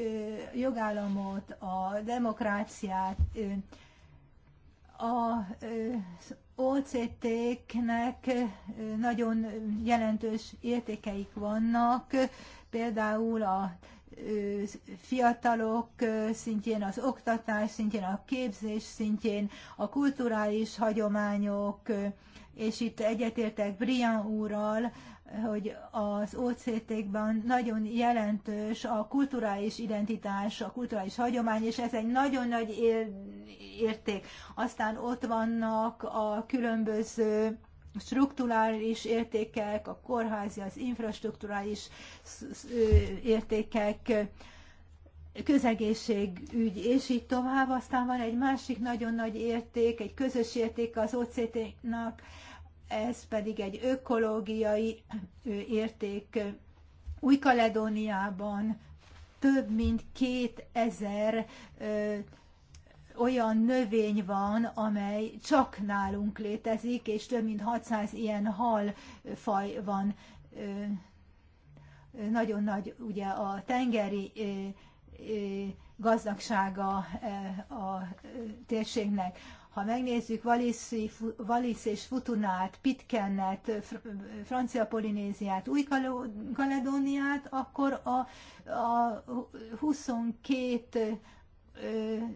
jogállamot, a demokráciát, az OCT-knek nagyon jelentős értékeik vannak, például a fiatalok szintjén, az oktatás szintjén, a képzés szintjén, a kulturális hagyományok, és itt egyetértek Brian úrral, hogy az oct kben nagyon jelentős a kulturális identitás, a kulturális hagyomány, és ez egy nagyon nagy érték. Aztán ott vannak a különböző strukturális értékek, a kórházi, az infrastruktúrális értékek, közegészségügy, és így tovább. Aztán van egy másik nagyon nagy érték, egy közös érték az OCT-nak, ez pedig egy ökológiai érték Új-Kaledóniában több mint két ezer olyan növény van, amely csak nálunk létezik, és több mint 600 ilyen halfaj van. nagyon nagy ugye a tengeri gazdagsága a térségnek. Ha megnézzük Valisz és Futunát, Pitkennet, Francia Polinéziát, Új-Kaledóniát, akkor a, a 22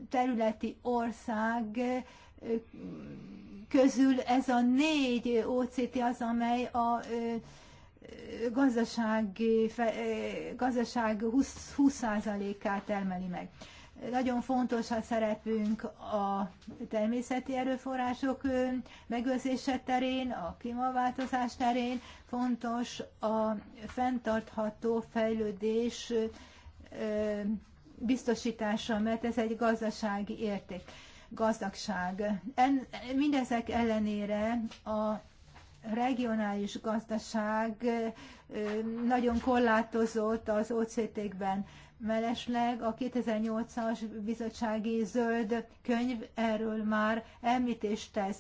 területi ország közül ez a négy OCT az, amely a gazdaság, gazdaság 20%-át termeli meg. Nagyon fontos a szerepünk a természeti erőforrások megőrzése terén, a klímaváltozás terén, fontos a fenntartható fejlődés biztosítása, mert ez egy gazdasági érték, gazdagság. En, mindezek ellenére a regionális gazdaság nagyon korlátozott az OCT-kben. Mellesleg a 2008-as bizottsági zöld könyv erről már említést tesz.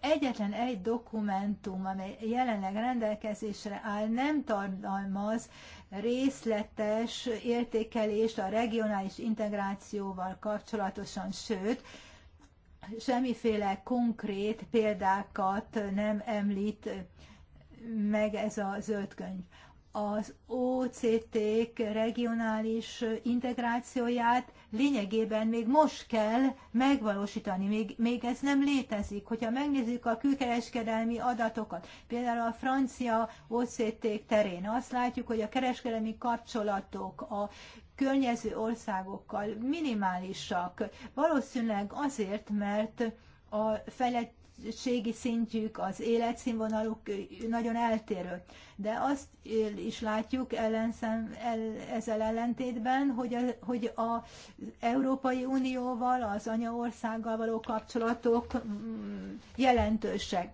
Egyetlen egy dokumentum, amely jelenleg rendelkezésre áll, nem tartalmaz részletes értékelést a regionális integrációval kapcsolatosan, sőt, semmiféle konkrét példákat nem említ meg ez a zöld könyv az OCT-k regionális integrációját lényegében még most kell megvalósítani, még, még ez nem létezik. Hogyha megnézzük a külkereskedelmi adatokat, például a francia OCT-k terén, azt látjuk, hogy a kereskedelmi kapcsolatok, a környező országokkal minimálisak. Valószínűleg azért, mert a fejlett fejlettségi szintjük, az életszínvonaluk nagyon eltérő. De azt is látjuk ellenszem, el, ezzel ellentétben, hogy, az hogy a Európai Unióval, az anyaországgal való kapcsolatok mm, jelentősek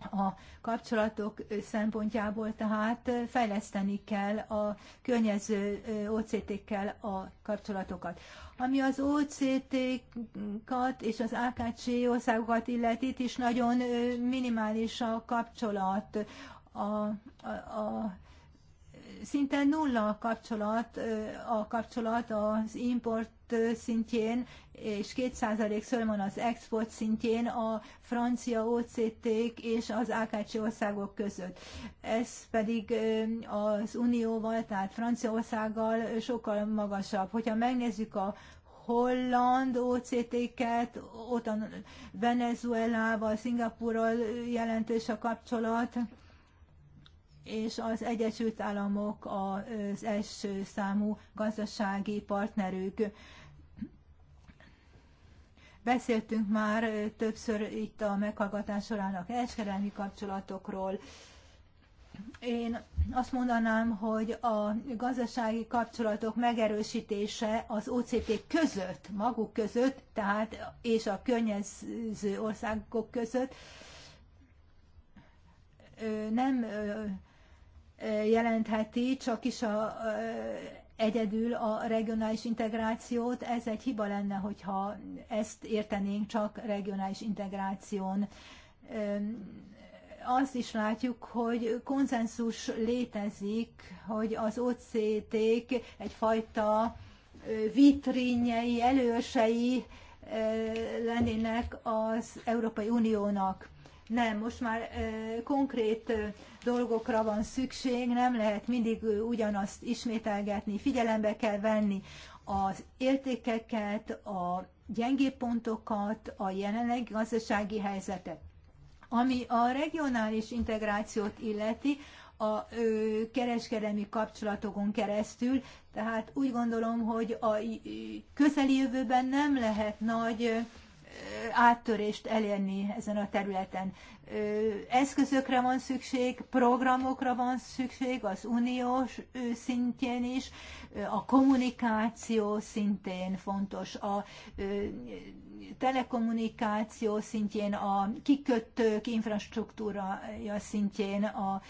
a kapcsolatok szempontjából, tehát fejleszteni kell a környező OCT-kkel a kapcsolatokat. Ami az OCT-kat és az AKC országokat illeti, itt is nagyon minimális a kapcsolat. A, a, a, szinte nulla a kapcsolat, a kapcsolat az import szintjén és 2% szörmon az export szintjén a francia OCT-k és az AKC országok között. Ez pedig az Unióval, tehát Franciaországgal sokkal magasabb. Hogyha megnézzük a holland OCT-ket, ott a Venezuelával, Szingapurral jelentős a kapcsolat, és az Egyesült Államok az első számú gazdasági partnerük. Beszéltünk már többször itt a meghallgatás során a kereskedelmi kapcsolatokról. Én azt mondanám, hogy a gazdasági kapcsolatok megerősítése az OCT között, maguk között, tehát és a környező országok között nem jelentheti csak is a egyedül a regionális integrációt. Ez egy hiba lenne, hogyha ezt értenénk csak regionális integráción. Azt is látjuk, hogy konszenzus létezik, hogy az OCT-k egyfajta vitrinjei, elősei lennének az Európai Uniónak. Nem, most már konkrét dolgokra van szükség, nem lehet mindig ugyanazt ismételgetni, figyelembe kell venni az értékeket, a gyengébb pontokat, a jelenlegi gazdasági helyzetet. Ami a regionális integrációt illeti, a ö, kereskedelmi kapcsolatokon keresztül, tehát úgy gondolom, hogy a közeli jövőben nem lehet nagy áttörést elérni ezen a területen eszközökre van szükség, programokra van szükség az uniós szintjén is, a kommunikáció szintén fontos, a telekommunikáció szintjén, a kikötők infrastruktúrája szintjén, a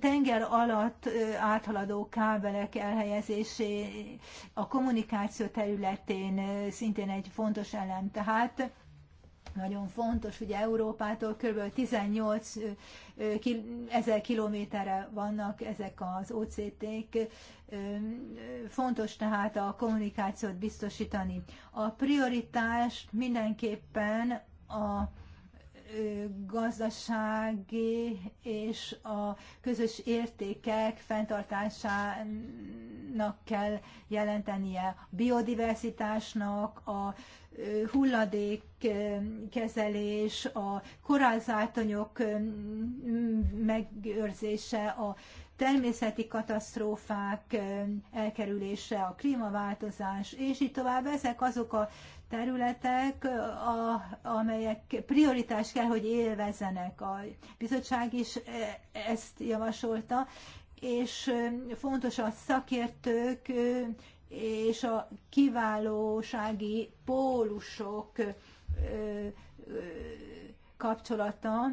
tenger alatt áthaladó kábelek elhelyezésé a kommunikáció területén szintén egy fontos elem. Tehát nagyon fontos, ugye Európától kb. 18 ezer kilométerre vannak ezek az OCT-k, fontos tehát a kommunikációt biztosítani. A prioritás mindenképpen a gazdasági és a közös értékek fenntartásának kell jelentenie, a biodiversitásnak, a hulladékkezelés, a korallzátonyok megőrzése, a természeti katasztrófák elkerülése, a klímaváltozás, és így tovább. Ezek azok a területek, a, amelyek prioritás kell, hogy élvezenek. A bizottság is e, ezt javasolta, és e, fontos a szakértők e, és a kiválósági pólusok kapcsolata,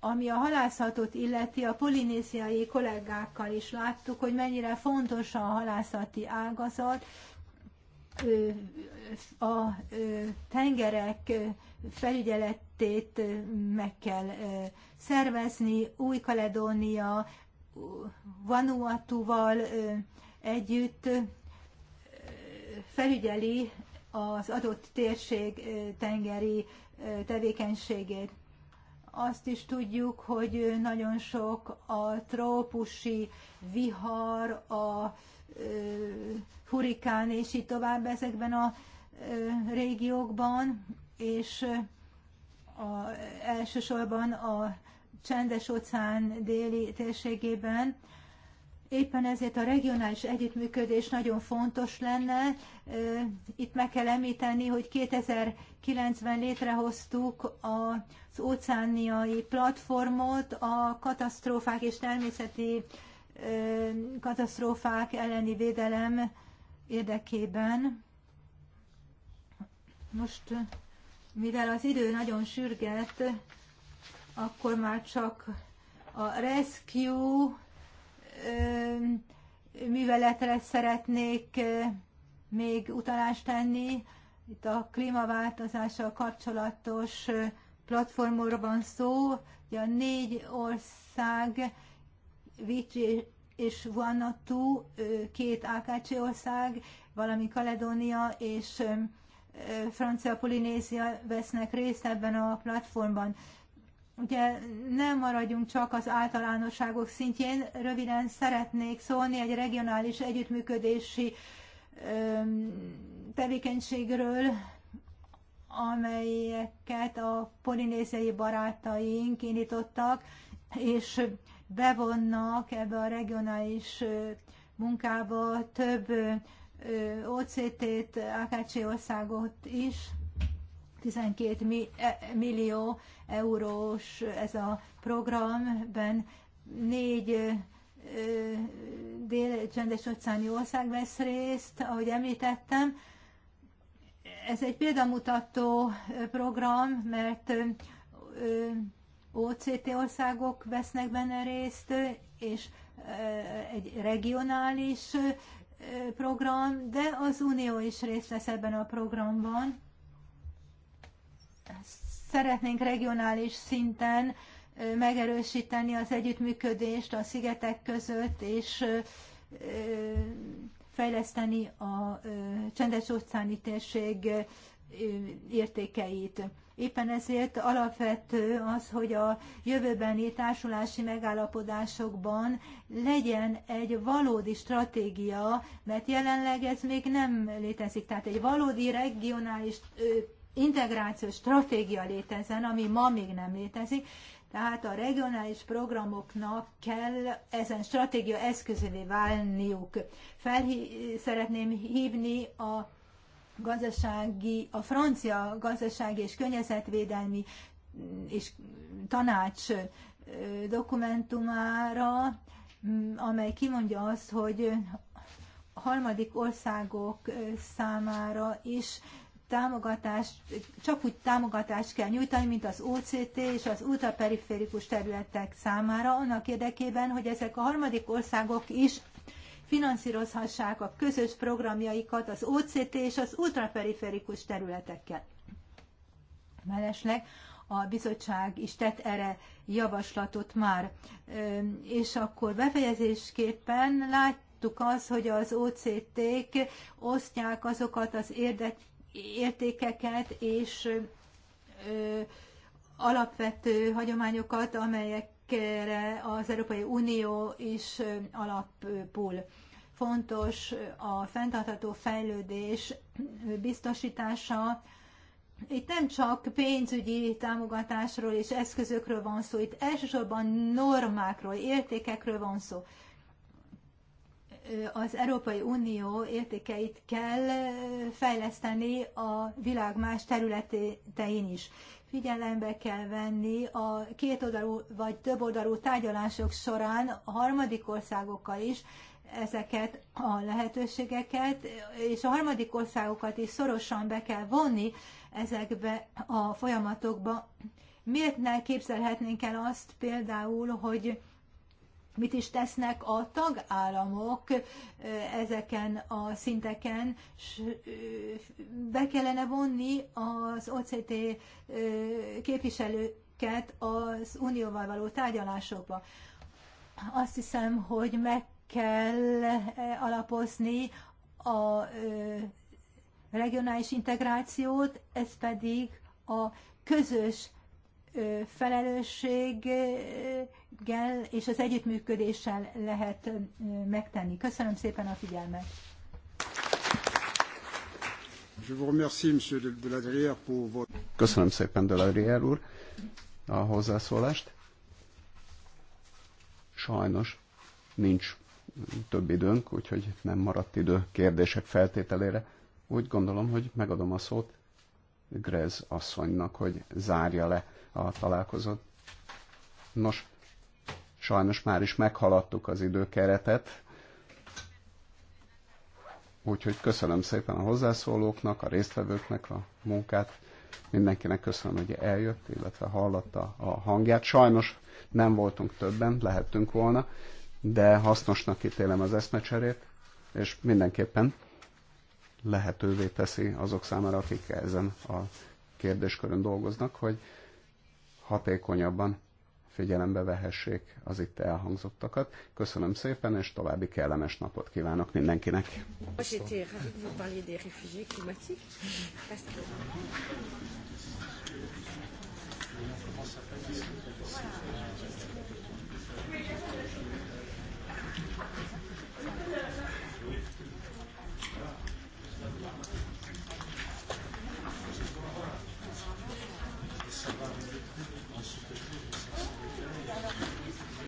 ami a halászatot illeti, a polinéziai kollégákkal is láttuk, hogy mennyire fontos a halászati ágazat, a tengerek felügyeletét meg kell szervezni, Új-Kaledónia, Vanuatuval együtt felügyeli az adott térség tengeri tevékenységét. Azt is tudjuk, hogy nagyon sok a trópusi vihar, a hurikán és így tovább ezekben a régiókban, és a, elsősorban a Csendes-óceán déli térségében. Éppen ezért a regionális együttműködés nagyon fontos lenne. Itt meg kell említeni, hogy 2009-ben létrehoztuk az óceániai platformot a katasztrófák és természeti katasztrófák elleni védelem érdekében. Most, mivel az idő nagyon sürget, akkor már csak a rescue műveletre szeretnék még utalást tenni. Itt a klímaváltozással kapcsolatos platformról van szó. Ugye a négy ország Vicsi és Vanuatu, két AKC ország, valami Kaledónia és Francia Polinézia vesznek részt ebben a platformban. Ugye nem maradjunk csak az általánosságok szintjén, röviden szeretnék szólni egy regionális együttműködési tevékenységről, amelyeket a polinéziai barátaink indítottak, és bevonnak ebbe a regionális munkába több OCT-t, AKC országot is. 12 e, millió eurós ez a programben négy dél-csendes óceáni ország vesz részt, ahogy említettem. Ez egy példamutató program, mert OCT országok vesznek benne részt, és eh, egy regionális eh, program, de az Unió is részt vesz ebben a programban. Szeretnénk regionális szinten eh, megerősíteni az együttműködést a szigetek között, és fejleszteni a csendes óceáni térség értékeit. Éppen ezért alapvető az, hogy a jövőbeni társulási megállapodásokban legyen egy valódi stratégia, mert jelenleg ez még nem létezik. Tehát egy valódi regionális integrációs stratégia létezzen, ami ma még nem létezik, tehát a regionális programoknak kell ezen stratégia eszközévé válniuk. Fel szeretném hívni a gazdasági, a francia gazdasági és környezetvédelmi mm, és tanács dokumentumára, mm, amely kimondja azt, hogy a harmadik országok számára is támogatást, csak úgy támogatást kell nyújtani, mint az OCT és az ultraperiférikus területek számára, annak érdekében, hogy ezek a harmadik országok is finanszírozhassák a közös programjaikat az OCT és az ultraperiferikus területekkel. Mellesleg a bizottság is tett erre javaslatot már. És akkor befejezésképpen láttuk az, hogy az OCT-k osztják azokat az értékeket és alapvető hagyományokat, amelyek amelyekre az Európai Unió is alapul. Fontos a fenntartható fejlődés biztosítása. Itt nem csak pénzügyi támogatásról és eszközökről van szó, itt elsősorban normákról, értékekről van szó az Európai Unió értékeit kell fejleszteni a világ más területein is figyelembe kell venni a kétoldalú vagy többoldalú tárgyalások során a harmadik országokkal is ezeket a lehetőségeket, és a harmadik országokat is szorosan be kell vonni ezekbe a folyamatokba. Miért ne képzelhetnénk el azt például, hogy mit is tesznek a tagállamok ezeken a szinteken, és be kellene vonni az OCT képviselőket az unióval való tárgyalásokba. Azt hiszem, hogy meg kell alapozni a regionális integrációt, ez pedig a közös felelősség gel és az együttműködéssel lehet megtenni. Köszönöm szépen a figyelmet! Köszönöm szépen, Deladrier úr, a hozzászólást. Sajnos nincs több időnk, úgyhogy nem maradt idő kérdések feltételére. Úgy gondolom, hogy megadom a szót Grez asszonynak, hogy zárja le a találkozót. Nos, Sajnos már is meghaladtuk az időkeretet, úgyhogy köszönöm szépen a hozzászólóknak, a résztvevőknek a munkát, mindenkinek köszönöm, hogy eljött, illetve hallatta a hangját. Sajnos nem voltunk többen, lehettünk volna, de hasznosnak ítélem az eszmecserét, és mindenképpen lehetővé teszi azok számára, akik ezen a kérdéskörön dolgoznak, hogy hatékonyabban figyelembe vehessék az itt elhangzottakat. Köszönöm szépen, és további kellemes napot kívánok mindenkinek. Thank you.